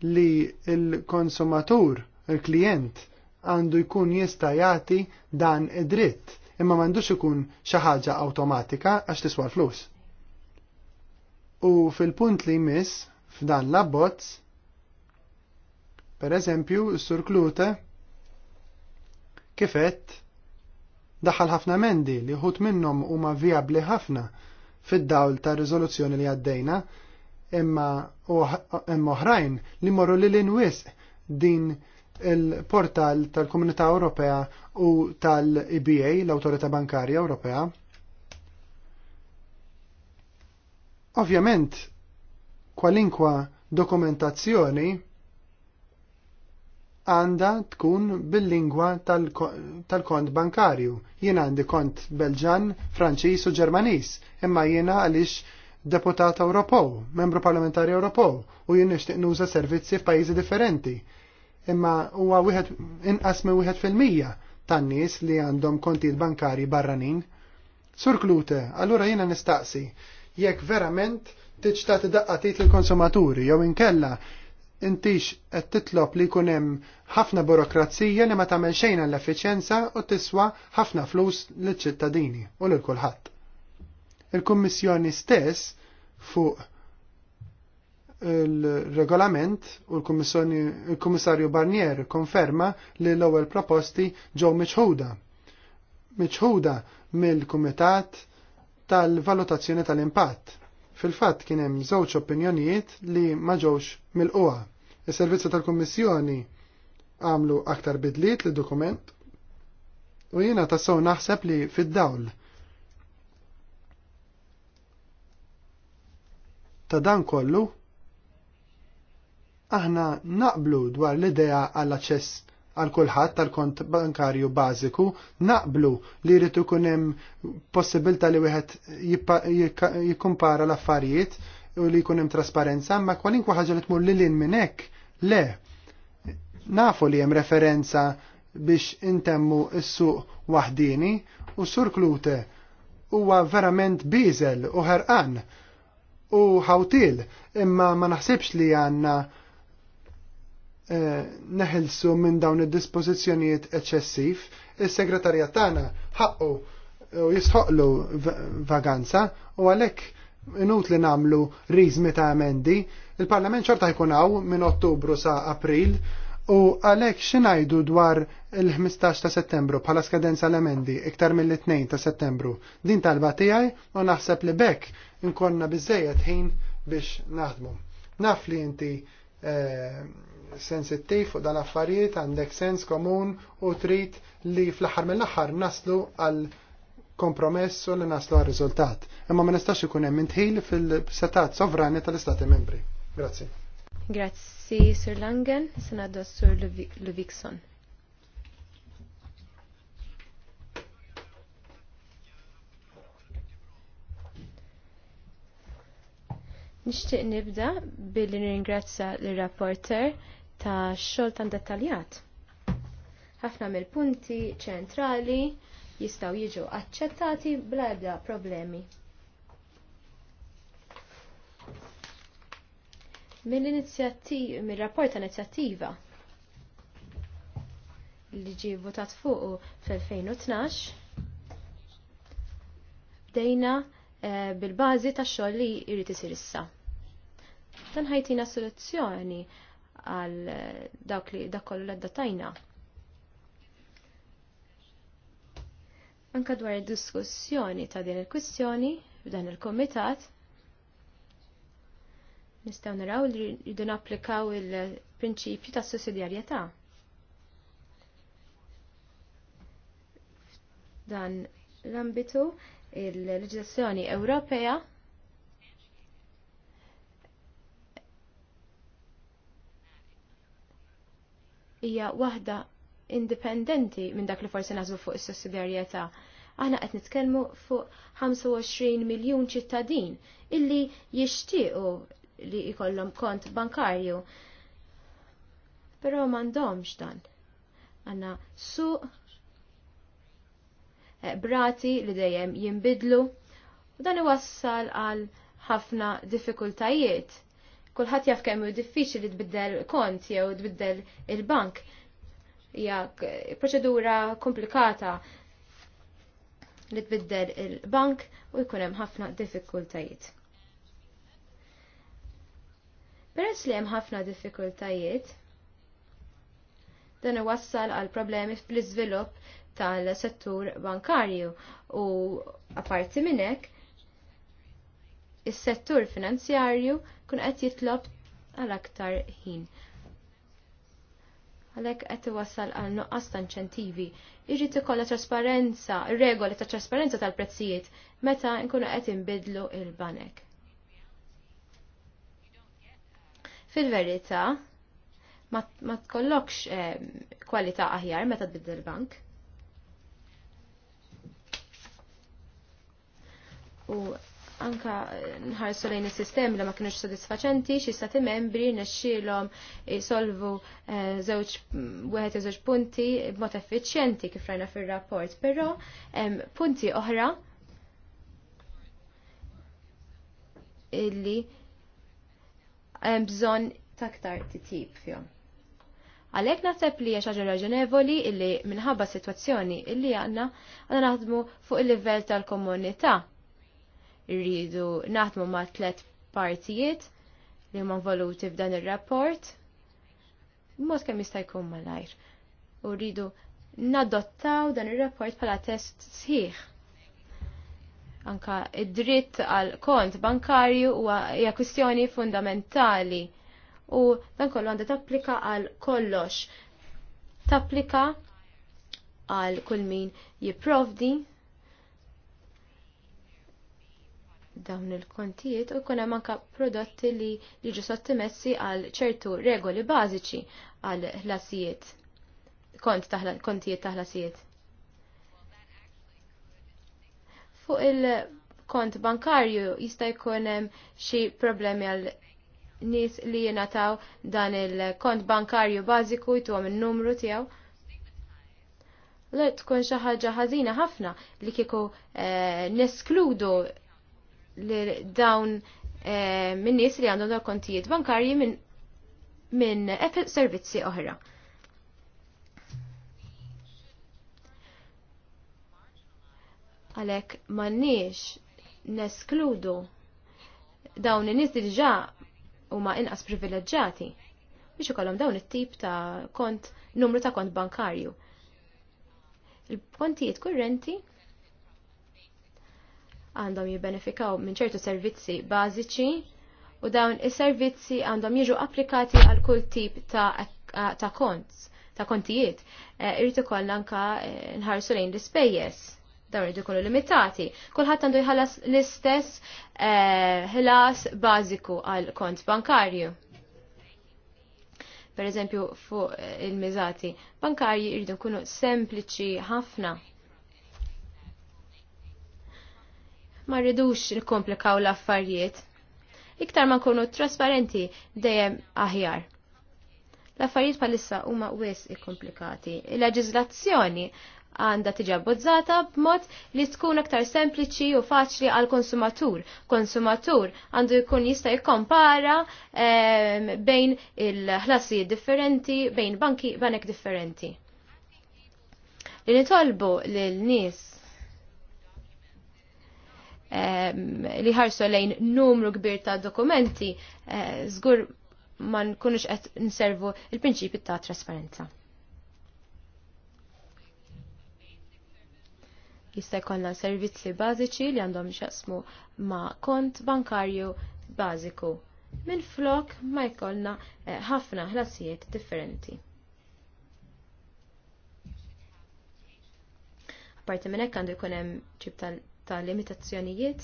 li il-konsumatur, il-klient, għandu jkun jista' jagħti dan id-dritt, imma m'għandux ikun xi ħaġa awtomatika għax tiswa flus. U fil-punt li jmiss f'dan l-abbozz, per eżempju, s-sur Klute kifet daħal ħafna mendi li ħut minnhom huma vijabli ħafna fid-dawl ta' riżoluzzjoni li għaddejna, imma oħrajn li morru li l-inwis din il-portal tal-Komunità Ewropea u tal-EBA, l-Autorità Bankarja Ewropea. Ovvjament, kwalinkwa dokumentazzjoni għanda tkun bil-lingwa tal-kont bankarju. Jiena għandi kont Belġan, Franċis u Ġermanis, imma jiena għalix deputat Ewropew, membru parlamentari Ewropew, u jien nixtieq nuża servizzi f'pajjiżi differenti. Imma huwa wieħed inqas minn wieħed fil-mija tan-nies li għandhom kontijiet bankarji barranin. Sur Klute, allura jiena nistaqsi, jekk verament tiġ tagħti daqqa lill-konsumaturi jew inkella intix qed titlob li jkun hemm ħafna burokrazija li ma tagħmel xejn għall-effiċjenza u tiswa ħafna flus lill-ċittadini u lil kulħadd. Il-Kummissjoni stess fuq il-regolament u l-Kummissarju Barnier konferma li l-ewwel proposti ġew miċħuda. Miċħuda mill-Kumitat tal-Valutazzjoni tal-Impatt fil-fatt kien hemm żewġ opinjonijiet li ma ġewx mill-qwa. Is-servizzi tal-Kummissjoni għamlu aktar bidliet li dokument u jiena tassew naħseb li fid-dawl ta' dan kollu aħna naqblu dwar l-idea għall-aċċess għal kulħadd tal-kont bankarju bażiku naqblu li jrid ikun hemm possibilità li wieħed jikkumpara l-affarijiet u li jkun hemm trasparenza, ma kwalinkwa ħaġa li tmur lilin minn hekk, le. Nafu li hemm referenza biex intemmu s-suq waħdini u sur klute huwa verament biżel u ħerqan u ħawtil imma ma naħsibx li għanna eh, neħilsu minn dawn id-dispożizzjonijiet eċċessiv, is-segretarjat tagħna ħaqqu u jisħoqlu vaganza u għalhekk inut li namlu rizmi ta' emendi, il-Parlament xorta jkun hawn minn Ottubru sa' April u għalhekk xinajdu dwar il-15 ta' Settembru bħala skadenza l-emendi iktar mill-2 ta' Settembru. Din talba tiegħi u naħseb li bekk inkonna bizzejet ħin biex naħdmu. Naf li inti eh, sensittiv fuq dan affarijiet għandek sens komun u trid li fl-aħħar mill-aħħar naslu għal kompromess u li naslu għal riżultat. Imma ma nistax ikun hemm intħil fil-setat sovrani tal-Istati membri. Grazzi. Grazzi Sir Langen, Senado Sir Luvikson. Nixtieq nibda billi nirringrazzja l-rapporter ta' xogħol tan dettaljat. Ħafna mill-punti ċentrali jistaw jiġu aċċettati bla ebda problemi. Mill-inizjattiva, mill-rapport inizjattiva li ġi votat fuq fl-2012, bdejna eh, bil-bazi ta' xogħol li jrid isir issa. Dan ħajtina soluzzjoni għal eh, dak li dak kollu l-addatajna. Anka dwar id-diskussjoni ta' din il-kwistjoni f'dan il-komitat nistgħu naraw li rridu napplikaw il-prinċipju ta' sussidjarjetà. Dan l-ambitu il-leġislazzjoni Ewropea hija waħda indipendenti minn dak li forsi nażbu fuq is-sussidjarjetà. Aħna qed nitkellmu fuq 25 miljun ċittadin illi jixtiequ li jkollhom kont bankarju. Però m'għandhomx dan. Għandna suq eh, brati li dejjem jinbidlu u dan iwassal għal ħafna diffikultajiet kulħadd jaf kemm hu diffiċli tbiddel kont jew tbiddel il-bank jak eh, proċedura komplikata li tbiddel il-bank u jkun hemm ħafna diffikultajiet. Peress li hemm ħafna diffikultajiet, dan iwassal għal problemi fl-iżvilupp tal-settur bankarju u apparti minn hekk, is-settur finanzjarju kun qed jitlob għal aktar ħin Għalhekk qed iwassal għal nuqqas ta' inċentivi. Irid ikollha trasparenza, regoli ta' trasparenza tal-prezzijiet meta nkunu qed imbidlu il-banek. Fil-verità, ma tkollokx eh, kwalità aħjar meta tbiddel bank. U anka nħarsu lejn is-sistemi li ma kienux sodisfaċenti, xi stati membri nexxielhom isolvu eh, żewġ wieħed żewġ punti b'mod effiċjenti kif rajna fir-rapport, però punti oħra illi hemm bżonn taktar titjib fihom. Għalek naħseb li xi raġonevoli illi minħabba situazzjoni illi għanna għanna naħdmu fuq il-livell tal-komunità rridu naħdmu ma' tlet partijiet li huma voluti f'dan ir-rapport mod kemm jista' jkun malajr. U rridu nadottaw dan ir-rapport bħala test sħiħ. Anka id-dritt għal kont bankarju huwa hija kwistjoni fundamentali u dan kollu għandha tapplika għal kollox. Tapplika għal kull min jipprovdi dawn il-kontijiet u jkun hemm anke prodotti li jiġu sottomessi għal ċertu regoli bażiċi għal ħlasijiet. Kont taħla, kontijiet ta' ħlasijiet. Fuq il-kont bankarju jista' jkun hemm xi problemi għal nies li jingħataw dan il-kont bankarju bażiku jtuhom in-numru tiegħu. Le tkun xi ħaġa ħażina ħafna li kieku eh, neskludu dawn eh, minn nies li għandhom dal kontijiet bankarji minn min servizzi oħra. Għalek mannix neskludu dawn in-nies diġà huma inqas privileġġjati biex ikollhom dawn it-tip ta' kont numru ta' kont bankarju. Il-kontijiet kurrenti għandhom jibbenefikaw minn ċertu servizzi bażiċi u dawn is-servizzi għandhom jiġu applikati għal kull tip ta', ta kont, ta' kontijiet. Eh, irrid e, anka eh, nħarsu lejn l-ispejjeż. Dawn irid ikunu limitati. Kulħadd għandu jħallas l-istess eh, ħlas bażiku għal kont bankarju. Per eżempju, fuq il-miżati bankarji irridu nkunu sempliċi ħafna ma rridux nikomplikaw l-affarijiet. Iktar ma nkunu trasparenti dejjem aħjar. L-affarijiet palissa huma wis ikkomplikati. Il-leġiżlazzjoni għanda tiġi abbozzata b'mod li tkun aktar sempliċi u faċli għal konsumatur. Konsumatur għandu jkun jista' jikkompara ehm, bejn il-ħlasijiet differenti, bejn banki banek differenti. Li nitolbu lil nies li ħarsu lejn numru kbir ta' dokumenti, żgur eh, ma nkunux qed nservu il-prinċipju ta' trasparenza. Jista' jkollna servizzi bażiċi li għandhom xasmu ma' kont bankarju bażiku minn flok ma jkollna eh, ħafna ħlasijiet differenti. Apparti minn hekk għandu jkun hemm ċib ta' limitazzjonijiet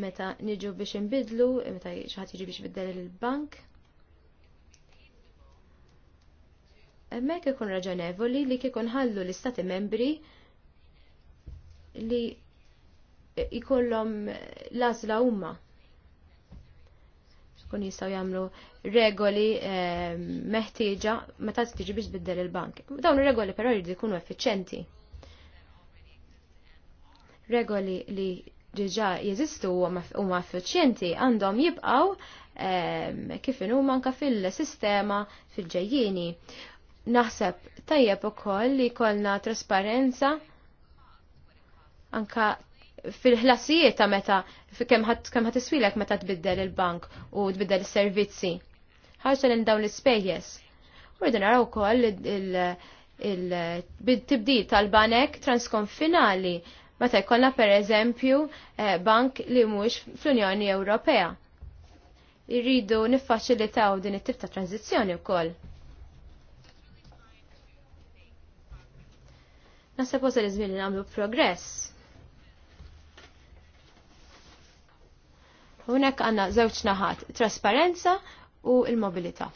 meta niġu biex inbidlu, meta xaħat jiġi biex biddel il-bank. Emmek ikun raġonevoli li kikun ħallu l-istati membri li ikollhom lażla huma. Kun jistaw jagħmlu regoli eh, meħtieġa meta tiġi biex biddel il-bank. Dawn ir-regoli però jridu jkunu effiċenti regoli li diġa jeżistu u ma effiċjenti għandhom jibqaw ehm, kif huma anka fil-sistema fil-ġejjini. Naħseb tajjeb ukoll li kollna trasparenza anka fil-ħlasijiet ta' meta kemm ħadd iswilek meta tbiddel il-bank u tbiddel is-servizzi. Ħarsu lil dawn l-ispejjeż. Urdu naraw ukoll il-tibdil tal-banek transkonfinali Meta jkollna pereżempju eh, bank li mhux fl-Unjoni Ewropea. Irridu niffaċilitaw din it-tip ta' tranzizzjoni wkoll. Naħseb wasa li żmien li nagħmlu progress. Hunek għandna żewġ naħat, trasparenza u l-mobilità.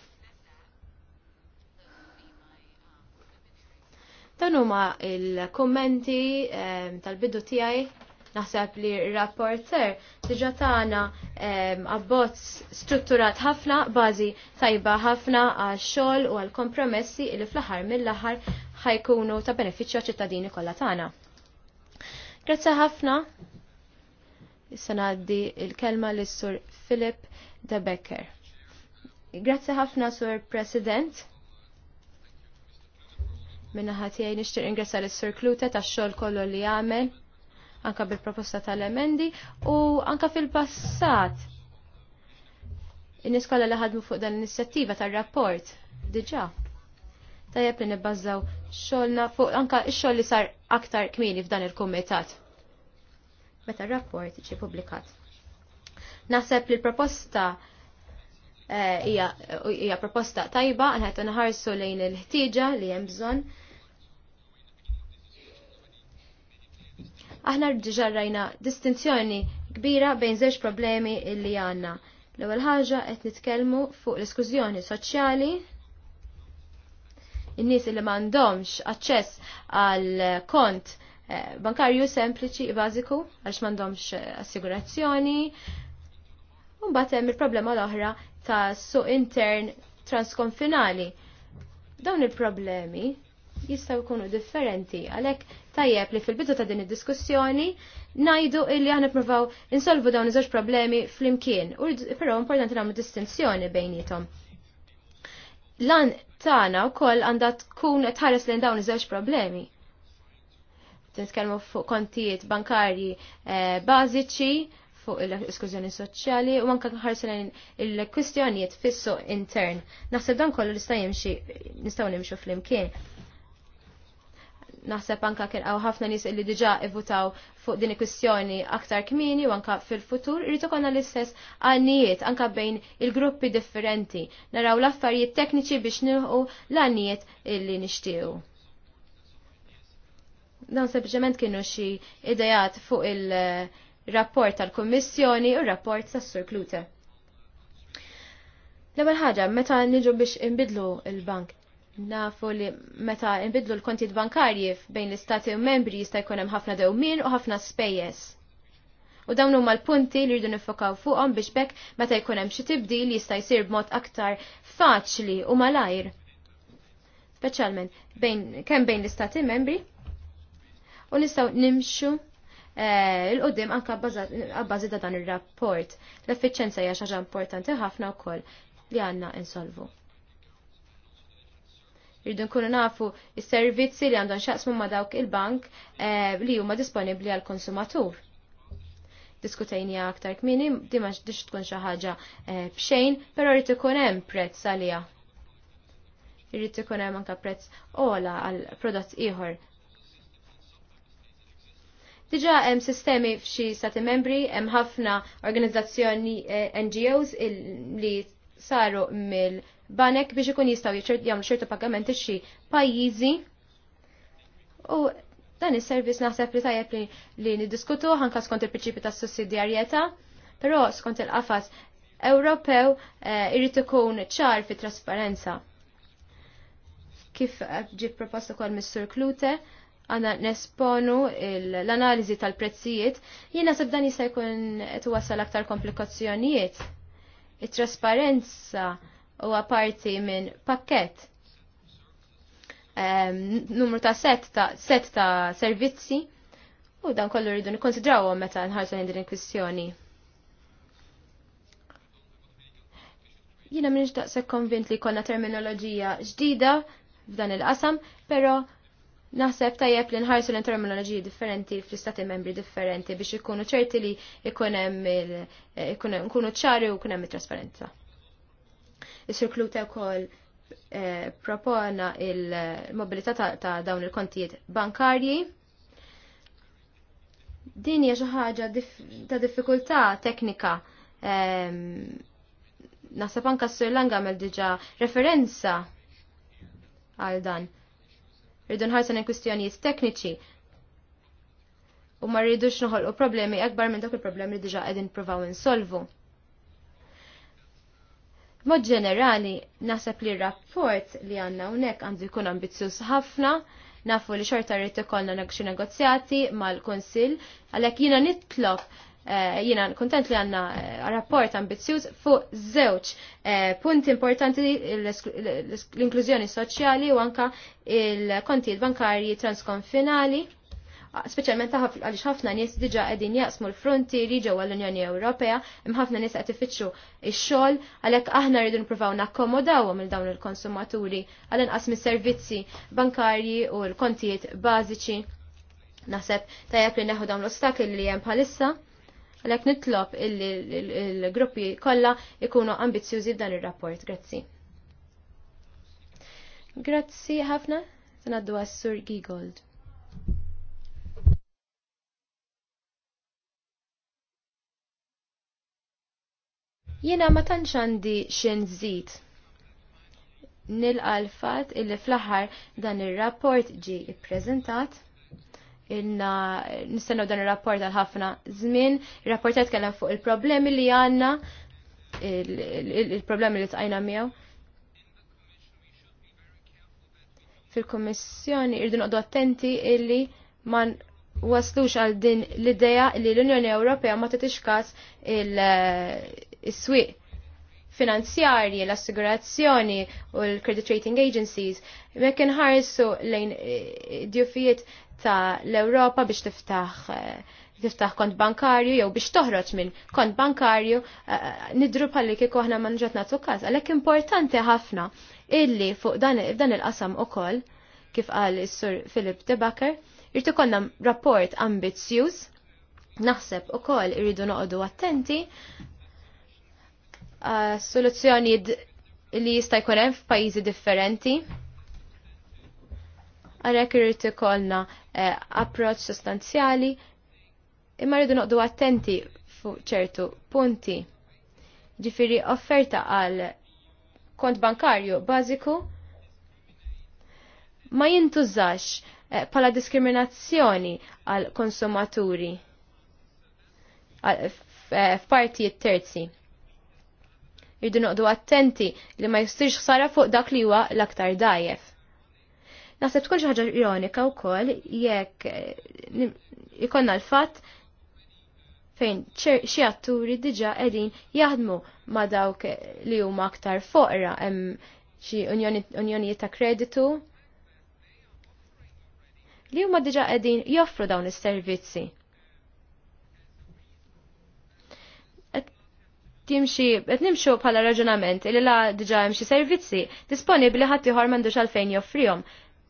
Dan huma il-kommenti ehm, tal-bidu tiegħi naħseb li rapporter diġa tagħna ehm, abbozz strutturat ħafna, bażi tajba ħafna għal xogħol u għal kompromessi li fl-aħħar mill-aħħar ħajkunu ta' benefiċċju ċittadini kollha tagħna. Grazzi ħafna. Issa ngħaddi il-kelma lis-Sur Philip de Becker. Grazzi ħafna Sur President. Minna ħatijaj nixtieq ingressa l-Sur Klute ta' xol kollu li għamel, anka bil-proposta tal-emendi, u anka fil-passat. In-nies kollha li ħadmu fuq dan l-inizjattiva tar rapport Diġà. Tajab li nibbażaw xogħolna fuq anka xogħol li sar aktar kmieni f'dan il kumitat Meta r rapport ġie publikat. Naħseb li l-proposta eh, hija proposta tajba, għanħet naħarsu lejn il-ħtieġa li hemm bżonn Aħna diġà distinzjoni kbira bejn żewġ problemi illi għandna. L-ewwel ħaġa qed nitkellmu fuq l-iskużjoni soċjali in-nies li m'għandhomx aċċess għal kont eh, bankarju sempliċi bażiku għalx m'għandhomx eh, assigurazzjoni. Mbagħad hemm il-problema l-oħra ta' suq intern transkonfinali. Dawn il-problemi jistgħu jkunu differenti għalhekk tajjeb li fil-bidu ta' din id-diskussjoni najdu illi aħna provaw insolvu dawn iż-żewġ problemi fl-imkien, però importanti nagħmlu distinzjoni bejnietom. Lan tagħna wkoll għandha tkun tħares lejn dawn iż-żewġ problemi. Tinskellmu fuq kontijiet bankarji eh, bażiċi, fuq l-eskużjoni soċjali u anke ħarsu lejn il-kwistjonijiet fissu intern. Naħseb dan kollu nistgħu nimxu flimkien naħseb anka kien hawn ħafna nies li diġa' ivvutaw fuq din il-kwistjoni aktar kmini u anka fil-futur irid konna l-istess għannijiet anka bejn il-gruppi differenti naraw l-affarijiet tekniċi biex nilħu l-għannijiet illi nixtiequ. Dan sempliċement kienu xi idejat fuq il-rapport tal-Kummissjoni u r-rapport tas-Sur Klute. L-ewwel ħaġa meta niġu biex inbidlu il-bank nafu li meta nbidlu l-kontijiet bankarji bejn l-istati u membri jista' jkun hemm ħafna dewmien u ħafna spejjeż. U dawn huma l-punti li rridu nifokaw fuqhom biex bekk meta jkun hemm xi tibdil jista' jsir b'mod aktar faċli u malajr. Speċjalment bejn kemm bejn l-istati membri u nistgħu nimxu eh, l-qoddim anka abbażi ta' dan ir-rapport. L-effiċenza hija xi ħaġa importanti ħafna wkoll li għandna insolvu rridu nkunu nafu s-servizzi li għandhom xaqsmu ma' dawk il-bank eh, li huma disponibbli għal konsumatur. Diskutejnija aktar kmini, di dix tkun xi ħaġa b'xejn, eh, però rrid ikun hemm prezz għalija. Irrid ikun hemm anke prezz ola għal prodott ieħor Diġa hemm sistemi f'xi stati membri, hemm ħafna organizzazzjoni eh, NGOs li saru mill banek biex ikun jistaw jagħmlu ċertu pagamenti xi pajjiżi. U dan is-servizz naħseb li tajjeb li niddiskutu anke skont il-prinċipju tas-sussidjarjetà, però skont il-qafas Ewropew eh, irid ikun ċar fit trasparenza. Kif eh, ġi proposta ukoll mis-Sur Klute, għana nesponu l-analizi tal-prezzijiet, jiena sab dan jista' jkun qed wasal aktar komplikazzjonijiet. It-trasparenza huwa parti minn pakket um, numru ta' set ta', set ta servizzi u dan kollu rridu nikkonsidrawhom meta nħarsu din il-kwistjoni. Jiena m'iniex se konvint li jkollna terminoloġija ġdida f'dan il-qasam, però naħseb tajjeb li nħarsu l-terminoloġiji differenti fl-istati membri differenti biex ikunu ċerti li ikun hemm ikunu ċari u ikun hemm it-trasparenza. Is-Sirkluta wkoll eh, propona il-mobilità ta', ta dawn il-kontijiet bankarji. Din hija xi ħaġa ta' diffikultà teknika. Ehm, naħseb anke s-Sir Langa għamel diġà referenza għal dan. Rridu nħarsan in kwistjonijiet tekniċi u ma rridux noħolqu problemi akbar minn dak il-problemi li diġa qegħdin provaw insolvu. Mod ġenerali, nasab li r-rapport li għanna unek għandu jkun ambizjuż ħafna, nafu li xorta rrit ikollna xi negozjati mal-Konsil, għalhekk jiena nitlob jiena kontent li għanna rapport ambizjuż fuq żewġ punti importanti l-inklużjoni soċjali u anka il-kontijiet bankarji transkonfinali speċjalment għaliex ħafna nies diġà qegħdin jaqsmu l-frontieri ġewwa l-Unjoni Ewropea, hemm ħafna nies qed ifittxu x-xogħol għalhekk aħna rridu nippruvaw nakkomodawhom il dawn il-konsumaturi għal inqas mis-servizzi bankarji u l-kontijiet bażiċi. Naħseb tajjeb li neħu dawn l-ostakli li hemm bħalissa għalhekk nitlob il-gruppi kollha jkunu ambizzjużi f'dan ir-rapport. Grazzi. Grazzi ħafna. Sanaddu għas-Sur Gigold. Jiena ma tantx għandi xejn żid nilqa l illi fl-aħħar dan ir-rapport ġi ppreżentat. Inna nistennew dan ir-rapport għal ħafna żmien, ir-rapport kellem fuq il-problemi li għandna, il-problemi li tqajna miegħu. Fil-Kommissjoni irdu noqdu attenti illi ma waslux għal din l-idea li l-Unjoni Ewropea ma titix każ il- is-swieq finanzjarji, l-assigurazzjoni u l-credit rating agencies, mekk inħarsu lejn eh, id djufijiet ta' l-Europa biex tiftaħ eh, tiftaħ kont bankarju jew biex toħroġ minn kont bankarju eh, nidru palli kieku aħna ma nġat nagħtu każ. Għalhekk importanti ħafna illi fuq dan il-qasam ukoll kif qal is-Sur Philip Debaker, irid ikollna rapport ambizzjuż naħseb ukoll irridu noqogħdu attenti Ah, soluzzjoni li jista' jkun hemm f'pajjiżi differenti. Għalhekk irid ikollna eh, approċċ sostanzjali imma rridu noqdu attenti fuq ċertu punti. Ġifieri offerta għal kont bankarju bażiku ma jintużax pala eh, diskriminazzjoni għal konsumaturi eh, f'partijiet terzi. Irdu noqdu attenti li ma jistirx ħsara fuq dak li huwa l-aktar dajjef. Naħseb tkun xi ħaġa ironika wkoll jekk eh, ikonna l-fatt fejn xi atturi diġà qegħdin jaħdmu ma' dawk eh, li huma aktar foqra hemm xi unjonijiet ta' kreditu li huma diġà qegħdin joffru dawn is-servizzi. timxi, qed nimxu bħala raġunament li la diġà hemm xi servizzi disponibbli ħadd ieħor m'għandux għalfejn joffrihom.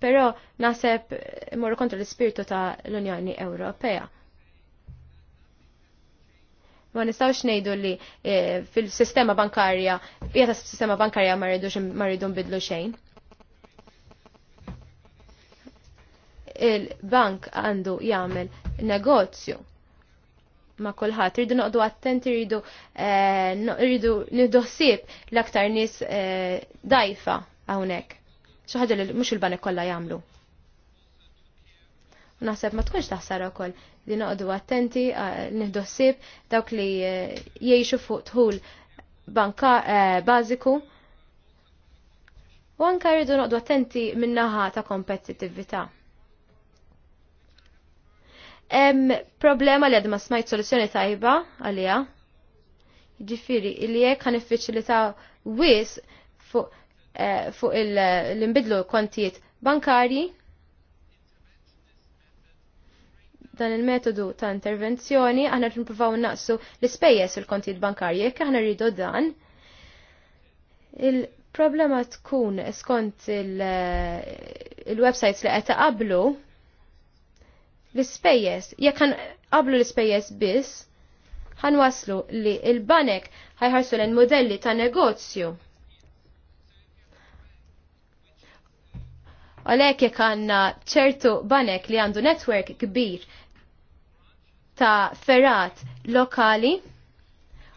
Però naħseb imorru kontra l-ispirtu ta' l-Unjoni Ewropea. Ma nistgħux ngħidu li eh, fil-sistema bankarja, s sistema bankarja ma rridux ma rridu nbidlu xejn. Il-bank għandu jagħmel negozju ma' kulħadd. Irridu noqdu attenti, rridu eh, rridu nidossib l-aktar nies eh, dajfa hawnhekk. Xi ħaġa li mhux il-banek kollha jagħmlu. Naħseb ma tkunx taħsar ukoll li noqdu attenti nidossib dawk li eh, jgħixu fuq tħul banka bażiku. U anke rridu noqdu attenti min-naħa ta' kompetittività. Em problema li għad ma smajt soluzzjoni tajba għalija. Ġifiri, li jekk ħan iffiċilita wis fuq eh, fu l-imbidlu kontijiet bankarji, dan il-metodu ta' intervenzjoni, aħna rrimpruvaw naqsu l-ispejjeż il-kontijiet bankarji, jekk aħna rridu dan, il-problema tkun skont eh, il-websites li qed qablu l spejjes Jekk qablu l-ispejjeż biss, ħan waslu li il-banek ħajħarsu l modelli ta' negozju. Għalek jek għanna ċertu banek li għandu netwerk kbir ta' ferrat lokali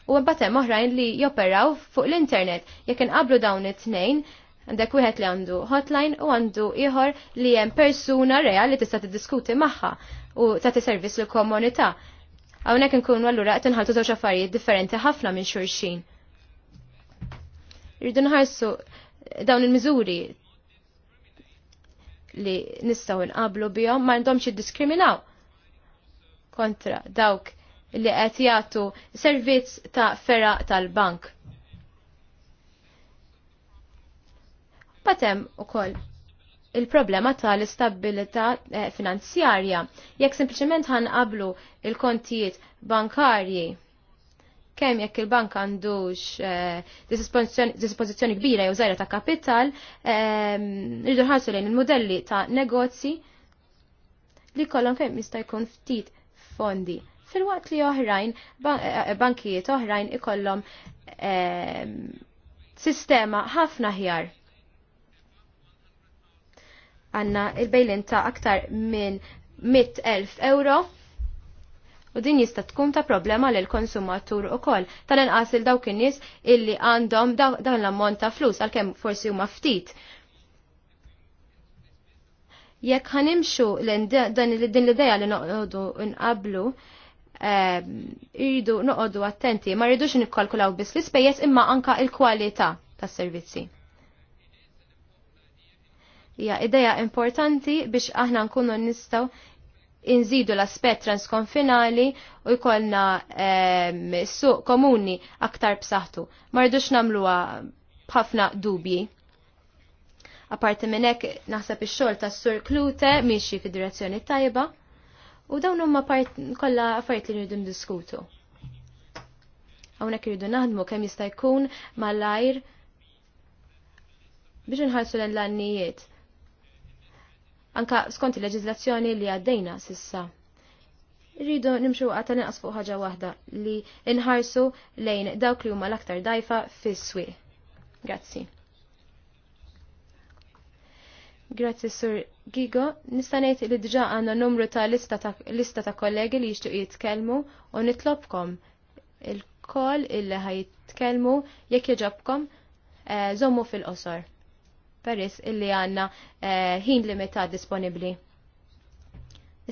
u għabbatem oħrajn li joperaw fuq l-internet. Jek qablu dawn it-tnejn, Għandek wieħed li għandu hotline u għandu ieħor li hemm persuna real li tista' tiddiskuti magħha u tagħti servizz lil komunità. Hawnhekk inkunu allura qed inħaltu żewġ affarijiet differenti ħafna minn xulxin. Irridu nħarsu dawn il-miżuri li nistgħu nqablu bihom ma għandhomx jiddiskriminaw kontra dawk li qed jagħtu servizz ta' feraq tal-bank. Patem u koll il-problema tal-istabilità eh, finanzjarja. Jekk sempliċement qablu il-kontijiet bankarji kemm jekk il-bank għandux eh, dispożizzjoni kbira jew żgħira ta' kapital, ehm, rridu eh, ħarsu lejn il-modelli ta' negozji li kollon fejn jista' jkun ftit fondi. Fil-waqt li oħrajn, eh, bankijiet oħrajn ikollhom eh, sistema ħafna ħjar għanna il-bejlin ta' aktar minn 100.000 euro u din jista' tkun ta' problema l konsumatur ukoll. Tal-inqas il dawk in-nies illi għandhom dawn l-ammont ta' flus għalkemm forsi huma ftit. Jekk ħanimxu din l-idea li noqogħdu nqablu, ehm, irridu noqogħdu attenti, ma rridux nikkalkulaw biss l-ispejjeż imma anka l-kwalità tas-servizzi hija ideja importanti biex aħna nkunu nistgħu inżidu l-aspett transkonfinali u jkollna e, suq komuni aktar b'saħħtu. Ma rridux nagħmluha b'ħafna dubji. Aparti minn hekk naħseb ix-xogħol tas-Sur Klute miexi fid-direzzjoni tajba u dawn huma kollha affarijiet li rridu ndiskutu. Hawnhekk irridu naħdmu kemm jista' jkun malajr biex inħarsu l-annijiet anka skont il-leġizlazzjoni li għaddejna sissa. Rridu nimxu għata nqas fuq ħaġa waħda li inħarsu lejn dawk li huma l-aktar dajfa fis-swieq. Grazzi. Grazzi Sur Gigo, nista' ngħid li diġà għandna numru ta' lista ta', lista ta kollegi li jixtieq jitkellmu u nitlobkom il-koll illi ħajtkellmu jekk jġobkom eh, żommu fil-qosor. Peris illi għanna eh, ħin limitat disponibli.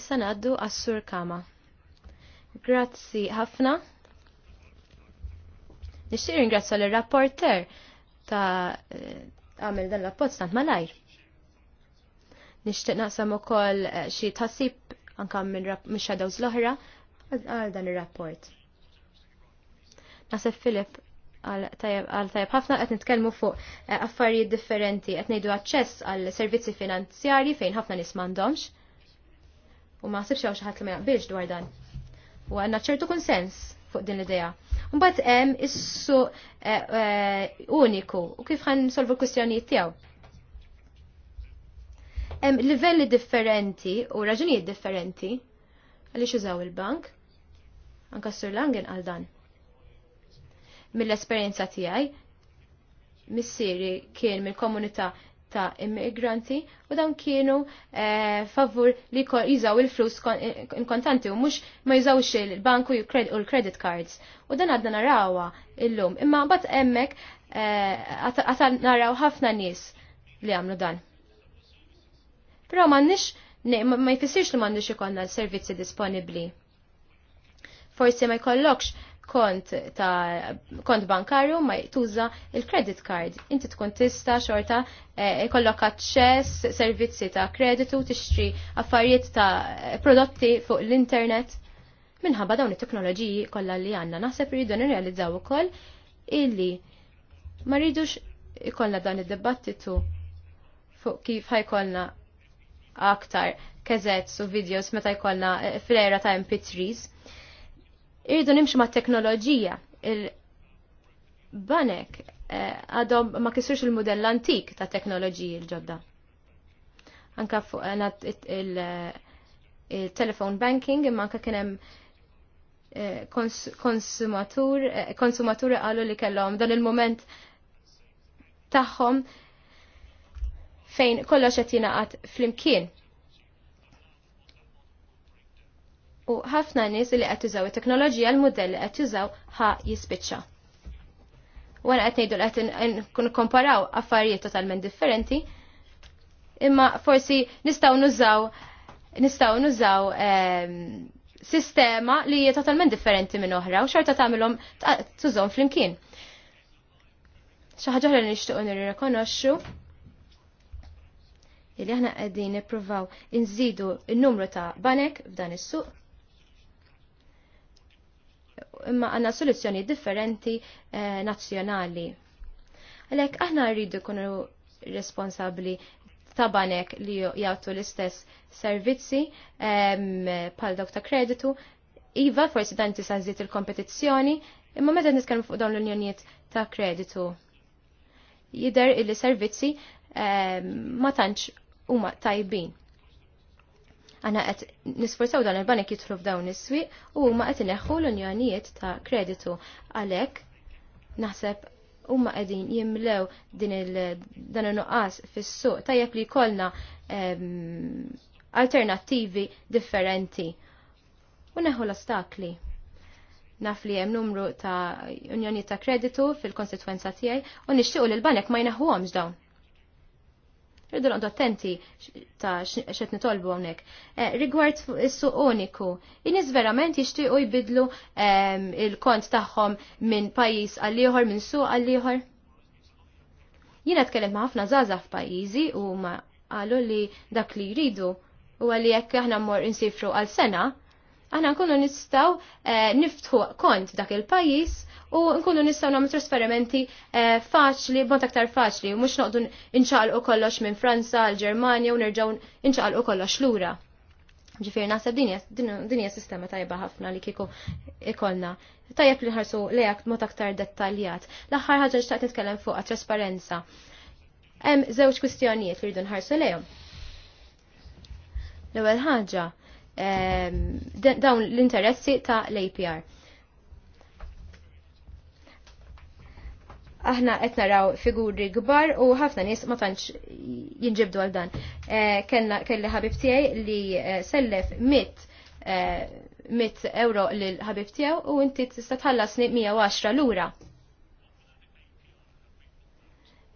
Issa naddu għassur sur kama. Grazzi ħafna. Nixtieq ringrazzja l-rapporter ta' eh, għamil dan l-appost tant malajr. Nixtieq naqsam ukoll eh, xi tasib anke minn xadaw l-oħra għal dan ir-rapport. Nasef Filip għal tajab ħafna qed nitkellmu fuq eh, affarijiet differenti qed ngħidu aċċess għal servizzi finanzjarji fejn ħafna nismandomx m'għandhomx. U ma ħsibx għaw xi ħadd li ma jaqbilx dwar dan. U għanna ċertu konsens fuq din l-idea. Mbagħad hemm is-suq eh, eh, uniku u kif għan solvu l-kwistjonijiet tiegħu. Hemm livelli differenti u raġunijiet differenti għaliex użaw il-bank. Anka Sur Langen għal dan mill-esperjenza tiegħi. Missieri kien mill-komunità ta' immigranti u dan kienu eh, favur li jizaw il-flus inkontanti u mux ma jizawx il-banku u l-credit cards. U dan għadna narawa il-lum. Imma bat emmek eh, għata eh, naraw ħafna nis li għamlu dan. Pero mannix, ne, ma jfissirx li mannix ikonna l-servizzi disponibli. Forsi ma jkollokx kont ta' kont bankarju ma jtuża il-credit card. Inti tkun tista' xorta jkollok eh, aċċess servizzi ta' kreditu tixtri affarijiet ta' prodotti fuq l-internet. Minħabba dawn it-teknoloġiji kollha li għandna naħseb irridu nirrealizzaw ukoll illi ma rridux ikollna dan id-dibattitu fuq kif ħajkollna aktar kezets u videos meta jkollna eh, fl-era ta' MP3s Irridu nimxu ma' teknoloġija. Il-banek eh, għadhom ma kisrux il-modell antik ta' teknoloġiji l-ġodda. Anka fuq eh, il-telephone eh, banking imma anka kien hemm konsumaturi għallu li kellhom dan il-moment tagħhom fejn kollox qed jingħaqad flimkien. u ħafna nies li qed jużaw it-teknoloġija l-mudell li qed jużaw ħa jispiċċa. Wara qed ngħidu li qed komparaw affarijiet totalment differenti, imma forsi nistgħu nużaw nistgħu nużaw ehm, sistema li hija totalment differenti minn oħra u xorta tagħmilhom tużhom flimkien. Xi ħaġa li nixtiequ nirrikonoxxu illi aħna qegħdin nippruvaw inżidu n-numru ta' banek f'dan is-suq imma għanna soluzzjoni differenti eh, nazzjonali. Għalek aħna rridu kunu responsabli tabanek li jgħatu l-istess servizzi pal ehm, dawk ta' kreditu. Iva, forsi dan tisa' il-kompetizzjoni, imma meta nitkellmu fuq dawn l-unjonijiet ta' kreditu. Jider il-servizzi ehm, ma tantx huma tajbin Għana qed nisforzaw dan il-banek jitru f'dawn is-swieq u huma qed ineħħu l-unjonijiet ta' kreditu għalhekk naħseb ma għedin jimlew din il dan il nuqqas fis-suq tajjeb li jkollna alternattivi differenti u neħu l-ostakli naf li hemm numru ta' unjoni ta' kreditu fil konsitwenza tiegħi u nixtiequ l banek ma jneħħuhomx dawn. Rridu noqdu attenti ta' xed nitolbu hawnhekk. Eh, rigward is-suq uniku, in verament verament jixtiequ jibidlu ehm, il-kont tagħhom minn pajjiż għal ieħor minn suq għal ieħor. Jiena tkellem ma' ħafna żgħażagħ f'pajjiżi u ma qalu li dak li jridu u għalli jekk aħna mmor insifru għal sena, aħna nkunu nistaw eh, niftħu kont dak il-pajjiż u nkunu nistgħu nagħmlu trasferimenti eh, faċli, bont aktar faċli, u mhux noqdu inċaqalqu kollox minn Franza l Ġermanja u nerġgħu inċaqalqu kollox lura. ura naħseb din hija sistema tajba ħafna li kieku ikolna. Tajjeb li ħarsu lejak mot aktar dettaljat. L-aħħar ħaġa xtaqt nitkellem fuq trasparenza. Hemm żewġ kwistjonijiet li rridu nħarsu lejhom. L-ewwel ħaġa ehm, dawn l-interessi ta' l-APR aħna qed naraw figuri kbar u ħafna nies ma tantx jinġibdu għal dan. Eh, kellna kelli ħabib tiegħi li eh, sellef mit eh, mit euro lil ħabib tiegħu u inti tista' tħallasni 110 lura.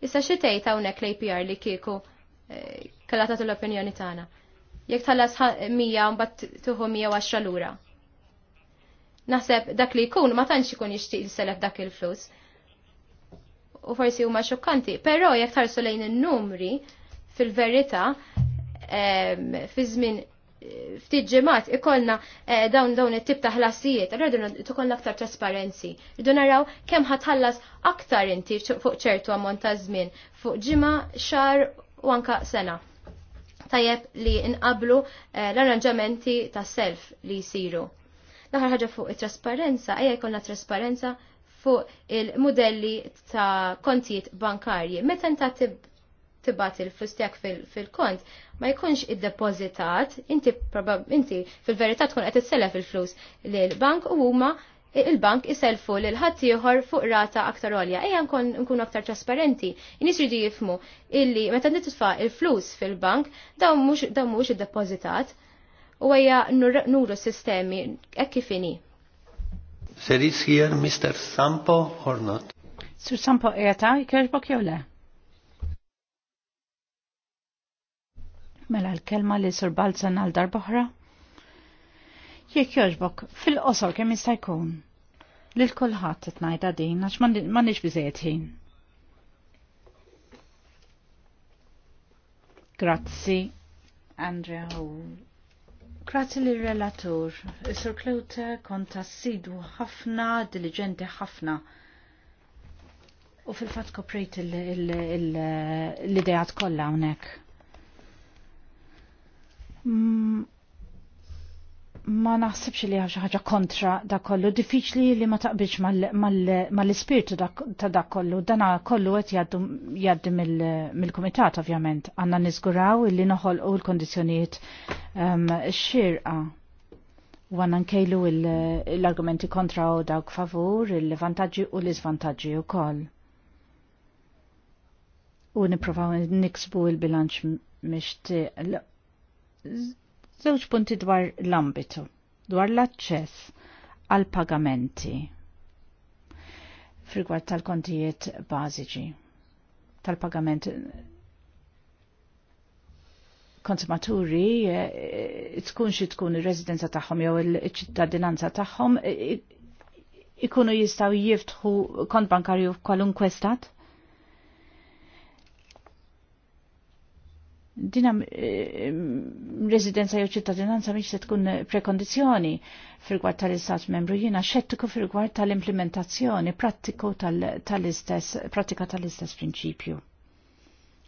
Issa xi tgħid hawnhekk l-APR li kieku kellha tagħtu l-opinjoni tagħna. Jekk tħallas 100 mbagħad tieħu 110 lura. Naħseb dak li jkun ma tantx ikun jixtieq jiselef dak il-flus. il flus u forsi huma xokkanti, però jekk tarsu lejn in-numri fil-verità fi żmien ftit ġimgħat ikollna eh, dawn dawn it-tip ta' ħlasijiet, rridu tkollna aktar trasparenzi. Rridu naraw kemm ħatħallas aktar inti fuq ċertu ammont ta' żmien, fuq ġimgħa, xar u anka sena. Tajjeb li nqablu eh, l-arranġamenti ta' self li jsiru. L-aħħar ħaġa fuq it-trasparenza, ejja jkollna trasparenza fuq il-modelli ta' kontijiet bankarji. Meta inta tibat il-fustijak fil-kont, ma jkunx id-depozitat, inti, inti fil-verità tkun qed issellef il-flus l-bank u huma il-bank iselfu l ħadd ieħor fuq rata aktar għolja. Ejja nkun aktar trasparenti. Inis jridu jifmu illi meta nitfa il-flus fil-bank dawn mhux id-depozitat u għajja nuru sistemi kif inhi Sir is here Mr. Sampo or not? Sir Sampo qiegħed e jkerbok jew le? Mela l-kelma li Sur Balzan għal darboħra? Jekk jogħġbok, fil-qosor kemm jista' jkun. Lil kulħadd najda din għax m'għandix biżejjed ħin. Grazzi, Andrea Hull. Grazie li relatur. Sir Klute konta sidu ħafna, diligenti ħafna. U fil-fat koprejt l-idejat kolla unek ma naħsibx li xi ħaġa kontra da kollu, diffiċli li ma taqbilx mal-ispirtu ta' da kollu, dana kollu qed jgħaddi mill-kumitat ovvjament. Għandna niżguraw li noħolqu l kondizjoniet um, xirqa. U għanna nkejlu l-argumenti kontra u dawk favur, il-vantaġġi u l-iżvantaġġi u koll. U niprofaw niksbu il-bilanċ mixtieq Żewġ punti dwar l-ambitu, dwar l-aċċess għal pagamenti frigward tal-kontijiet bażiċi tal-pagament konsumaturi eh, tkun xi tkun ir-residenza tagħhom jew il-ċittadinanza tagħhom ikunu jistaw jiftħu kont bankarju f'kwalunkwe stat? dina eh, residenza jew ċittadinanza miex se tkun prekondizjoni fil-gwart tal-istat membru jiena xettiku fil-gwart tal-implementazzjoni prattiku tal-istess tal pratika tal-istess prinċipju.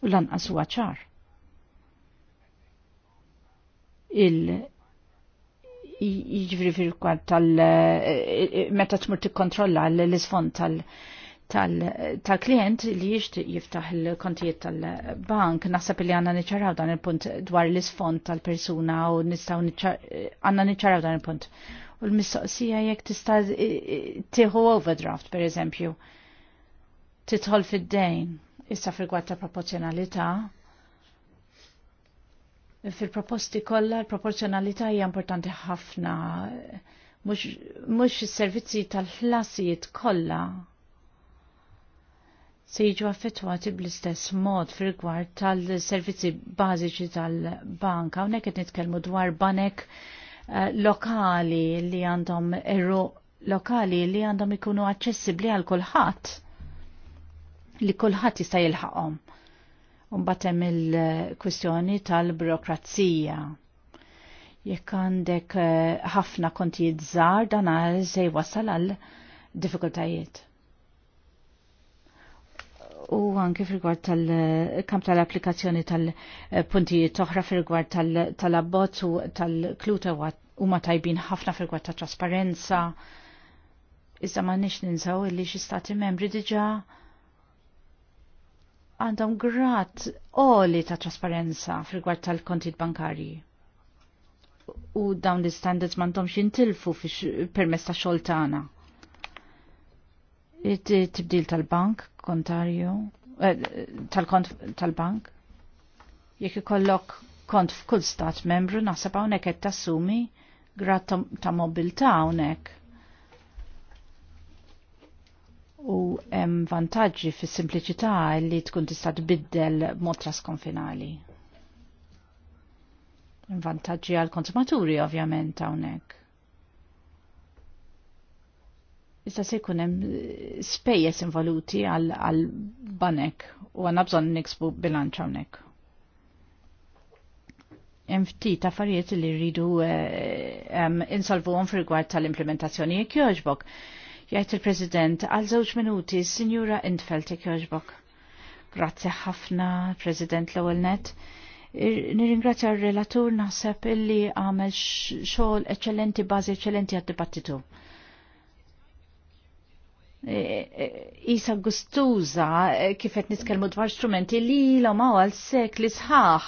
U lanqas huwa ċar. Il jiġri fil-gwart tal- eh, eh, meta tmur tikkontrolla l-isfond tal-, -tal tal-klient tal li jixt jiftaħ il-kontijiet tal-bank, nasab li għanna niċċaraw dan il-punt dwar l-isfond tal-persuna u nistaw għanna niċċaraw dan il-punt. U l-mistoqsija jek tista tiħu overdraft, per eżempju, titħol fid-dejn, issa fil ta' proporzjonalità, fil-proposti kollha l-proporzjonalità hija importanti ħafna mhux is-servizzi tal-ħlasijiet kollha se jiġu affettwati bl-istess mod fil tal-servizzi bażiċi tal-banka. Unek qed nitkellmu dwar banek eh, lokali li għandhom erru lokali li għandhom ikunu aċċessibbli għal kulħadd li kulħadd jista' jilħaqhom. Mbagħad hemm il-kwistjoni tal-birokrazija. Jekk għandek eh, ħafna kontijiet żgħar dan se jwassal għal diffikultajiet u anke fil-gwart tal-kamp tal-applikazzjoni tal-puntijiet oħra fil-gwart tal abbot u tal-kluta u ma tajbin ħafna fil-gwart tal-trasparenza. Iżda ma nix ninsaw li xi stati membri diġa għandhom grat oli ta' trasparenza fil-gwart tal-kontit bankari. u dawn l-standards mandomx jintilfu permess ta' xoltana tibdil tal-bank kontarju, eh, tal-kont tal-bank. Jekk ikollok kont f'kull stat membru naħseb hawnhekk qed tassumi grat ta' mobilità hawnhekk. U hemm vantaġġi fis-simpliċità li tkun tista' tbiddel mod trasconfinali. Vantaġġi għall-konsumaturi ovvjament hawnhekk. Issa se jkun hemm spejjeż involuti għal banek u għandna bżonn niksbu bilanċ hawnhekk. Hemm ftit affarijiet li rridu eh, insolvuhom f'rigward tal-implementazzjoni jekk jogħġbok. Jgħid il-President għal żewġ minuti, Sinjura Intfeld jekk jogħġbok. Grazzi ħafna, President l-ewwel net. Nirringrazzja r-relatur naħseb illi għamel xogħol eċċellenti, bażi eċċellenti għad-dibattitu Eh, eh, Isa Gustuza eh, kifet niskellmu dwar strumenti li l ma għal sekli sħaħ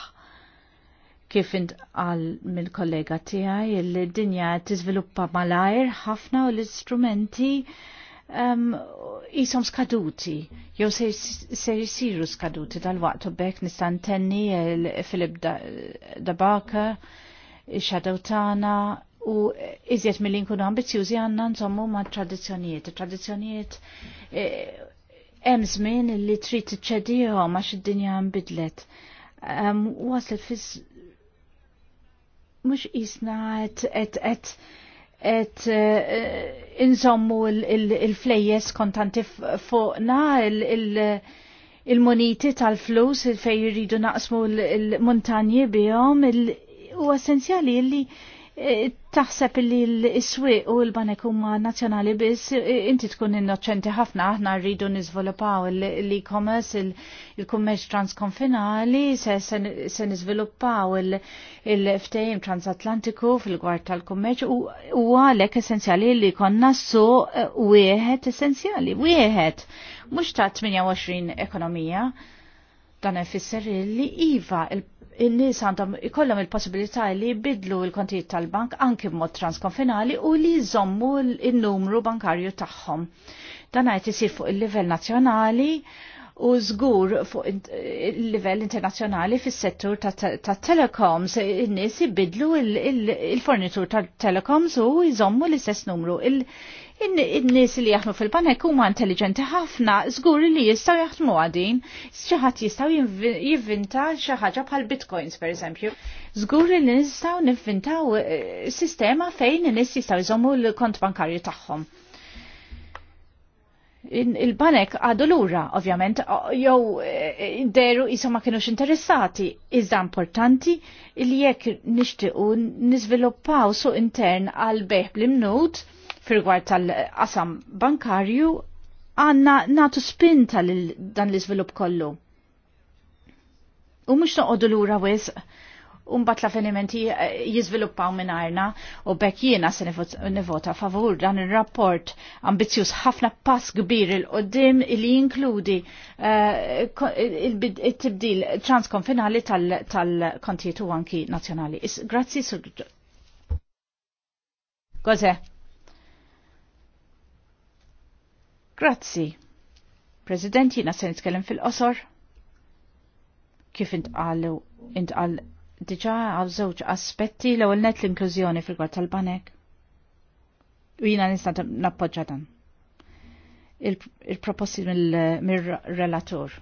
kif int għal mill kollega tijaj il-dinja tiżviluppa malajr ħafna u l-istrumenti um, jisom skaduti jew se jisiru skaduti dal-waqtu bekk nistan tenni il-Filip Dabaka il-Shadow Tana u iżjed mill-li nkunu ambizjużi għandna nżommu ma' tradizzjonijiet. Tradizzjonijiet e, hemm żmien li trid tiċċedihom għax id-dinja nbidlet. Waslet fiż mhux qisna qed qed qed insommu e, e, il-flejjes kontanti fuqna il-moniti tal-flus fej jiridu naqsmu il-montanji bihom u essenzjali li taħseb li l iswi u l-banek huma nazzjonali biss inti tkun innoċenti ħafna aħna rridu nizvilupaw l-e-commerce, il-kummerċ transkonfinali, se niżviluppaw il ftejim transatlantiku fil-gwar tal-kummerċ u għalek essenzjali li konna su eh, wieħed essenzjali, wieħed, mhux ta' 28 ekonomija dan ifisser li iva il in-nies għandhom ikollhom il-possibilità li jbidlu l-kontijiet tal-bank anki b'mod transkonfinali u li jżommu l-numru bankarju tagħhom. Dan qed isir fuq il-livell nazzjonali u żgur fuq il-livell internazzjonali fis-settur tat-telecoms in-nies jibidlu il-fornitur tal-telecoms u jżommu l-istess numru. Il in-nies li jaħdmu fil-banek huma intelligenti ħafna, żgur li jistgħu jaħdmu għadin, xi ħadd jistgħu jivvinta xi ħaġa bħal bitcoins pereżempju. Zgur li nistgħu nivvintaw eh, sistema fejn in-nies jistgħu jżommu l-kont bankarju tagħhom. Il-banek għadu lura, ovvjament, jew eh, deru jisoma ma kienux interessati, iżda importanti li jekk nixtiequ niżviluppaw suq intern għal beħ bl-imnut, firgwar tal-qasam bankarju għanna natu tal dan l-izvilup kollu. U mux noqodu l-ura wis, umbat l-avvenimenti eh, jizviluppaw minn u bekk jiena se nivota favur dan il-rapport ambizjuż ħafna pass kbir il-qoddim li jinkludi eh, il-tibdil transkonfinali tal kontietu u anki nazjonali. Grazzi, Gose. Grazzi. President, jina se nitkellem fil-qosor. Kif intqallu, intqal diġa għaw żewġ aspetti l ewwel net l-inklużjoni fil-gwar tal-banek. U jina nista' nappoġġa dan. Il-proposti mill-relatur.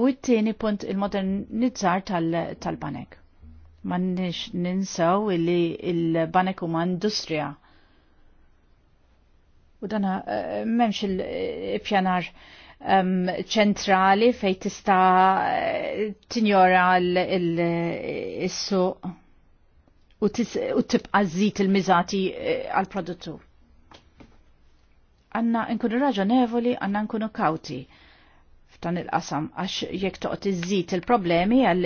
U it-tieni punt il-modernizzar tal-banek. Tal M'għandniex ninsaw illi il-banek huma industrija U dana eh, memx il-pjanar eh, ċentrali fej tista eh, tinjora l suq u tibqa żid il-miżati għal produttu Għanna nkunu raġonevoli, għanna nkunu kawti f'dan il-qasam għax jekk toqgħod iżid il-problemi għal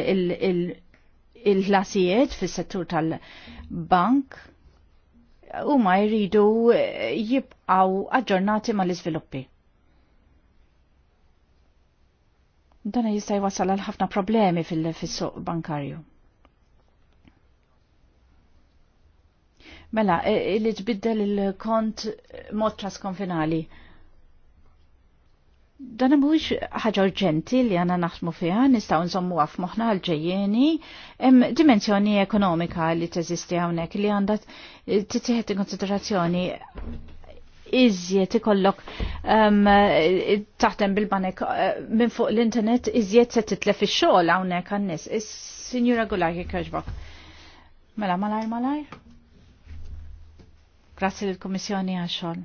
il-ħlasijiet fis-settur tal-bank huma jridu eh, jibqaw aġġornati mal-iżviluppi. Dan jista' jwassal għal ħafna problemi fil-suq bankarju. Mela, eh, li tbiddel il-kont mod trasconfinali. konfinali dan mhuwiex ħaġa urġenti li għana naħdmu fiha, nistgħu nżommu għaf moħħna għal-ġejjeni, hemm dimensjoni ekonomika li teżisti hawnhekk li għandha titieħed in konsiderazzjoni iżjed ikollok um, taħdem bil-banek uh, minn fuq l-internet iżjed se titlef ix-xogħol hawnhekk għan-nies. Is-Sinjura Gulaj jekk Mela malajr malajr? Grazzi lill-Kummissjoni għax-xogħol.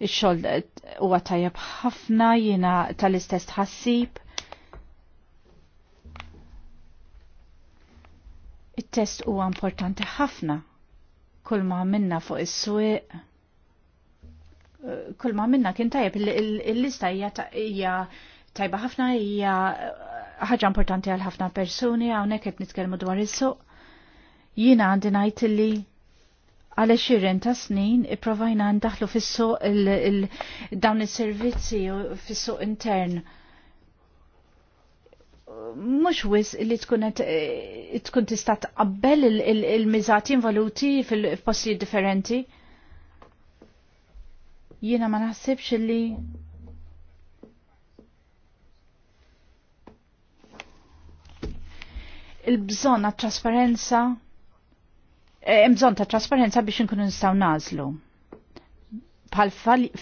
Ix-xogħol huwa tajjeb ħafna jiena tal-istess ħassib. Il-test huwa importanti ħafna. Kull ma minna fuq is-swieq kull ma minna kien tajjeb il-lista hija tajba ħafna hija ħaġa importanti għal ħafna persuni hawnhekk qed nitkellmu dwar is-suq. Jiena għandi ngħid li għal xirren ta' snin ipprovajna ndaħlu fis-suq dawn is-servizzi fis-suq intern mux wis li eh, tkun tista tqabbel il-mizati involuti fil-postijiet differenti? Jiena ma naħsibx li il-bżon għat-trasparenza imżon ta' trasparenza biex nkunu nistaw nazlu. Bħal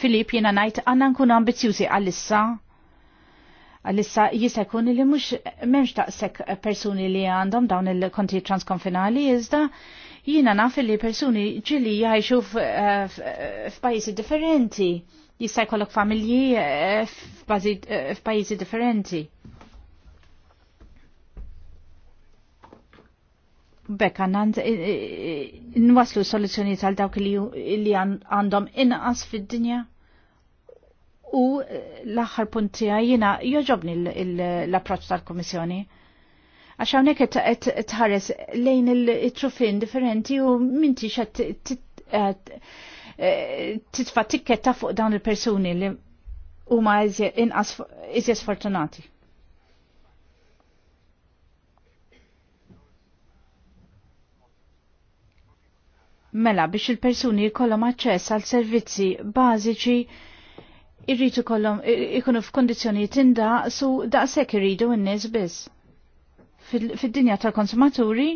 Filip jena najt għanna nkunu ambizjużi għalissa għalissa jista' jkun li mhux m'hemmx taqsek persuni li għandhom dawn il-konti transkonfinali iżda jiena naf li persuni ġili jgħajxu f'pajjiżi differenti jista' jkollok familji eh, eh, f'pajjiżi differenti. nant, n-waslu soluzjoni tal dawk li għandhom inqas fid-dinja. U eh, l-aħħar punti tiegħi joġobni l-approċċ tal-Kummissjoni. Għax hawnhekk qed tħares lejn il-trufin differenti u minti xed eh, titfa tikketta fuq dawn il-persuni li huma iżjes fortunati. mela biex il-persuni jkollhom aċċess għal servizzi bażiċi irritu kollom ikunu f'kondizjoni tinda su iridu irridu n nies biss. Fid-dinja fil tal-konsumaturi,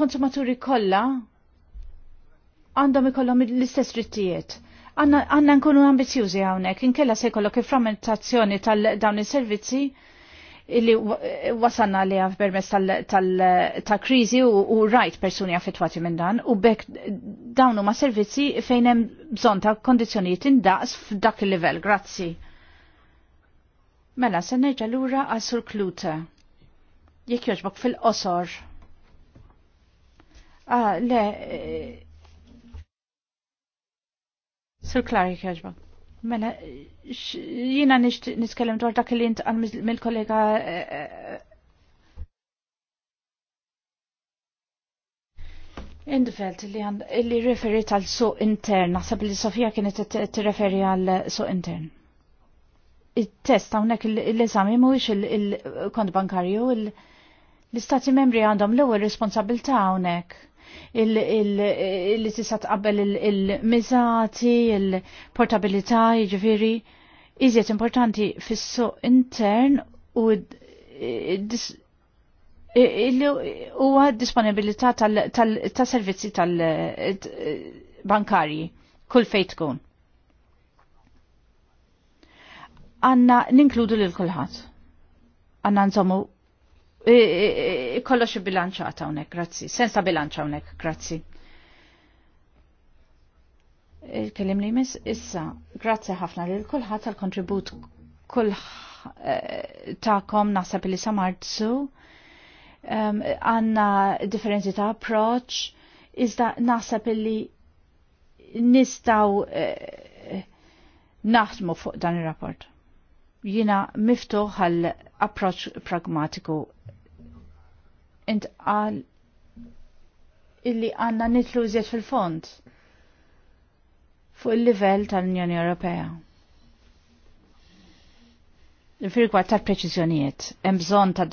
konsumaturi kolla għandhom ikollhom l-istess rittijiet. Għanna nkunu ambizjużi hawnhekk, inkella se jkollok il-frammentazzjoni tal-dawn is-servizzi illi wasanna li għaf permess tal-krizi u rajt personi affettwati minn dan u bekk dawnu ma servizzi fejn hemm bżonn ta' kondizjonijiet indaqs f'dak il-livell. Grazzi. Mela, se nerġa' lura għal Sur Klute. Jekk jogħġbok fil-qosor. Ah, le, eh, Sir Clark jaġbak. Mela, jina nitkellem dwar dak li intqal mill-kollega eh, eh, Indifelt li għand li referi tal suq intern, naħseb li Sofija kienet t-referi għal suq intern. Il-test hawnhekk l-eżami mhuwiex il-kont bankarju, l-istati membri għandhom l-ewwel responsabilità hawnhekk li tista' tqabbel il mizati il-portabilità, jiġifieri iżjed importanti fis-suq intern u huwa disponibilità ta' servizzi tal-bankarji kull fejt tkun. Għanna ninkludu lil kulħadd. Għanna nżommu E, e, e, kollox bilanċata unek, grazzi. Sensa bilanċa unek, grazzi. Kellim li mis, issa, grazzi ħafna li l kullħat tal-kontribut kull kom nasab li samartsu. Għanna differenzi ta' approach, iżda nasab li nistaw naħdmu fuq dan il-rapport. Jina miftuħ għal approach pragmatiku intqal illi għanna nitlu iżjed fil-fond fuq il-livell tal-Unjoni Ewropea. fil tal-preċizjonijiet, hemm bżonn ta'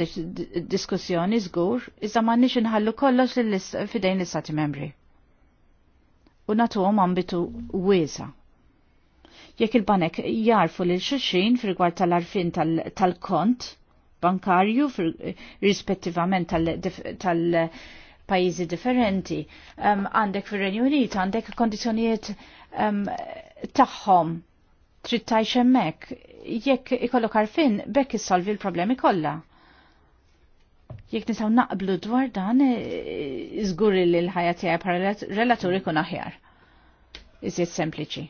diskussjoni żgur, iżda m'għandniex inħallu kollox fidejn l-Istati membri. U nagħtuhom ambitu wiesa. Jekk il-banek jarfu lil xulxin fil tal-arfin tal-kont, tal kont bankarju rispettivament tal- pajizi differenti. Għandek um, fil-Renju Unit, għandek kondizjoniet um, taħħom trittaj xemmek, hemmhekk, jekk ikollok għarfien bekk jissolvi l-problemi kollha. Jekk nisaw naqblu dwar dan, iżgur e, e, li l-ħajja tiegħi relaturi ikun aħjar. Iżjed sempliċi.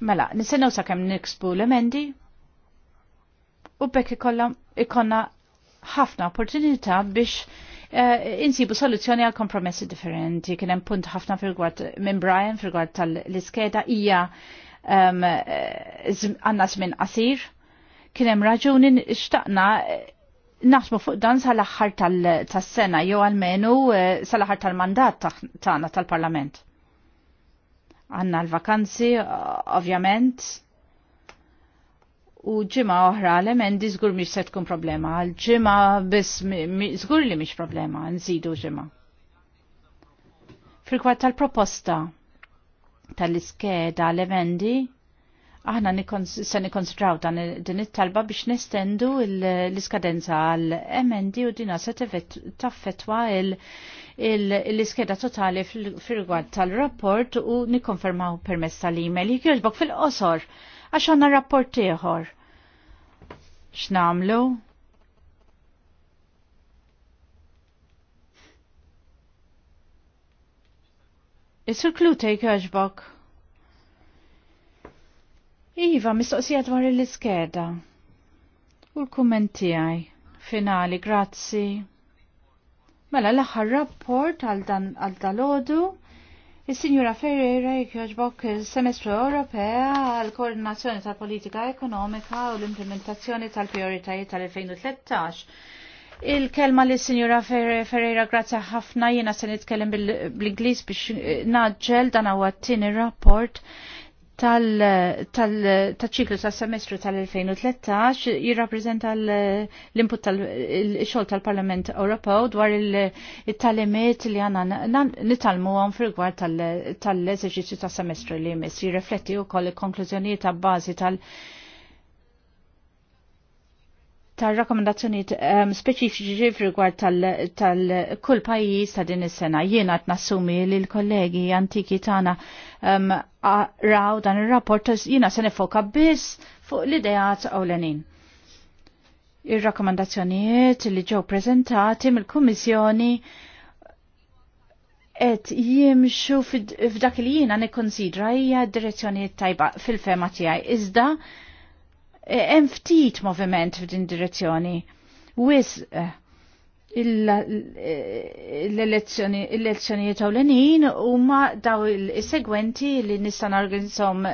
Mela, nistennew sakemm niksbu l-emendi u bekk ikonna ħafna opportunità biex uh, insibu soluzzjoni għal kompromessi differenti. Kien hemm punt ħafna firgward minn Brian firgward tal-iskeda hija ehm, eh, għandna um, żmien qasir. Kien hemm raġuni xtaqna eh, naħsmu fuq dan sal-aħħar tal-sena jew għall-menu sal-aħħar tal-mandat tagħna tal-Parlament. Għanna l-vakanzi, ovvjament, u ġimma oħra l-emendi zgur miex se tkun problema, għal-ġimma bis zgur li miex problema, nżidu ġimma. Frikwat tal-proposta tal-iskeda l-emendi, aħna se nikonsidraw dan din it-talba biex nestendu l-iskadenza għal mnd u dina se taffetwa l-iskeda totali fil-rigward tal-rapport u nikonfermaw permess tal-email. jogħġbok fil-qosor, għax għanna rapport ieħor. X'namlu? Is-surklu tejk jogħġbok. Iva, mistoqsija dwar il iskeda U l-kummenti għaj. Finali, grazzi. Mela, l-axar rapport għal dalodu. Il-Sinjura Ferreira jkjoġbok il-Semestru Ewropea għal-Koordinazzjoni tal-Politika Ekonomika u l-Implementazzjoni tal-Prioritajiet tal-2013. Il-kelma li Sinjura Ferreira grazzi ħafna jiena se nitkellem bil-Ingliż biex naġġel dan għu t rapport tal-ċiklu tal-semestru tal-2013 jirrapprezenta l-input tal-xol tal-Parlament Ewropew dwar il-talimiet li għanna nitalmu għan fil-gwar tal-eżerċizzju tal-semestru li jmiss jirrifletti u koll il-konklużjonijiet ta' bazi tal-, -tal, -tal tar rakkomandazzjoniet um, ehm, speċifiċi rigward tal-kull tal pajjiż ta' din is-sena. Jiena qed nassumi li l-kollegi antiki tagħna um, raw dan ir-rapport jiena se nifoka biss fuq l-idejat ewlenin. Ir-rakkomandazzjonijiet li ġew preżentati mill-Kummissjoni et jimxu f'dak li jiena nikkonsidra hija d-direzzjonijiet tajba fil-fema tiegħi iżda Eh, hemm ftit moviment f'din direzzjoni. Wis eh, eh, l-elezzjonijiet ewlenin huma daw il-segwenti li nista' organizzom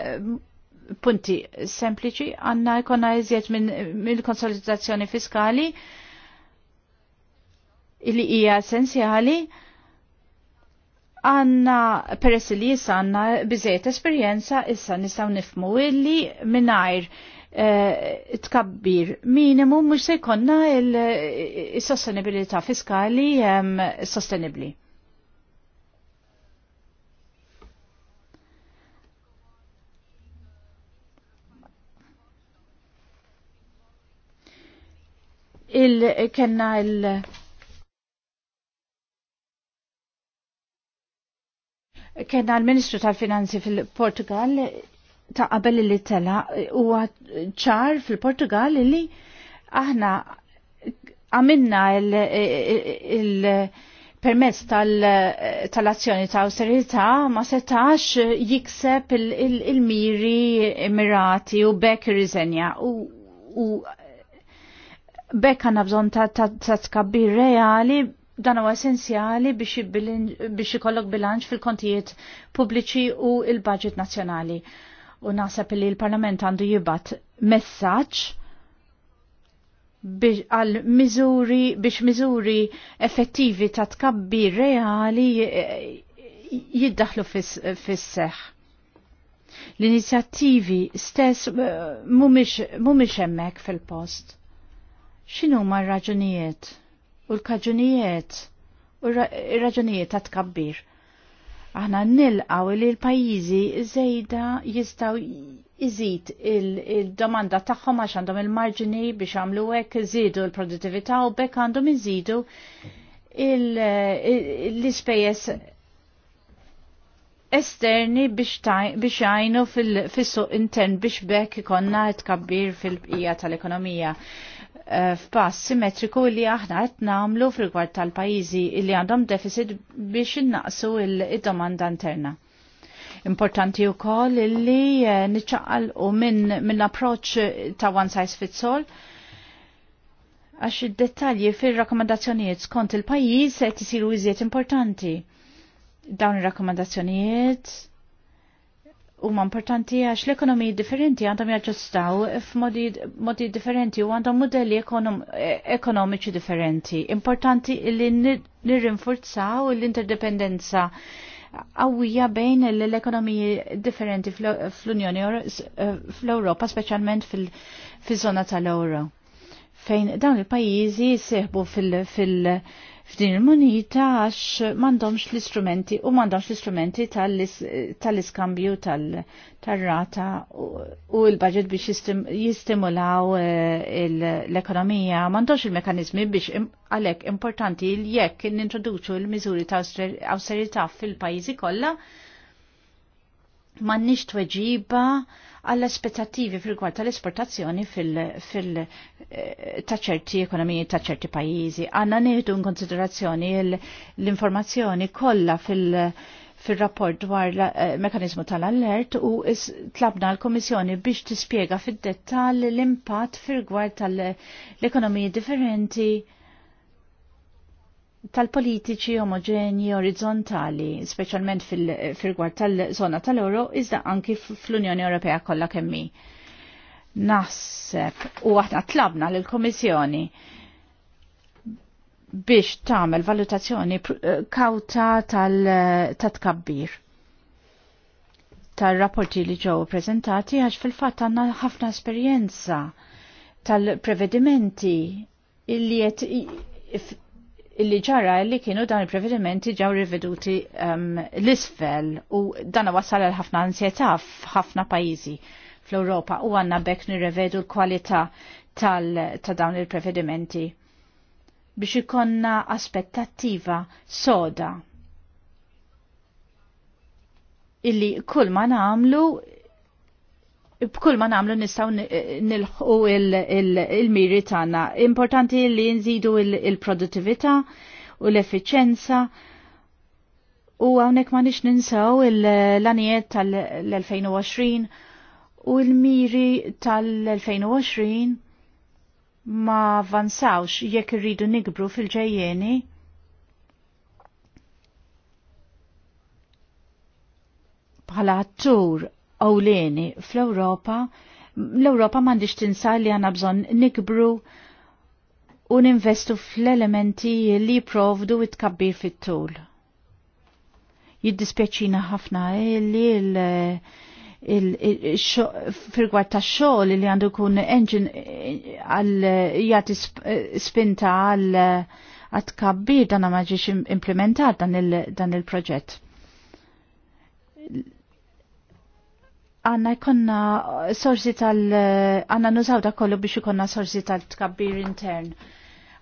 punti sempliċi għandna jkollna iżjed mill-konsolidazzjoni fiskali li hija essenzjali għanna peress li jissa għanna bizziet esperienza issa nistaw nifmu illi minnajr Eh, tkabbir minimum mux se jkonna il-sostenibilità eh, fiskali sostenibli. Il-kenna il- Kenna l-Ministru tal-Finanzi fil-Portugal ta' qabel li tela huwa ċar fil-Portugal li aħna għamilna il-permess tal-azzjoni ta' austerità ma setax jikseb il-miri emirati u bekk irriżenja u bekk għanna bżon ta' tkabbir reali dan huwa essenzjali biex ikollok bilanċ fil-kontijiet pubbliċi u il-budget nazzjonali u nasab li l-Parlament għandu jibat messaġġ għal miżuri biex miżuri effettivi ta' tkabbi reali eh, jiddaħlu fis-seħ. L-inizjattivi stess eh, mumiex hemmhekk fil-post. X'inhu ma' raġunijiet u l-kaġunijiet u r-raġunijiet ta' tkabbir? Aħna nilqaw li l-pajjiżi żejda jistgħu iżid il-domanda il tagħhom għax għandhom il-marġini biex għamlu hekk iżidu l-produttività u bekk għandhom iżidu l-ispejjeż esterni biex jgħinu fil-suq intern biex bekk ikonna tkabbir fil-bqija tal-ekonomija. Eh, f'pass simmetriku li aħna qed nagħmlu fil-gwart tal-pajjiżi li għandhom deficit biex innaqsu il-domanda interna. Importanti wkoll li eh, niċċaqalqu minn min approċċ ta' one size fits all għax id-dettalji fil-rakkomandazzjonijiet skont il-pajjiż qed isiru iżjed importanti. Dawn ir-rakkomandazzjonijiet huma importanti għax l-ekonomiji differenti għandhom jaġġustaw f'modi differenti u għandhom modelli ekonomiċi differenti. Importanti li nirrinforzaw l-interdependenza għawija bejn l-ekonomiji differenti fl-Unjoni eh, fl-Europa, specialment fil-zona tal-Euro. Fejn dawn il-pajizi seħbu fil-, fil, fil f'din il-munita għax mandomx l-istrumenti u mandomx l-istrumenti tal-iskambju tal-rata u l-budget biex jistimulaw eh, l-ekonomija mandomx il-mekanizmi biex għalek importanti l-jekk nintroduċu l-mizuri ta' austerita fil-pajizi kolla mannix tweġiba għall-aspettativi fil rigward tal-esportazzjoni fil- eh, ta' ċerti ekonomiji ta' ċerti pajjiżi. Għanna nieħdu konsiderazzjoni l-informazzjoni kollha fil- fil-rapport dwar eh, mekanizmu tal-allert u tlabna l-Komissjoni biex tispjega fid-dettal l-impatt fil-gwar tal-ekonomiji differenti tal-politiċi omogeni orizzontali, specialment fil-rigward tal-zona tal-euro, iżda anki fl-Unjoni Ewropea kollha kemmi. Nasseb u aħna tlabna lill-Komissjoni biex tagħmel valutazzjoni eh, kawta tal-tkabbir tal-rapporti li ġew prezentati għax fil-fatt għandna ħafna esperjenza tal-prevedimenti illi qed illi ġara illi kienu dan il-prevedimenti ġaw riveduti um, l-isfel u dan wasal għal ħafna ansjetà f'ħafna pajjiżi fl-Ewropa u għanna bekk nirrevedu l-kwalità ta' dawn il-prevedimenti biex ikonna aspettattiva soda illi kull ma namlu b'kull ma namlu nistaw nilħu il-miri tagħna. Importanti li nżidu il-produttività u l-effiċenza u hawnhekk ma nix ninsaw l-anijiet tal-2020 u l-miri tal-2020 ma vansawx jekk irridu nikbru fil-ġejjeni. bħala attur ewleni fl-Ewropa, l-Ewropa m'għandix tinsa li għana bżonn nikbru u ninvestu fl-elementi li jiprovdu it fit-tul. Jiddispjaċina ħafna li l- firgwar ta' xogħol li għandu kun engine għal jagħti spinta għal għatkabbir dan ma implementar implementat dan il-proġett għanna jkonna sorsi tal- għanna nużaw da kollu biex ikonna sorsi tal-tkabbir intern.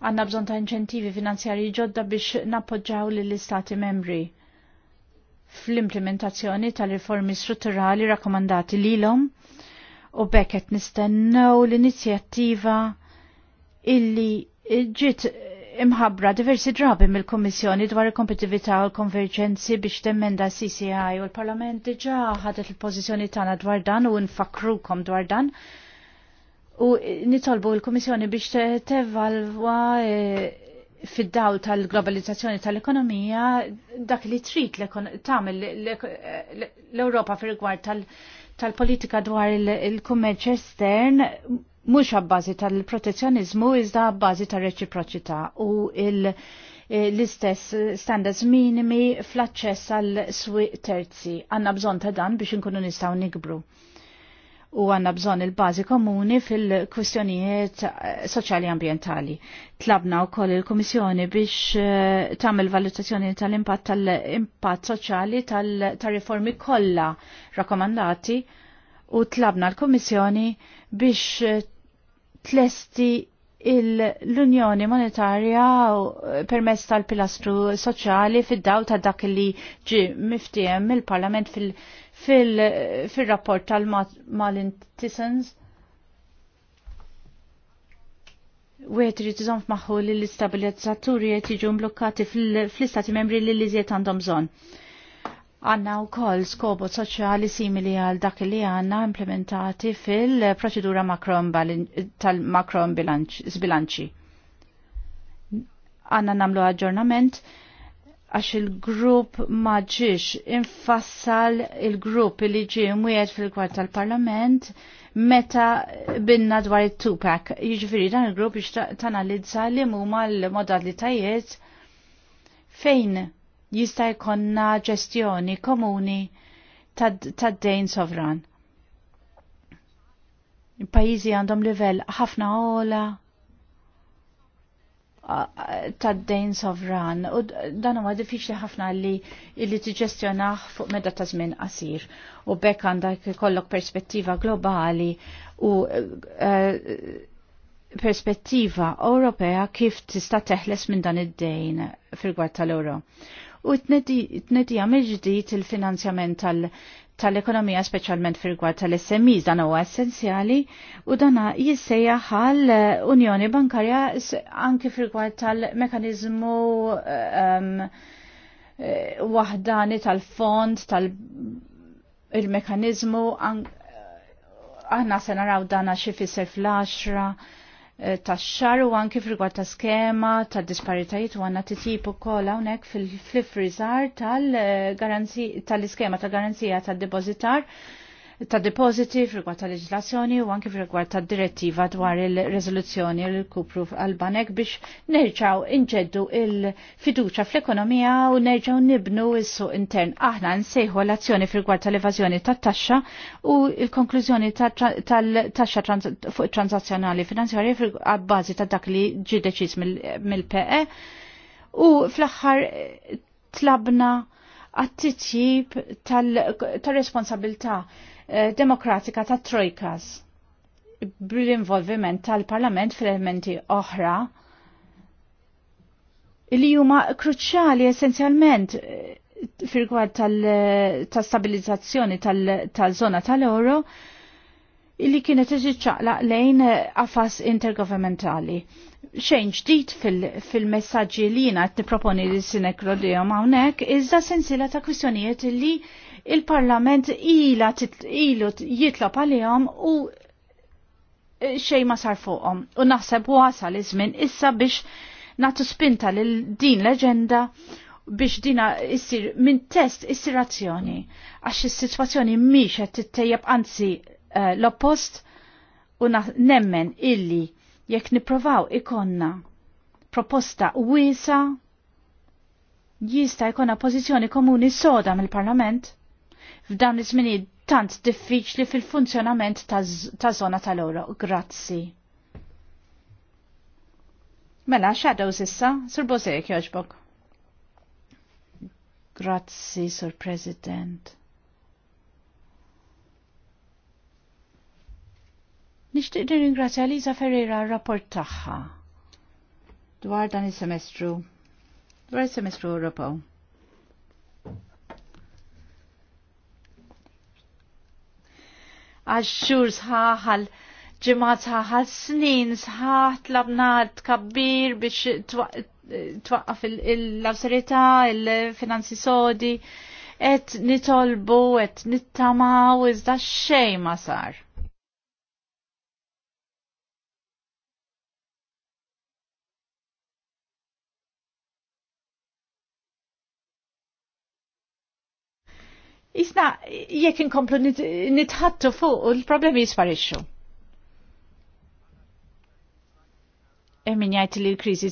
Għanna bżon ta' inċentivi finanzjari ġodda biex nappoġġaw l-istati membri fl-implementazzjoni tal-riformi strutturali rakkomandati lilhom u bekket nistennew l-inizjattiva illi ġiet imħabbra diversi drabi mill-Kommissjoni dwar il-kompetività u l-konverġenzi biex temmenda CCI u l-Parlament diġa ħadet il-pożizzjoni tagħna dwar dan u nfakrukom dwar dan. U nitolbu l-Kommissjoni biex tevalwa eh, fid-dawl tal-globalizzazzjoni tal-ekonomija dak li trid tagħmel l-Ewropa fil-gwar tal-, -tal, tal-politika dwar il-kummerċ estern mhux għabbażi tal-protezzjonizmu iżda għabbażi tal-reċiproċità u eh, l-istess standards minimi fl-aċċess għal swi terzi. Għanna bżon ta' dan biex inkunu nistgħu nikbru u għanna bżon il-bazi komuni fil-kwistjonijiet eh, soċjali ambientali. Tlabna u koll il-Komissjoni biex eh, tamil valutazzjoni tal-impatt tal-impatt soċjali tal-riformi kollha rakomandati u tlabna l-Komissjoni biex eh, tlesti l-Unjoni Monetarja permess tal-pilastru soċjali fid-daw ta' dak li ġi miftijem il-Parlament fil- fil-rapport tal-Malintisens. U għet rrit zonf maħu li l-istabilizzaturi għet jiġu mblokkati fl-istati membri li l għandhom zon. Għanna u koll skobot soċjali simili għal dak li għanna implementati fil-proċedura tal-makron bilanċi. Għanna namlu aġġornament għax il-grupp ma infassal il-grupp li ġie mwiet fil-kwart tal-parlament meta binna dwar il-tupak. Jiġifieri dan il-grupp tanalizza li huma l-modalitajiet fejn jista' jkollna ġestjoni komuni tad-dejn sovran. Il-pajjiżi għandhom livell ħafna ola tad-dejn sovran u dan huwa diffiċli ħafna li li tiġestjonaħ fuq meta ta' żmien qasir u bekk għandak ikollok perspettiva globali u eh, perspettiva Ewropea kif tista' teħles minn dan id-dejn fil-gwad tal-Ewro. U t-nedija mill-ġdid il-finanzjament tal-ekonomija speċjalment fil-gwar tal-SMEs dan huwa essenzjali u dan jissejja ħal eh, Unjoni Bankarja anki fil-gwar tal-mekanizmu um, wahdani tal-fond tal-mekanizmu aħna se naraw dana xi fisser fl-10 Eh, tax-xar u anki f'rigward ta' skema ta' disparitajiet u għanna titjib ukoll hawnhekk fil-fliff eh, tal-iskema ta' garanzija tad depozitar ta' depositi f'rigward ta' leġislazzjoni u anki f'rigward ta' direttiva dwar il-rezoluzzjoni l kupru għal-banek biex nerġaw inġeddu il-fiduċa fl-ekonomija u nerġaw nibnu s-suq intern. Aħna nsejħu l-azzjoni f'rigward tal-evażjoni tat-taxxa u l-konklużjoni tal-taxxa fuq transazzjonali finanzjarji għal-bażi ta' dak li ġi deċiż mill-PE u fl-aħħar tlabna għat-titjib tal-responsabilta' Eh, demokratika ta' trojkas bl-involviment tal-parlament fil-elementi oħra li huma kruċjali essenzjalment eh, tal-stabilizzazzjoni eh, tal-stabilizzazzjoni tal-zona tal-euro illi kienet iġiċċaqla lejn affas intergovernmentali. Xejn ġdid fil-messagġi li jina t-proponi li s-sinek rodijom għawnek, iżda sensila ta' kwistjonijiet illi il-Parlament ila ilu jitlob għalihom u xej ma sar fuqhom. U naħseb wasal iż-żmien issa biex nagħtu spinta lil din l-eġenda biex dina issir minn test issir azzjoni għax is-sitwazzjoni mhix qed tittejjeb anzi eh, l-oppost u nemmen illi jekk niprovaw ikonna proposta wiesa jista' jkollna pożizzjoni komuni soda mill-Parlament f'dan iż-żminijiet tant diffiċli fil-funzjonament ta' zona tal-oro. Grazzi. Mela, xadaw sissa, sur Bozek joġbok. Grazzi, Sur President. Nishtiq nirringrazzja Liza Ferreira rapport tagħha dwar dan is-semestru, dwar is-semestru Europa. għaxxur sħaħ għal ġimat sħaħ snin sħaħ tlabna tkabbir biex twaqqaf l-awserita, il-finanzi sodi, et nitolbu, et nittamaw, iżda xej ma sar. Isna, jekk inkomplu nitħattu fuq l problemi jisparixxu. Min jgħid li l-kriżi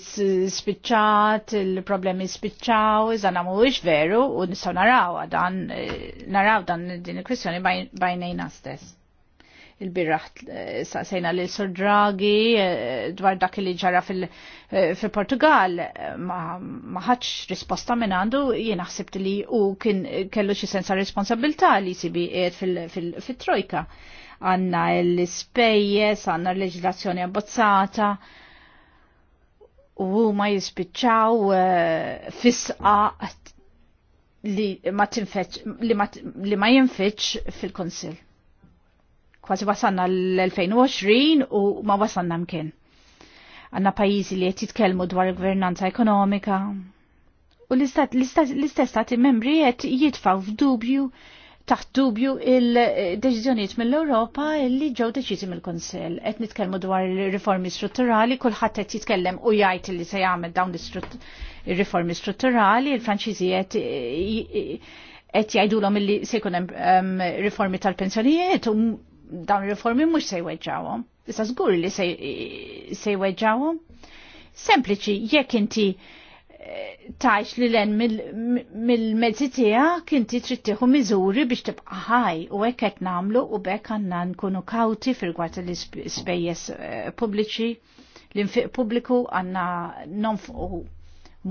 spiċċat, il-problemi spiċċaw, iżda mhuwiex veru u nistgħu narawha dan eh, naraw dan din il-kwistjoni bajnejna stess il-birraħ eh, sejna li Sur Draghi eh, dwar dak li ġara eh, fil-Portugal ma ħadx risposta minn għandu jien ħsibt li u kien kellu xi sensa responsabilità li sibi qiegħed fit-trojka. Għanna l-ispejjeż, għanna l-leġilazzjoni abbozzata u ma jispiċċaw fisqa li ma jinfitx fil-Konsil kważi wasanna l-2020 u ma wasanna mkien. Għanna pajizi li qed jitkellmu dwar il-gvernanza ekonomika. U l-istess stati membri qed jitfaw f'dubju taħt dubju il-deċiżjonijiet mill-Ewropa li ġew deċiżi mill-Kunsell. Qed nitkellmu dwar riformi strutturali, kulħadd qed jitkellem u jgħid li se jagħmel dawn il riformi strutturali, il-Franċiżi qed jgħidulhom illi se jkun hemm um, riformi tal-pensjonijiet u dawn il-reformi mux se jweġawom. Issa zgur li se jweġawom. Sempliċi, jekk inti eh, tajx li l-en mill-mezzi tijak inti trittiħu miżuri biex tibqa ħaj u ekket namlu u bekk għanna nkunu kauti fil-gwat l-spejjes eh, publiċi l-infiq publiku għanna nonfqu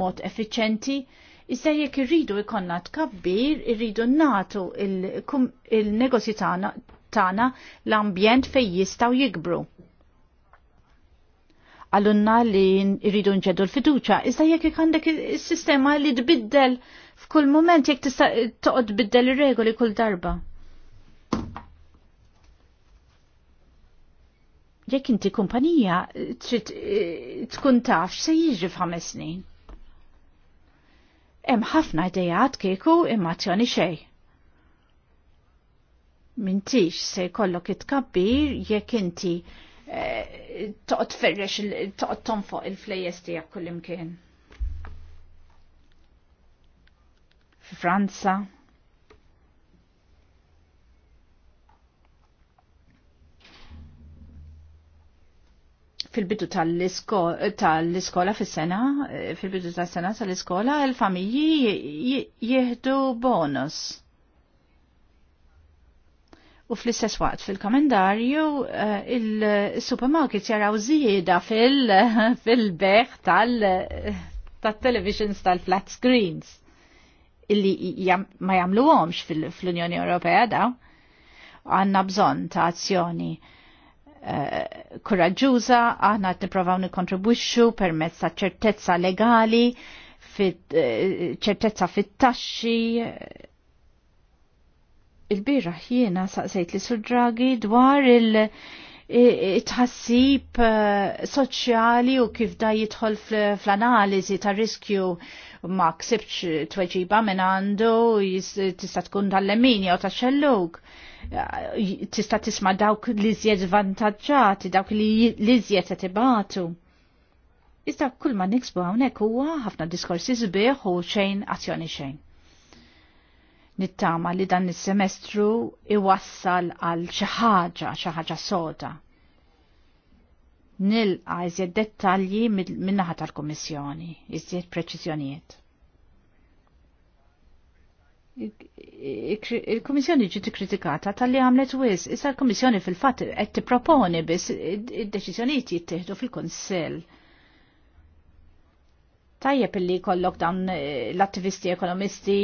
mod effiċenti. issa jekk irridu ikonna tkabbir, irridu natu il-negozju il tagħna tana l-ambjent fejn jistgħu jikbru. Għallunna li jridu nġeddu l-fiduċa, iżda jekk għandek is-sistema li tbiddel f'kull moment jekk tista' toqgħod tbiddel ir-regoli kull darba. Jekk inti kumpanija trid eh, tkun taf se jiġri f'ħames snin hemm ħafna idejat kieku imma tjoni xejn mintix se jkollok it-kabbir jekk inti eh, toqt ferrex toqgħod tonfoq il-flejjes tiegħek kullimkien. Franza, fil-bidu tal-iskola fil-sena, eh, fil-bidu tal-sena tal-iskola, il-familji jieħdu bonus. U fl-istess waqt fil-kalendarju eh, il-supermarkets jaraw zieda [LAUGHS] fil-beħ tal-televisions tal-flat screens illi ma għomx fl-Unjoni Ewropea daw. Għanna bżon ta' azzjoni eh, kuraġġuża, aħna qed nipprovaw nikkontribwixxu permezz ta' ċertezza legali, eh, ċertezza fit-taxxi, il bira jiena saqsejt li sudragi dwar il- tħassib eh, soċjali u kif da jidħol fl-analizi ta' riskju ma ksibx tweġiba minn għandu tista' tkun tal-leminja u ta' xellug. Eh, tista' tisma' dawk li zjed vantagġati, dawk li zjed etibatu. Iżda kull ma niksbu hawnhekk huwa ħafna diskorsi sbieħ u xejn azzjoni xejn nittama li dan is-semestru iwassal għal xi ħaġa, xi ħaġa soda. Nil għajżjed dettalji min-naħa tal-Kummissjoni, iżjed preċiżjonijiet. Il-Kummissjoni ġiet kritikata tal-li għamlet wis, issa l-Kummissjoni fil-fatt qed tipproponi biss id-deċiżjonijiet jittieħdu fil-Kunsill tajjeb illi kollok dan l-attivisti ekonomisti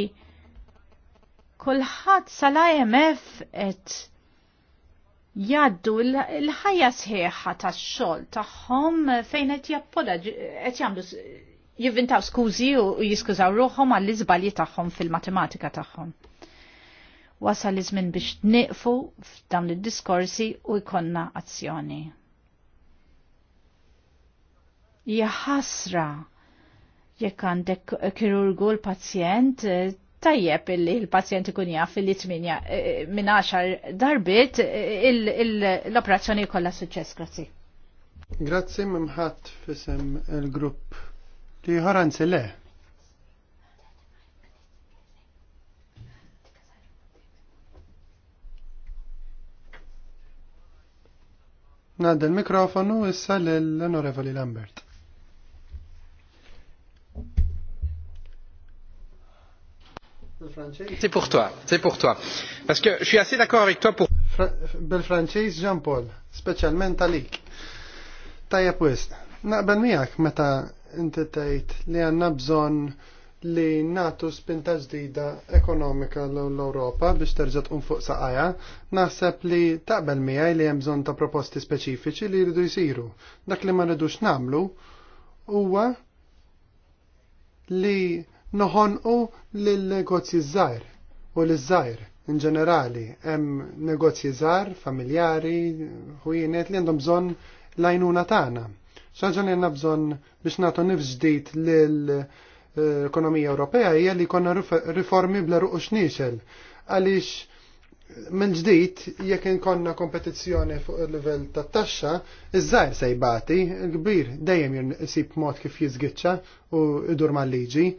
kulħadd sal-IMF et jaddu l-ħajja sħiħa tax-xogħol tagħhom fejn qed jappoda et jagħmlu jivvintaw skużi u jiskużaw ruħhom għall iżbalji tagħhom fil-matematika tagħhom. Wasal li żmien biex tnieqfu f'dawn id-diskorsi u jkollna azzjoni. Jaħasra ħasra jekk għandek kirurgu l-pazjent tajjeb illi il-pazjent ikun jaf illi 8 eh, eh, minn 10 darbit eh, l-operazzjoni kollha suċċess. Grazzi. Grazzi mimħat fisem il-grupp li ħoranzi le. Nadda il-mikrofonu issa l-Onorevoli Lambert. C'est pour toi, c'est pour toi. Parce que je suis assez d'accord avec toi pour... Bil-Franċiż Jean-Paul, speċjalment Talik. Tajja pwist, naqbel miegħek meta inti tgħid li għandna bżonn li natu spinta ġdida ekonomika l-Europa biex terġat tqum fuq saqajja, naħseb li taqbel miħaj li hemm bżonn ta' proposti speċifiċi li jridu jsiru. Dak li ma rridux nagħmlu huwa li u lill-negozji żgħar u l zzajr in ġenerali hemm negozji żgħar, familjari, ħwienet li għandhom bżonn l-għajnuna tagħna. X'aġan jenna bżonn biex nagħtu nifs ġdid lill-ekonomija Ewropea hija li jkollna riformi bla ruqux nixel. għaliex minn ġdid jekk konna kompetizzjoni fuq il-livell tat-taxxa, iż-żgħir se jbati, il-kbir dejjem jsib mod kif jiżgiċċa u idur mal-liġi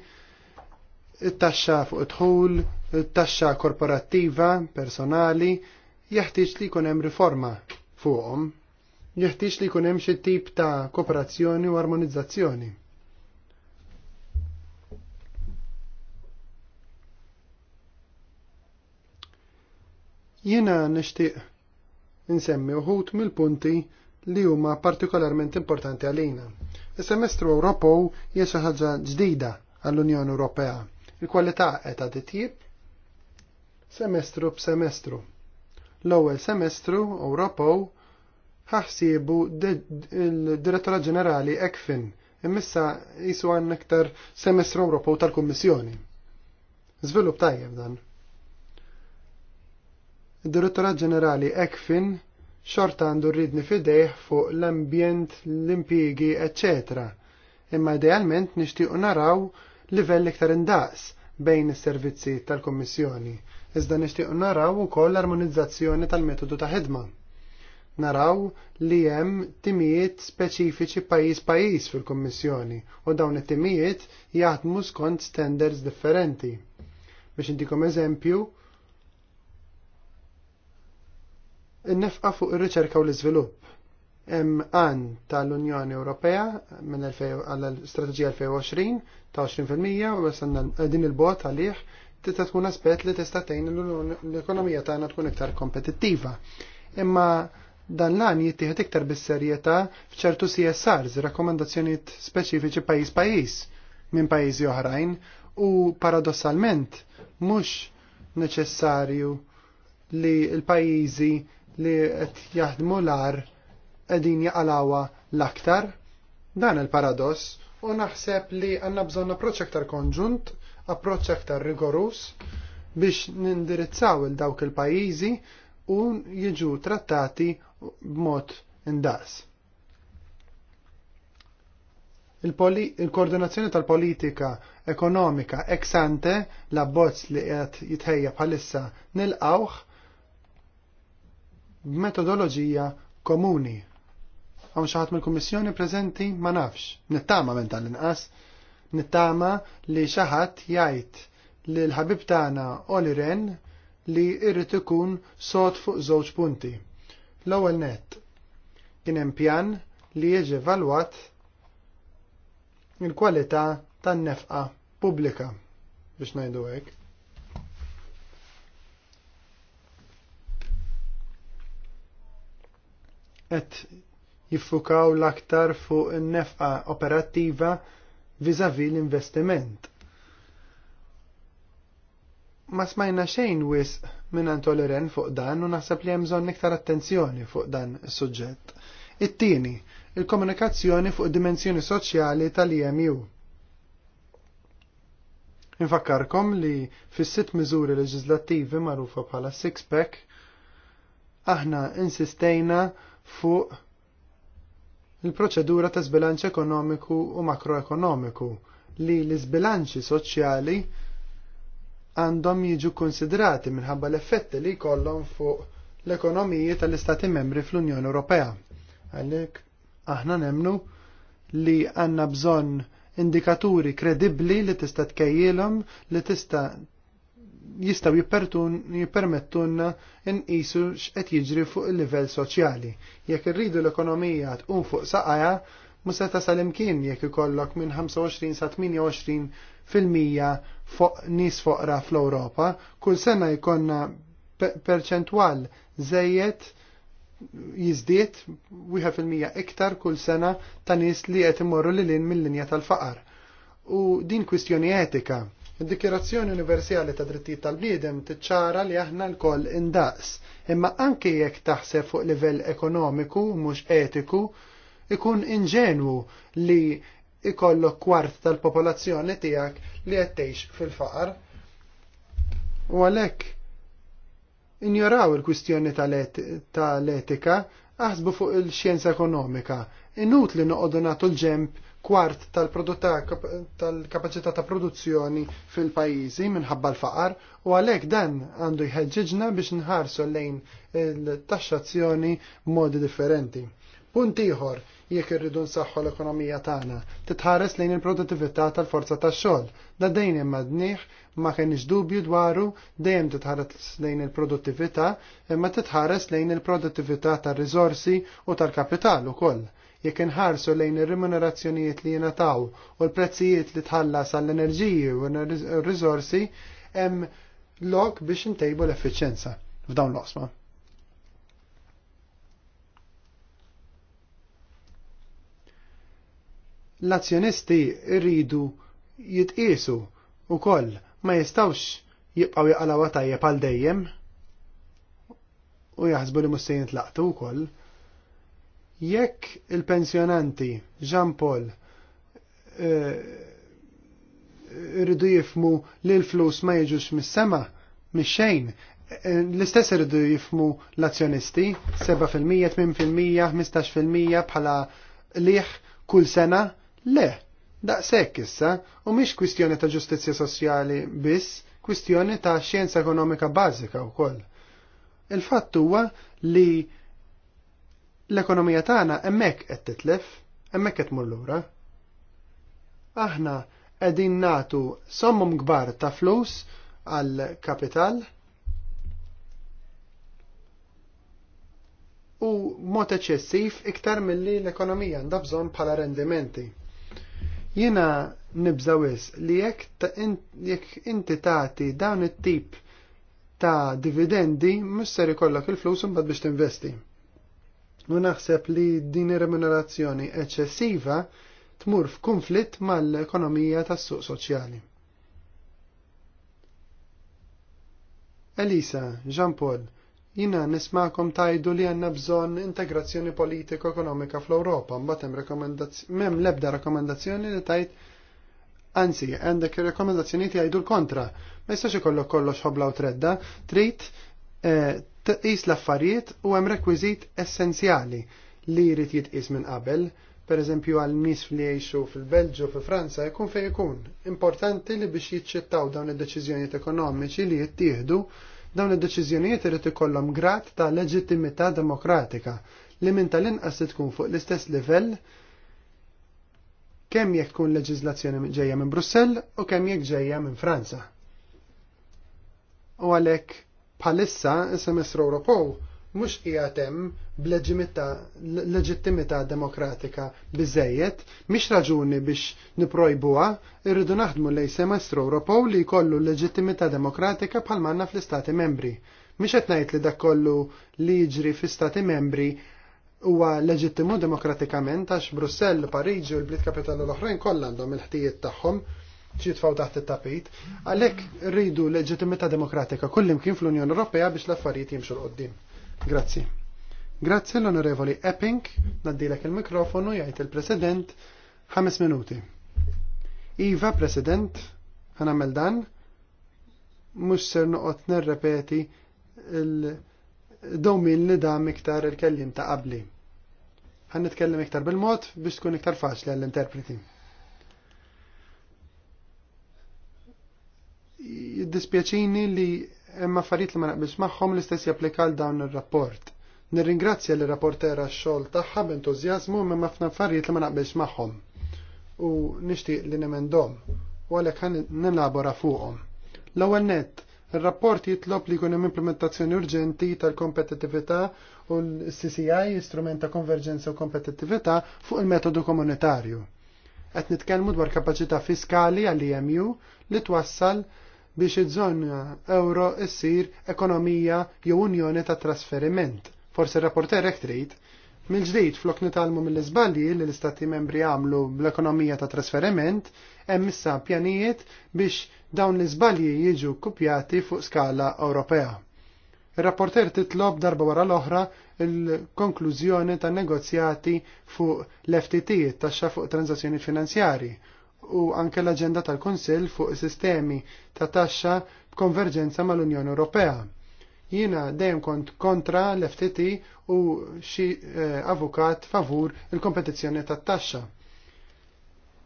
it-taxxa fuq it dħul it-taxxa korporattiva, personali, jeħtieġ li jkun hemm riforma fuqhom. Jeħtieġ li jkun hemm xi tip ta' kooperazzjoni u armonizzazzjoni. Jiena nixtieq insemmi uħut mill-punti li huma partikolarment importanti għalina. Is-semestru Ewropew hija xi ħaġa ġdida għall-Unjoni Ewropea Il-kwalità qed titjib semestru b'semestru. L-ewwel semestru Ewropew ħaħsibu il direttorat Ġenerali Ekfin immissa jisu għan iktar semestru Ewropew tal-Kummissjoni. Żvilupp tajjeb dan. il direttorat Ġenerali Ekfin xorta għandu rridni fidejh fuq l-ambjent, l-impigi, ecc. Imma idealment nixtiequ naraw livell iktar indaqs bejn is-servizzi tal-Kummissjoni, iżda nixtieq naraw ukoll l-armonizzazzjoni tal-metodu ta' ħidma. Naraw li hemm timijiet speċifiċi pajjiż pajjiż fil-Kummissjoni u dawn it-timijiet jaħdmu skont standards differenti. Biex intikom eżempju, in-nefqa fuq ir-riċerka u l-iżvilupp hemm għan tal-Unjoni Ewropea minn għal strateġija 2020 ta' 20% u wasanna din il-bot għalih tista' tkun aspett li tista' tgħin l-ekonomija tagħna tkun iktar kompetittiva. Imma dan l-għan jittieħed iktar bis-serjetà f'ċertu CSRs, rakkomandazzjonijiet speċifiċi pajjiż pajjiż minn pajjiżi oħrajn u paradossalment mhux neċessarju li l-pajjiżi li qed jaħdmu l-ar qegħdin jaqalawha l-aktar. Dan il-paradoss u naħseb li għandna bżonn proċektar aktar konġunt, approċċ aktar rigorus biex nindirizzaw il dawk il-pajjiżi u jiġu trattati b'mod indaqs. Il-koordinazzjoni tal-politika ekonomika ex ante la bozz li qed jitħejja bħalissa nilqawh b'metodoloġija komuni Għaw xaħat mill-Kummissjoni prezenti ma nafx. Nittama minn tal-inqas. Nittama li xaħat jgħid li l-ħabib tagħna Oli Ren li irrid ikun sod fuq żewġ punti. L-ewwel nett kien hemm pjan li jiġi valwat il-kwalità tan-nefqa pubblika biex ngħidu hekk. Et jiffukaw l-aktar fuq in-nefqa operattiva vizavi l-investiment. Ma smajna xejn wis minn Antoleren fuq dan u naħseb li hemm bżonn iktar attenzjoni fuq dan is-suġġett. It-tieni, il-komunikazzjoni fuq dimensjoni soċjali tal-EMU. Infakkarkom li fis sitt miżuri leġislattivi magħrufa bħala six-pack aħna insistejna fuq il-proċedura ta' sbilanċ ekonomiku u makroekonomiku li l-sbilanċi soċjali għandhom jiġu konsidrati minħabba l-effetti li jkollhom fuq l-ekonomiji tal-Istati membri fl-Unjoni Ewropea. Għalhekk aħna nemnu li għandna bżonn indikaturi kredibbli li tista' tkejjilhom li tista' jistaw jippermettunna nqisu x'qed jiġri fuq il-livell soċjali. Jekk irridu l-ekonomija tqum fuq saqaja, musa ta' tasal jekk ikollok minn 25 sa 28 fil-mija fuq nies foqra fl-Ewropa, kull sena jkollna perċentwal żejjed jizdiet wieħed fil-mija iktar kull sena ta' nies li qed imorru lil mill-linja tal-faqar. U din kwistjoni etika Id-Dikjerazzjoni Universali ta' Drittijiet tal-Bniedem tiċċara li aħna lkoll indaqs, imma anke jekk taħseb fuq livell ekonomiku mhux etiku, ikun inġenwu li ikollok kwart tal-popolazzjoni tiegħek li qed tgħix fil-faqar. U għalhekk injoraw il-kwistjoni tal-etika, aħsbu fuq il-xjenza ekonomika, inutli noqogħdu nagħtu l-ġemp kwart tal-kapacità ta' produzzjoni fil-pajjiżi minħabba l-faqar u għalhekk dan għandu jħeġġiġna biex nħarsu lejn il-taxxazzjoni b'modi differenti. Punt ieħor jekk irridu nsaħħu l-ekonomija tagħna, titħares lejn il-produttività tal-forza tax-xogħol. Da hemm madnieħ ma kenniex dubju dwaru dejjem titħares lejn il-produttività imma titħares lejn il-produttività tar-riżorsi u tal-kapital ukoll jekk inħarsu lejn ir-remunerazzjonijiet li jingħataw u l-prezzijiet li tħallas għall-enerġiji u r-riżorsi hemm lok biex intejbu l-effiċenza f'dawn l-osma. L-azzjonisti rridu jitqiesu u koll ma jistawx jibqaw jaqalaw tajjeb għal dejjem u jaħsbu li mussejn tlaqtu u koll Jekk il-pensjonanti Jean Paul eh, irridu jifmu li l-flus ma jiġux mis-sema, mis-xejn, eh, l-istess irridu jifmu l-azzjonisti, 7%, 8%, 15% bħala liħ kull sena, le, daqshekk issa, u miex kwistjoni ta' ġustizzja soċjali biss, kwistjoni ta' xjenza ekonomika bażika wkoll. Il-fatt huwa li L-ekonomija tagħna hemmhekk qed titlef, hemmhekk qed mur lura. Aħna qegħdin nagħtu sommum kbar ta' flus għal kapital u mod eċessiv iktar milli l-ekonomija għandha bżonn bħala rendimenti. Jiena nibżawis li jekk inti tagħti dawn it-tip ta' dividendi mhux ser ikollok il-flus imbagħad biex tinvesti. U naħseb li din remunerazzjoni eċċessiva tmur f'kunflitt mal-ekonomija tas-suq soċjali. Elisa, Jean-Paul, jina nismakom tajdu li għanna bżon integrazzjoni politiko ekonomika fl-Europa, mbatem mem lebda rekomendazzjoni li tajt Anzi, għandek rekomendazzjoni ti għajdu l-kontra. Ma jistax ikollok kollox ħobla u tredda, trid eh, tqis l-affarijiet u hemm rekwiżit essenzjali li jrid jitqis minn qabel, pereżempju għal nies li jgħixu fil-Belġu fi Franza jkun fejn ikun. Importanti li biex jiċċettaw dawn id-deċiżjonijiet ekonomiċi li jittieħdu, dawn id-deċiżjonijiet irid ikollhom grad ta' leġittimità demokratika li minn tal-inqas tkun fuq l-istess livell kemm jekk tkun leġiżlazzjoni ġejja minn Brussell u kemm jekk ġejja minn Franza. U għalhekk Palissa il-semestru Ewropew mhux qiegħed hemm b'leġittimità demokratika biżejjed, mhix raġuni biex niprojbuha, irridu naħdmu lej semestru Ewropew li jkollu leġittimità demokratika bħal manna fl-Istati membri. Mhix qed ngħid li dak kollu li jiġri fl-Istati membri huwa leġittimu demokratikament għax Brussell, Pariġi u l-Blit Kapitali l-oħrajn kollha għandhom il-ħtijiet tagħhom ċitfaw taħt it-tapit, għalhekk rridu leġitimità demokratika kullimkien fl-Unjoni Ewropea biex l-affarijiet jimxu l-qoddim. Grazzi. Grazzi l-Onorevoli Epping, naddilek il-mikrofonu jgħid il-President ħames minuti. Iva, President, ħanamel dan, mux ser noqot nerrepeti il-domin li da miktar il-kellim ta' qabli. Għan nitkellem iktar bil-mod biex tkun iktar faċli għall-interpreti. jiddispjaċini li hemm affarijiet li ma naqbilx magħhom l-istess japplikal dawn ir-rapport. Nirringrazzja li rapportera xol xogħol tagħha b'entużjażmu imma ħafna affarijiet li ma naqbilx magħhom. U nixtieq li nemendhom u għalhekk għan nelabora fuqhom. L-ewwel nett, Ir-rapport jitlob li jkun hemm implementazzjoni urġenti tal-kompetittività u l-CCI, istrument ta' konverġenza u kompetittività, fuq il-metodu komunitarju. Qed nitkellmu dwar kapaċità fiskali għal-IMU e li twassal biex id żona euro issir ekonomija jew unjoni ta' trasferiment. Forse rapporter hekk trid. Mill-ġdid flok nitalmu mill-iżbalji li l-istati membri għamlu bl-ekonomija ta' trasferiment, hemm issa pjanijiet biex dawn l-iżbalji jiġu kopjati fuq skala Ewropea. Ir-rapporter titlob darba wara l-oħra il-konklużjoni ta' negozjati fuq l-FTT, taxxa fuq transazzjoni finanzjari, u anke l-aġenda tal-Kunsill fuq sistemi ta' taxxa b'konverġenza mal-Unjoni Ewropea. Jiena dejjem kont kontra l-FTT u xi eh, avukat favur il-kompetizzjoni tat-taxxa.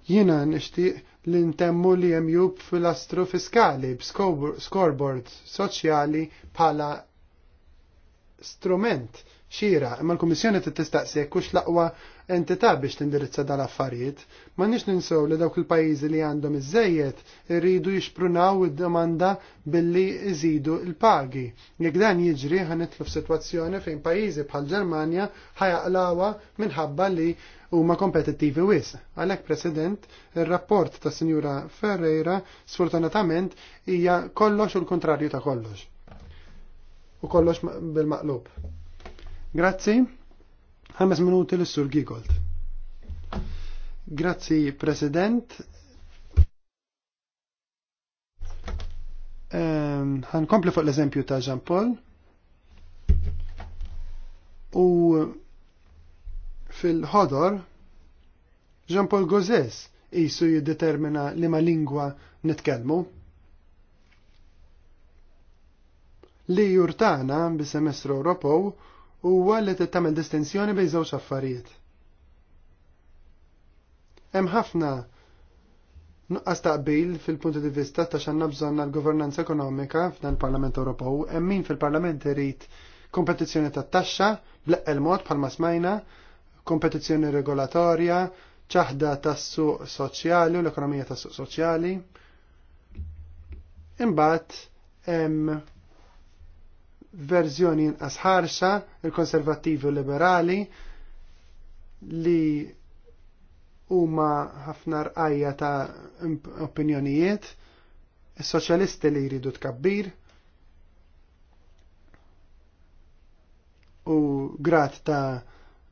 Jiena nixtieq li ntemmu li hemm jub fil-astru fiskali b'scoreboard soċjali bħala strument xira, imma l-Kummissjoni tistaqsi kux hux l-aqwa entità biex tindirizza dal-affarijiet, ma nix ninsew li dawk il-pajjiżi li għandhom iżejjed irridu jixprunaw id-domanda billi iżidu l-pagi. Jek dan jiġri ħanitlu f'sitwazzjoni fejn pajjiżi bħal Ġermanja ħajaqlawa minħabba li huma kompetittivi wis. Għalhekk President, ir-rapport ta' Sinjura Ferreira sfortunatament hija kollox u l-kontrarju ta' kollox. U kollox bil-maqlub. Grazzi. Ħames minuti l-Sur Gigold. Grazzi, President. Ehm, Ħankompli fuq l-eżempju ta' Jean Paul. U fil-ħodor, Jean Paul Gozes jisu jiddetermina li ma lingwa nitkelmu. Li jurtana bis-semestru Ewropew huwa li tagħmel distinzjoni bejn żewġ affarijiet. Hemm ħafna nuqqas taqbil fil-punti di vista ta' xanna bżonna l-governanza ekonomika f'dan il-Parlament Ewropew, hemm min fil-Parlament irid kompetizzjoni ta' taxxa bleqqel mod bħalma smajna, kompetizzjoni regolatorja, ċaħda tas-suq soċjali u l-ekonomija tas-suq soċjali. Imbagħad hemm verżjoni inqas ħarxa, il-konservattivi u liberali, li huma ħafna rqajja ta' opinjonijiet, is-soċjalisti li jridu tkabbir, u grad ta'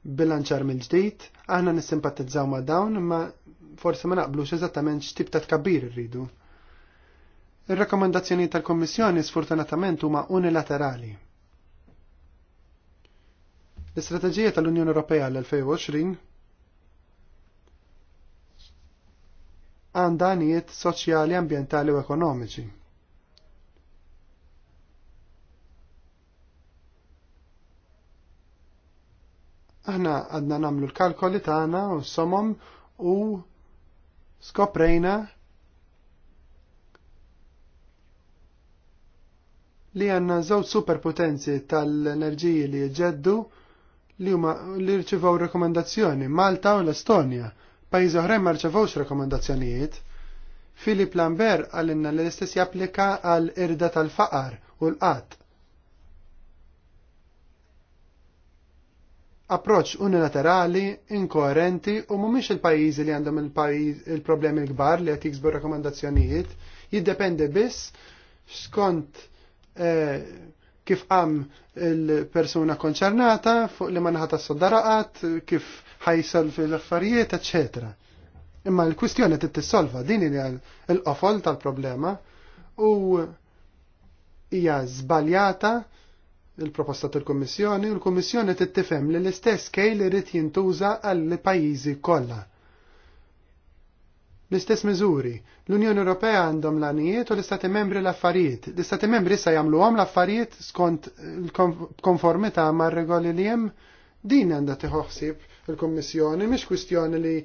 bilanċar mill-ġdid, aħna nissimpatizzaw ma' dawn, ma' forse ma naqblux eżattament x'tib ta' tkabbir rridu. Ir-rakkomandazzjoni tal-Kommissjoni sfortunatament huma unilaterali. L-istrateġija tal-Unjoni Ewropea l-2020 għandha soċjali, ambjentali u ekonomiċi. Aħna għadna namlu l-kalkoli tagħna u somom u skoprejna li għanna żewġ superpotenzi tal-enerġiji li jġeddu li huma li rċivaw rekomendazzjoni Malta u l-Estonja. Pajjiżi oħrajn ma rċevawx rekomendazzjonijiet. Filip Lambert għalinna li l-istess japplika għal irda tal-faqar u l-qatt. Approċ unilaterali, inkoerenti u mhumiex il-pajjiżi li għandhom il-problemi il problemi il gbar kbar li qed jiksbu rekomendazzjonijiet, jiddependi biss skont Eh, kif għam il-persuna konċernata, fuq li manħata s-soddaraqat, kif ħajsal fil-affarijiet, etc. Imma l-kwistjoni trid tissolva din hija l-qofol tal-problema u hija żbaljata il-proposta tal-Kummissjoni u l-Kummissjoni trid tifhem li l-istess li irid jintuża għal pajjiżi kollha L-istess miżuri. L-Unjoni Ewropea għandhom l-anijiet u l-Istati membri l-affarijiet. L-Istati membri issa jagħmluhom l-affarijiet skont konformità mar-regoli li hemm din għandha tiħoħsib il-Kummissjoni mhix kwistjoni li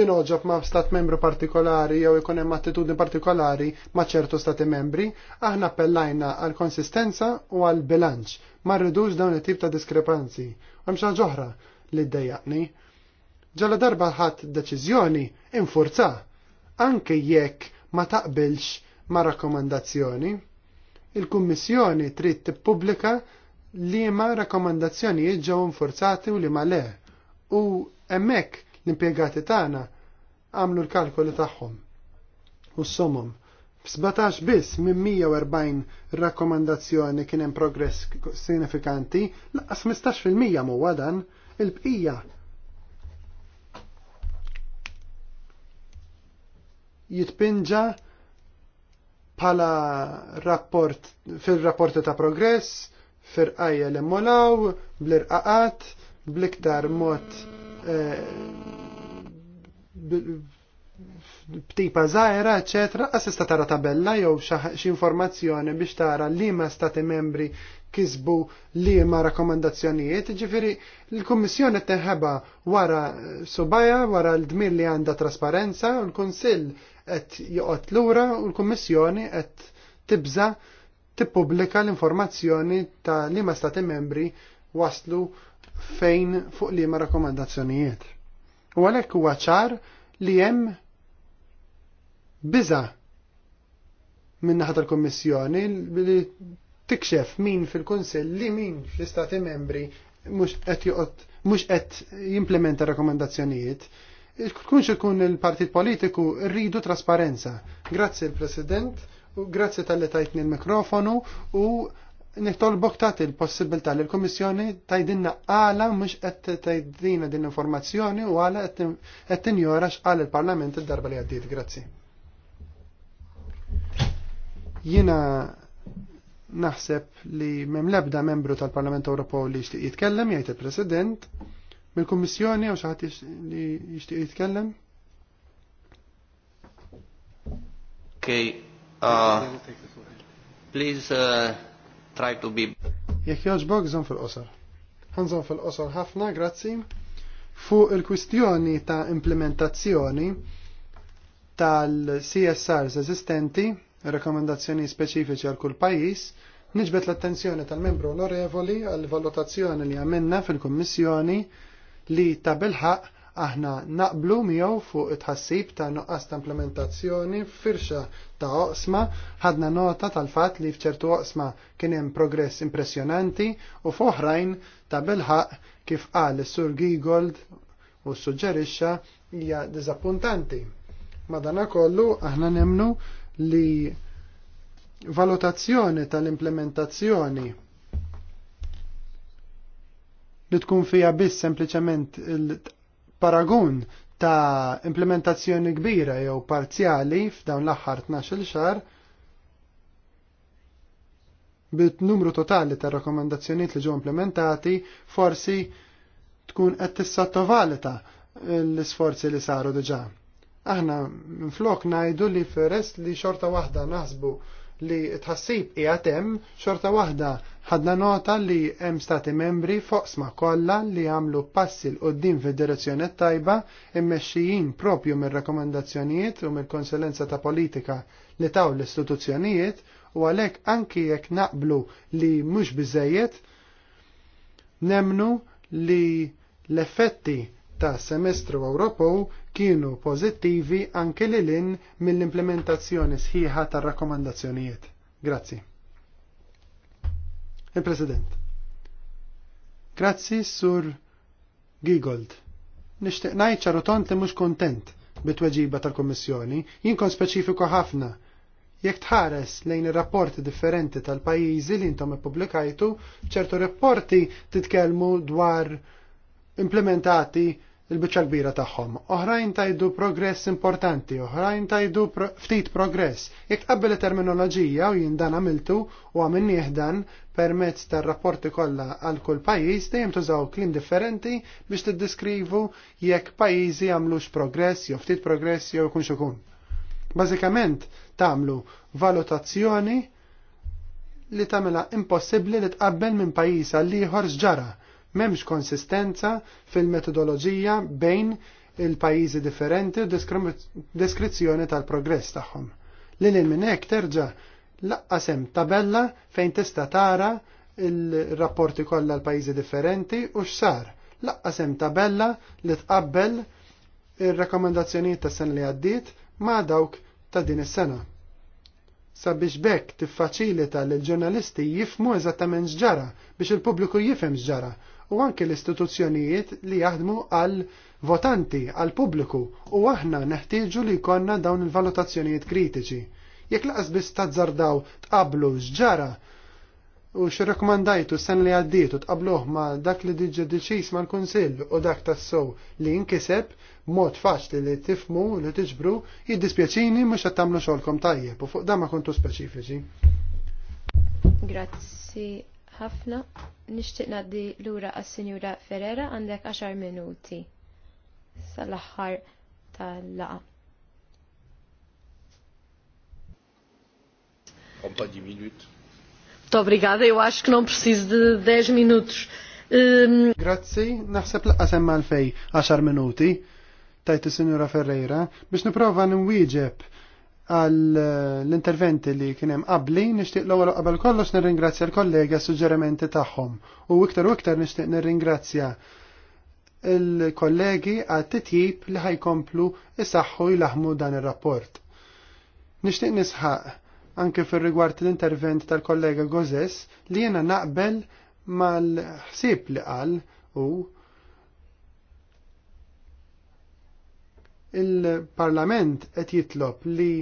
tinoġob ma' stat membru partikolari jew ikun hemm attitudni partikolari ma' ċertu stati membri, aħna appellajna għal konsistenza u għal bilanċ, ma rridux dawn it-tip ta' diskrepanzi. Hemm xi ġoħra li ddejjaqni. Ġala darba ħadd deċiżjoni infurza anke jekk ma taqbilx ma' rakkomandazzjoni. Il-Kummissjoni trid tippubblika li ma' rakkomandazzjonijiet ġew infurzati u li ma' le. U hemmhekk l-impjegati tagħna għamlu l-kalkoli tagħhom. U s-somom. F-17 biss minn 140 rakkomandazzjoni kien hemm progress sinifikanti, laqas 15% mhuwa dan, il-bqija jitpinġa bħala rapport fil-rapporti ta' progress, firqajja li molaw, bl-irqaqat, bl-iktar mod eh, b'tipa zaħira, eccetera, assista tara tabella jew xi informazzjoni biex tara li ma stati membri kisbu li ma rakomandazzjonijiet, ġifiri l-Kummissjoni teħeba wara subaja, wara l-dmir li għanda trasparenza, l-Kunsill qed joqgħod lura u l-Kummissjoni qed tibża tippubblika l-informazzjoni ta' liema stati membri waslu fejn fuq liema rakkomandazzjonijiet. U għalhekk huwa ċar li hemm biża min-naħa tal-Kommissjoni li tikxef min fil-Kunsill li min fl-Istati membri mhux qed joqgħod mhux qed jimplementa rakkomandazzjonijiet Kunx ikun il-partit politiku rridu trasparenza. Grazzi il-President u grazie tal-li tajtni il-mikrofonu u nittolbok tagħti il possibilità li l komissjoni tajdinna għala mhux qed tajdina din informazzjoni u għala qed tinjora x'qal il-Parlament id-darba li għaddiet. Grazzi. Jiena naħseb li memlebda membru tal-Parlament Ewropew li jitkellem jgħid il-President Mill-Kummissjoni għaw xaħat li jishtiq jitkellem? Okay, uh, please uh, try to be... Jek joġbog, zon fil-qosor. Għanżon fil-qosor ħafna, grazzi. Fuq il-kwistjoni ta' implementazzjoni tal-CSRs eżistenti, rekomendazzjoni speċifiċi għal kull pajis, niġbet l-attenzjoni tal-membru onorevoli għal valutazzjoni li għamenna fil-Kommissjoni li ta' bilħaq aħna naqblu miegħu fuq it-ħassib ta' nuqqas ta' implementazzjoni firxa ta' oqsma, ħadna nota tal-fatt li fċertu oqsma kien hemm progress impressjonanti u f'oħrajn ta' bilħaq kif qal is-Sur Gigold u suġġerixxa hija diżappuntanti. Madanakollu aħna nemnu li valutazzjoni tal-implementazzjoni li tkun fija biss sempliċement il-paragun ta' implementazzjoni kbira jew parzjali f'dawn l-aħħar 12 xar bit numru totali ta' rakkomandazzjonijiet li ġew implementati forsi tkun qed tissattovalita l-isforzi li saru diġà. Aħna minflok ngħidu li feress li xorta waħda naħsbu li tħassib qiegħed hemm xorta waħda ħadna nota li hemm stati membri foqsma kollha li għamlu passi l qoddim fid-direzzjoni tajba immexxijin propju mir-rakkomandazzjonijiet u mill-konsulenza ta' politika li taw l-istituzzjonijiet u għalhekk anki jekk naqblu li mhux biżejjed nemnu li l-effetti ta' semestru Ewropew kienu pożittivi anke li lin mill-implementazzjoni sħiħa tar-rakkomandazzjonijiet. Grazzi. Il-President. Grazzi sur Gigold. Nixtieq ngħid ċarotont li mhux kontent bit-tweġiba tal-Kommissjoni, jinkon speċifiku ħafna. Jekk tħares lejn ir-rapporti differenti tal-pajjiżi li intom ippubblikajtu, ċertu rapporti titkellmu dwar implementati il-biċċa kbira tagħhom. Oħrajn tajdu progress importanti, oħrajn tajdu pro ftit progress. Jekk qabbel terminoloġija u jien dan għamiltu u għamilni dan permezz tar-rapporti kollha għal kull pajjiż dejjem tużaw klim differenti biex tiddeskrivu jekk pajjiżi għamlux progress jew ftit progress jew ikun xukun. Bażikament tagħmlu valutazzjoni li tagħmilha impossibbli li tqabbel minn pajjiż għal ieħor ġara. M'hemmx konsistenza fil-metodoloġija bejn il-pajjiżi differenti u deskrizzjoni tal-progress tagħhom. Lil minn hekk terġa' laqqasem tabella fejn tista' tara il-rapporti kollha l-pajjiżi differenti u x'sar. Laqqasem tabella li tqabbel ir-rakkomandazzjonijiet tas-sena li għaddiet ma' dawk ta' din is-sena sabiex bekk tiffaċilita l ġurnalisti jifmu eżattament x'ġara biex il-pubbliku jifhem x'ġara u anke l-istituzzjonijiet li jaħdmu għal votanti, għal pubbliku u aħna neħtieġu li jkollna dawn il-valutazzjonijiet kritiċi. Jekk laqas biss tazzardaw tqablu x'ġara u xirrakkomandajtu s-sen li għaddietu tqabluh ma' dak li diġa deċis ma' l-Kunsill u dak tas-sow li inkiseb mod faċli li tifmu li tiġbru jiddispjaċini mhux qed tagħmlu xogħolkom tajjeb u fuq da ma kontu speċifiċi. Grazzi ħafna. Nixtieq ngħaddi lura għas-Sinjura Ferrera għandek 10 minuti sal-aħħar tal-laqa. Pas 10 minutes. Muito obrigada, eu acho que não preciso de 10 minutos. Grazzi, naħseb laqqa semma l-fej 10 minuti tajti sinjura Ferreira biex niprofa nwieġeb għall interventi li kienem qabli, nishtiq l-ewwel qabel kollox nirringrazzja l-kollega suġġerimenti tagħhom u iktar u iktar nishtiq nirringrazzja il-kollegi għat titjib li ħajkomplu isaħħu jilaħmu dan ir-rapport. Nishtiq nisħaq anke fir rigward l-intervent tal-kollega Gozes li jena naqbel mal-ħsieb li qal u il-Parlament qed jitlob li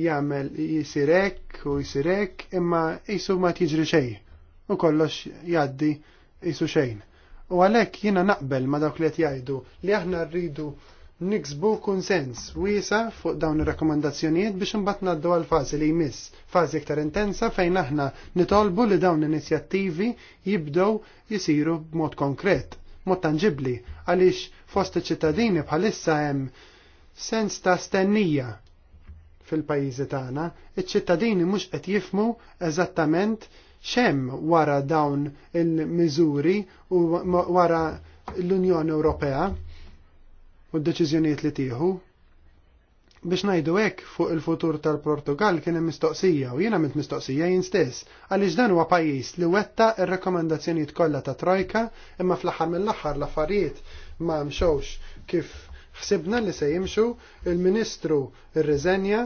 jgħamil jisirek u jisirek imma jisu ma tiġri xejn u kollox jgħaddi jisu xejn. U għalhekk jiena naqbel ma dawk li qed jgħidu li aħna rridu niksbu konsens wiesa fuq dawn ir-rakkomandazzjonijiet biex imbagħad ngħaddu għal fażi li jmiss, fazi iktar intensa fejn aħna nitolbu li dawn inizjattivi jibdow jisiru b'mod konkret, mod tangibli, għaliex fost ċittadini bħalissa hemm sens ta' stennija fil-pajjiżi tagħna, iċ-ċittadini mhux qed jifmu eżattament xem wara dawn il-miżuri u wara l-Unjoni Ewropea u d-deċiżjonijiet li tieħu. Biex ngħidu hekk fuq il-futur tal-Portugal kien hemm mistoqsija u jiena mit mistoqsija jien stess għaliex dan huwa pajjiż li wetta ir-rakkomandazzjonijiet kollha ta' Trojka imma fl-aħħar mill-aħħar l-affarijiet ma mxewx kif Ħsibna li se jimxu il-Ministru irriżenja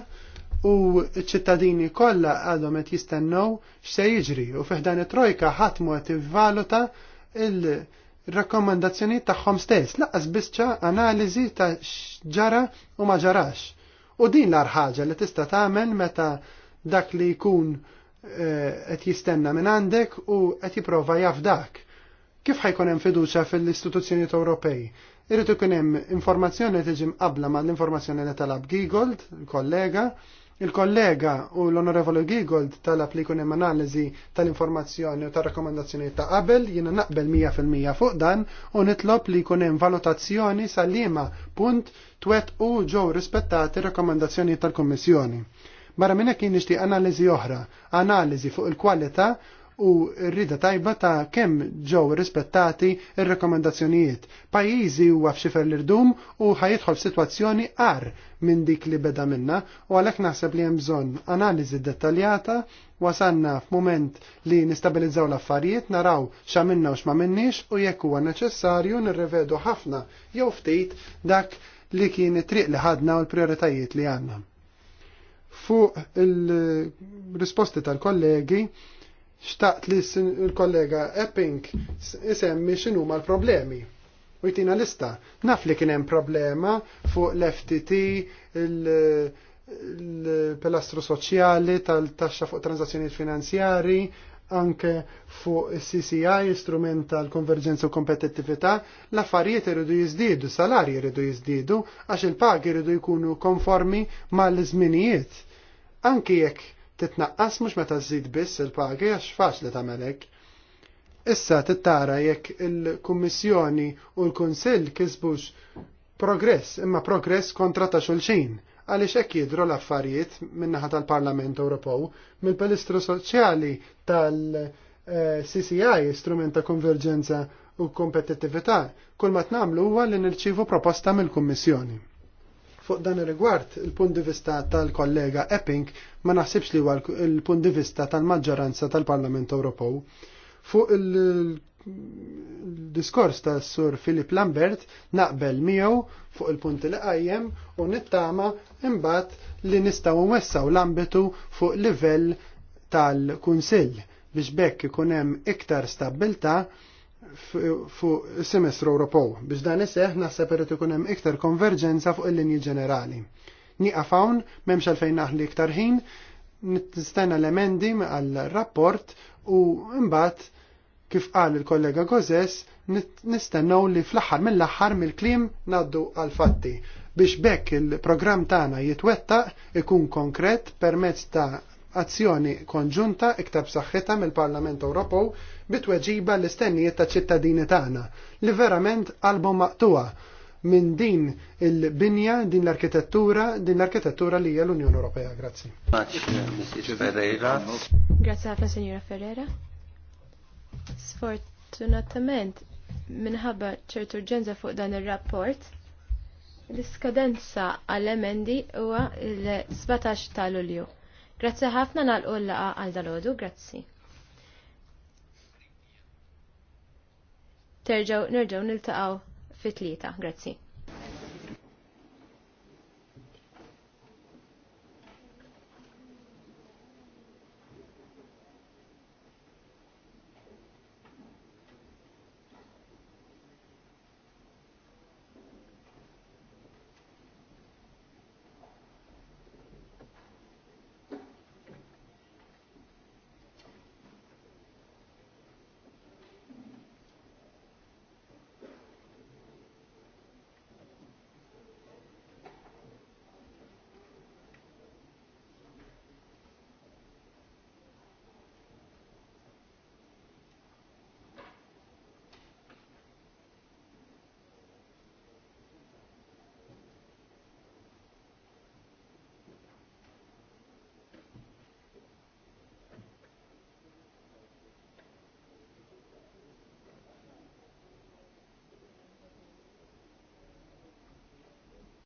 u ċittadini kollha għadhom qed jistennew x'se jiġri u fiħdan it-trojka ħadd qed ivvaluta il- rakkomandazzjoni tagħhom stess, laqas bisċa analiżi ta' x'ġara u ma ġarax. U din l-ar ħaġa li tista' tagħmel meta dak li jkun eh, qed jistenna minn għandek u qed jipprova jaf dak. Kif ħajkun hemm fiduċja fil-istituzzjonijiet Ewropej? Irrid ikun hemm informazzjoni li tiġi mqabbla ma' l-informazzjoni li talab Giegold, il-kollega, il-kollega u l-onorevoli Giegold talab li jkun hemm analiżi tal-informazzjoni u tal rekomendazzjoni ta' qabel, jiena naqbel 100% fuq dan u nitlob li jkun hemm valutazzjoni sa liema punt twet u ġew rispettati rekomendazzjoni tal-Kummissjoni. Barra minn hekk nixtieq analiżi oħra, analiżi fuq il-kwalità u rrida tajba ta' kemm ġew rispettati ir-rekomendazzjonijiet. Pajjiżi huwa f'xifer l-irdum u ħajidħol f'sitwazzjoni ar minn dik li beda minna u għalhekk naħseb li hemm bżonn analiżi dettaljata wasanna f'mument li nistabilizzaw l-affarijiet naraw x'għamilna u x'maminnix u jekk huwa neċessarju nirrevedu ħafna jew ftit dak li kien it-triq li ħadna u l-prioritajiet li għandna. Fuq il-risposti tal-kollegi, xtaqt li l-kollega Epping isemmi xinu ma l-problemi. U jtina lista, naf li kienem problema fuq l-FTT, l-pelastru soċjali tal-taxxa fuq transazzjoni finanzjari, anke fuq CCI, istrument tal-konverġenza u kompetittività, l-affarijiet iridu jizdidu, salari irridu jizdidu, għax il-pagi irridu jkunu konformi mal-żminijiet. Anki jekk titnaqqas mhux meta żżid biss il-pagi għax faċli tagħmel hekk. Issa tittara jekk il-Kummissjoni u l-Kunsill kisbux progress imma progress kontra ta' xulxin għaliex hekk jidhru l-affarijiet min-naħa tal-Parlament Ewropew mill-Palistru Soċjali tal-CCI, strument ta' konverġenza u kompetittività, kull ma tnamlu huwa li nirċivu proposta mill-Kummissjoni. Fuq dan ir-rigward, il-punt di vista tal-kollega Epping ma naħsibx li huwa il-punt di vista tal-maġġoranza tal-Parlament Ewropew. Fuq il-diskors tal sur Philip Lambert naqbel miegħu fuq il-punti li qajjem u nittama imbagħad li nistgħu wessaw l-ambitu fuq livell tal-Kunsill biex bekk ikun hemm iktar stabilta' fuq semestru Ewropew biex dan iseħ naħseb irid ikun hemm iktar konverġenza fuq il-linji ġenerali. Nieqaf hawn m'hemmx għalfejn naħli iktar ħin, nistenna l-emendi għall-rapport u mbagħad kif qal il-kollega Gozes nistennew li fl-aħħar mill-aħħar mill-kliem naddu għal-fatti biex bekk il-programm tagħna jitwettaq ikun konkret permezz ta' azzjoni konġunta iktar b'saħħitha mill-Parlament Ewropew bitweġiba l-istennijiet ta' ċittadini tagħna li verament qalbhom maqtuha minn din il-binja, din l-arkitettura, din l-arkitettura li hija l-Unjoni Ewropea. Grazzi. Grazzi ħafna Sinjura Ferreira. Sfortunatament minħabba ċertu urġenza fuq dan ir-rapport, l-iskadenza għall-emendi huwa l-17 ta' Lulju. Grazzi ħafna nalqu l-laqa għal dalodu, grazzi. Terġaw, nerġaw nil-taqaw fit-tlieta, grazzi.